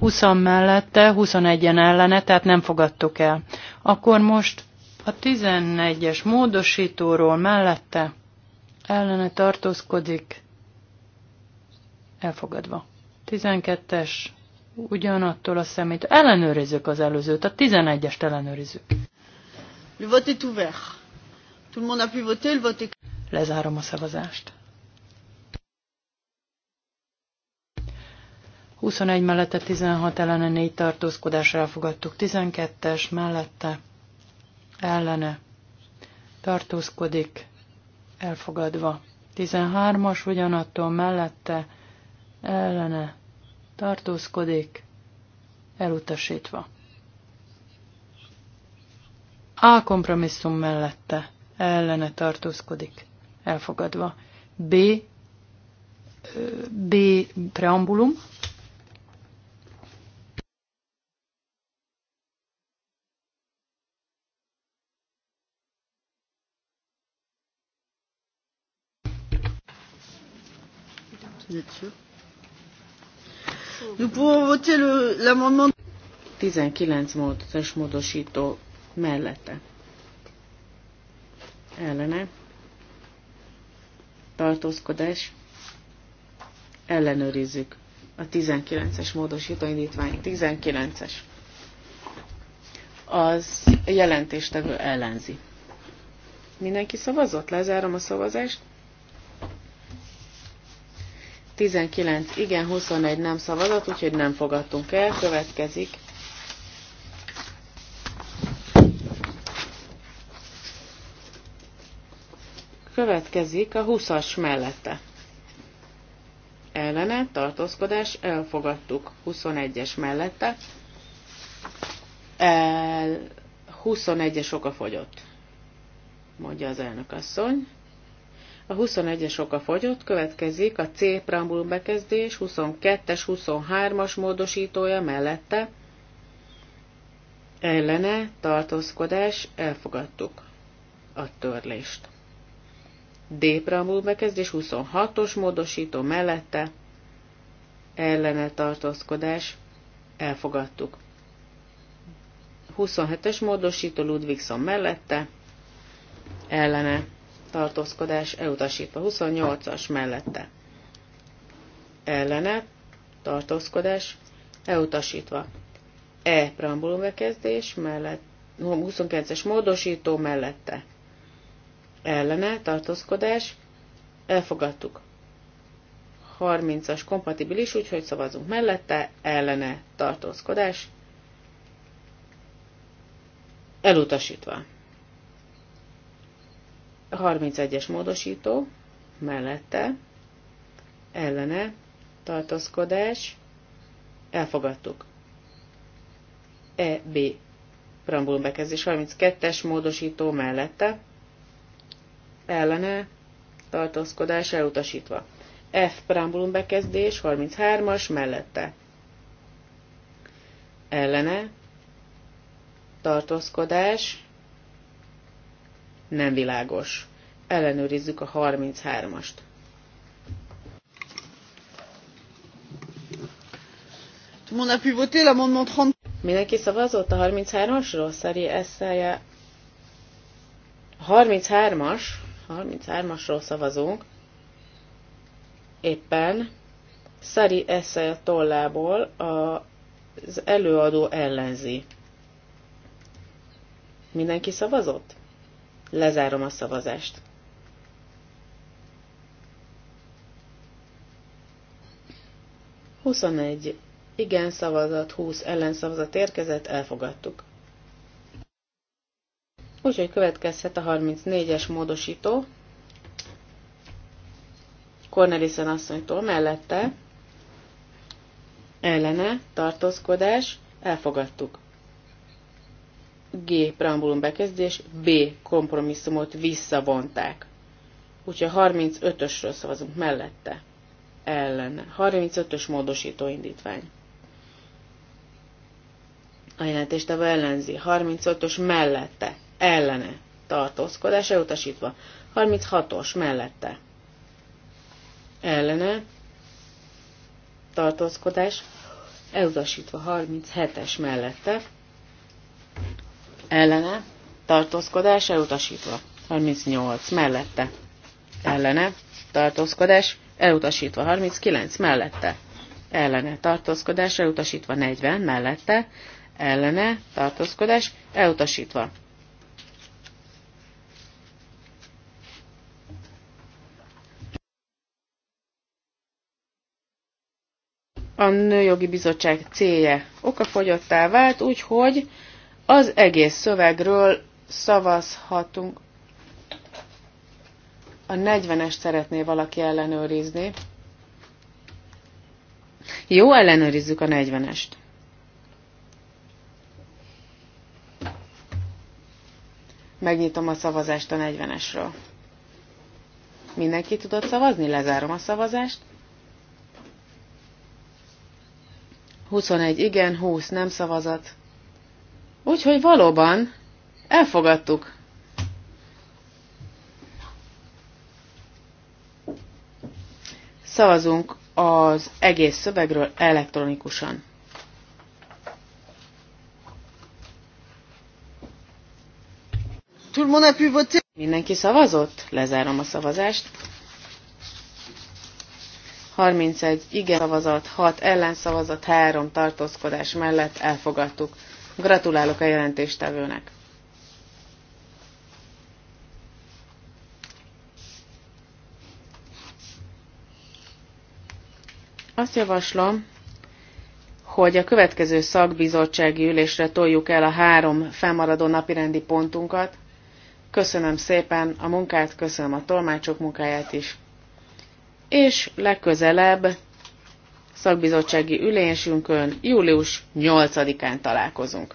20 mellette, 21-en ellene, tehát nem fogadtuk el. Akkor most a 11-es módosítóról mellette ellene tartózkodik, elfogadva. 12-es ugyanattól a szemét. Ellenőrizzük az előzőt, a 11-est ellenőrizzük. Le vote est ouvert. Tout le monde a pu voter, le vote est... Lezárom a szavazást. 21 mellette 16 ellene 4 tartózkodásra elfogadtuk, 12-es mellette ellene tartózkodik, elfogadva. 13-as ugyanattól mellette ellene tartózkodik, elutasítva. A kompromisszum mellette ellene tartózkodik, elfogadva. B, B preambulum Vous êtes sûr Nous pouvons voter l'amendement. 19 módosítás módosító mellette. Ellene. Tartózkodás. Ellenőrizzük a 19-es módosító indítvány. 19-es. Az jelentéstevő ellenzi. Mindenki szavazott? Lezárom a szavazást. 19 igen, 21 nem szavazott, úgyhogy nem fogadtunk el. Következik Következik a 20-as mellette. Ellene, tartózkodás, elfogadtuk. 21-es mellette. El, 21-es oka fogyott, mondja az elnök asszony. A 21-es oka fogyott, következik a C preambul bekezdés 22-es, 23-as módosítója mellette. Ellene tartózkodás elfogadtuk a törlést. D preambul bekezdés 26-os módosító mellette. Ellene tartózkodás elfogadtuk. 27-es módosító Ludvigson mellette. Ellene tartózkodás elutasítva. 28-as mellette ellene tartózkodás elutasítva. E preambulum bekezdés mellett 29-es módosító mellette ellene tartózkodás elfogadtuk. 30-as kompatibilis, úgyhogy szavazunk mellette, ellene tartózkodás, elutasítva. 31-es módosító mellette ellene tartózkodás elfogadtuk. EB preambulum bekezdés 32-es módosító mellette ellene tartózkodás elutasítva. F preambulum bekezdés 33-as mellette ellene tartózkodás nem világos. Ellenőrizzük a 33-ast. Mindenki szavazott a 33-asról? Szeri Eszelje. 33-as, 33-asról szavazunk. Éppen Szeri Eszelje tollából a, az előadó ellenzi. Mindenki szavazott? Lezárom a szavazást. Huszonegy igen szavazat, 20 szavazat érkezett, elfogadtuk. Úgyhogy következhet a 34-es módosító. Cornelissen asszonytól mellette ellene tartózkodás elfogadtuk. G preambulum bekezdés, B kompromisszumot visszavonták. Úgyhogy a 35-ösről szavazunk mellette. Ellen. 35-ös módosító indítvány. A jelentéstevő ellenzi. 35-ös mellette. Ellene. Tartózkodás elutasítva. 36-os mellette. Ellene. Tartózkodás elutasítva. 37-es mellette ellene, tartózkodás elutasítva. 38 mellette, ellene, tartózkodás elutasítva. 39 mellette, ellene, tartózkodás elutasítva. 40 mellette, ellene, tartózkodás elutasítva. a Nőjogi Bizottság célja okafogyottá vált, úgyhogy az egész szövegről szavazhatunk. A 40 es szeretné valaki ellenőrizni. Jó, ellenőrizzük a 40-est. Megnyitom a szavazást a 40-esről. Mindenki tudott szavazni? Lezárom a szavazást. 21 igen, 20 nem szavazat. Úgyhogy valóban elfogadtuk. Szavazunk az egész szövegről elektronikusan. Mindenki szavazott? Lezárom a szavazást. 31 igen szavazat, 6 ellenszavazat, 3 tartózkodás mellett elfogadtuk. Gratulálok a jelentéstevőnek. Azt javaslom, hogy a következő szakbizottsági ülésre toljuk el a három felmaradó napirendi pontunkat. Köszönöm szépen a munkát, köszönöm a tolmácsok munkáját is. És legközelebb szakbizottsági ülésünkön július 8-án találkozunk.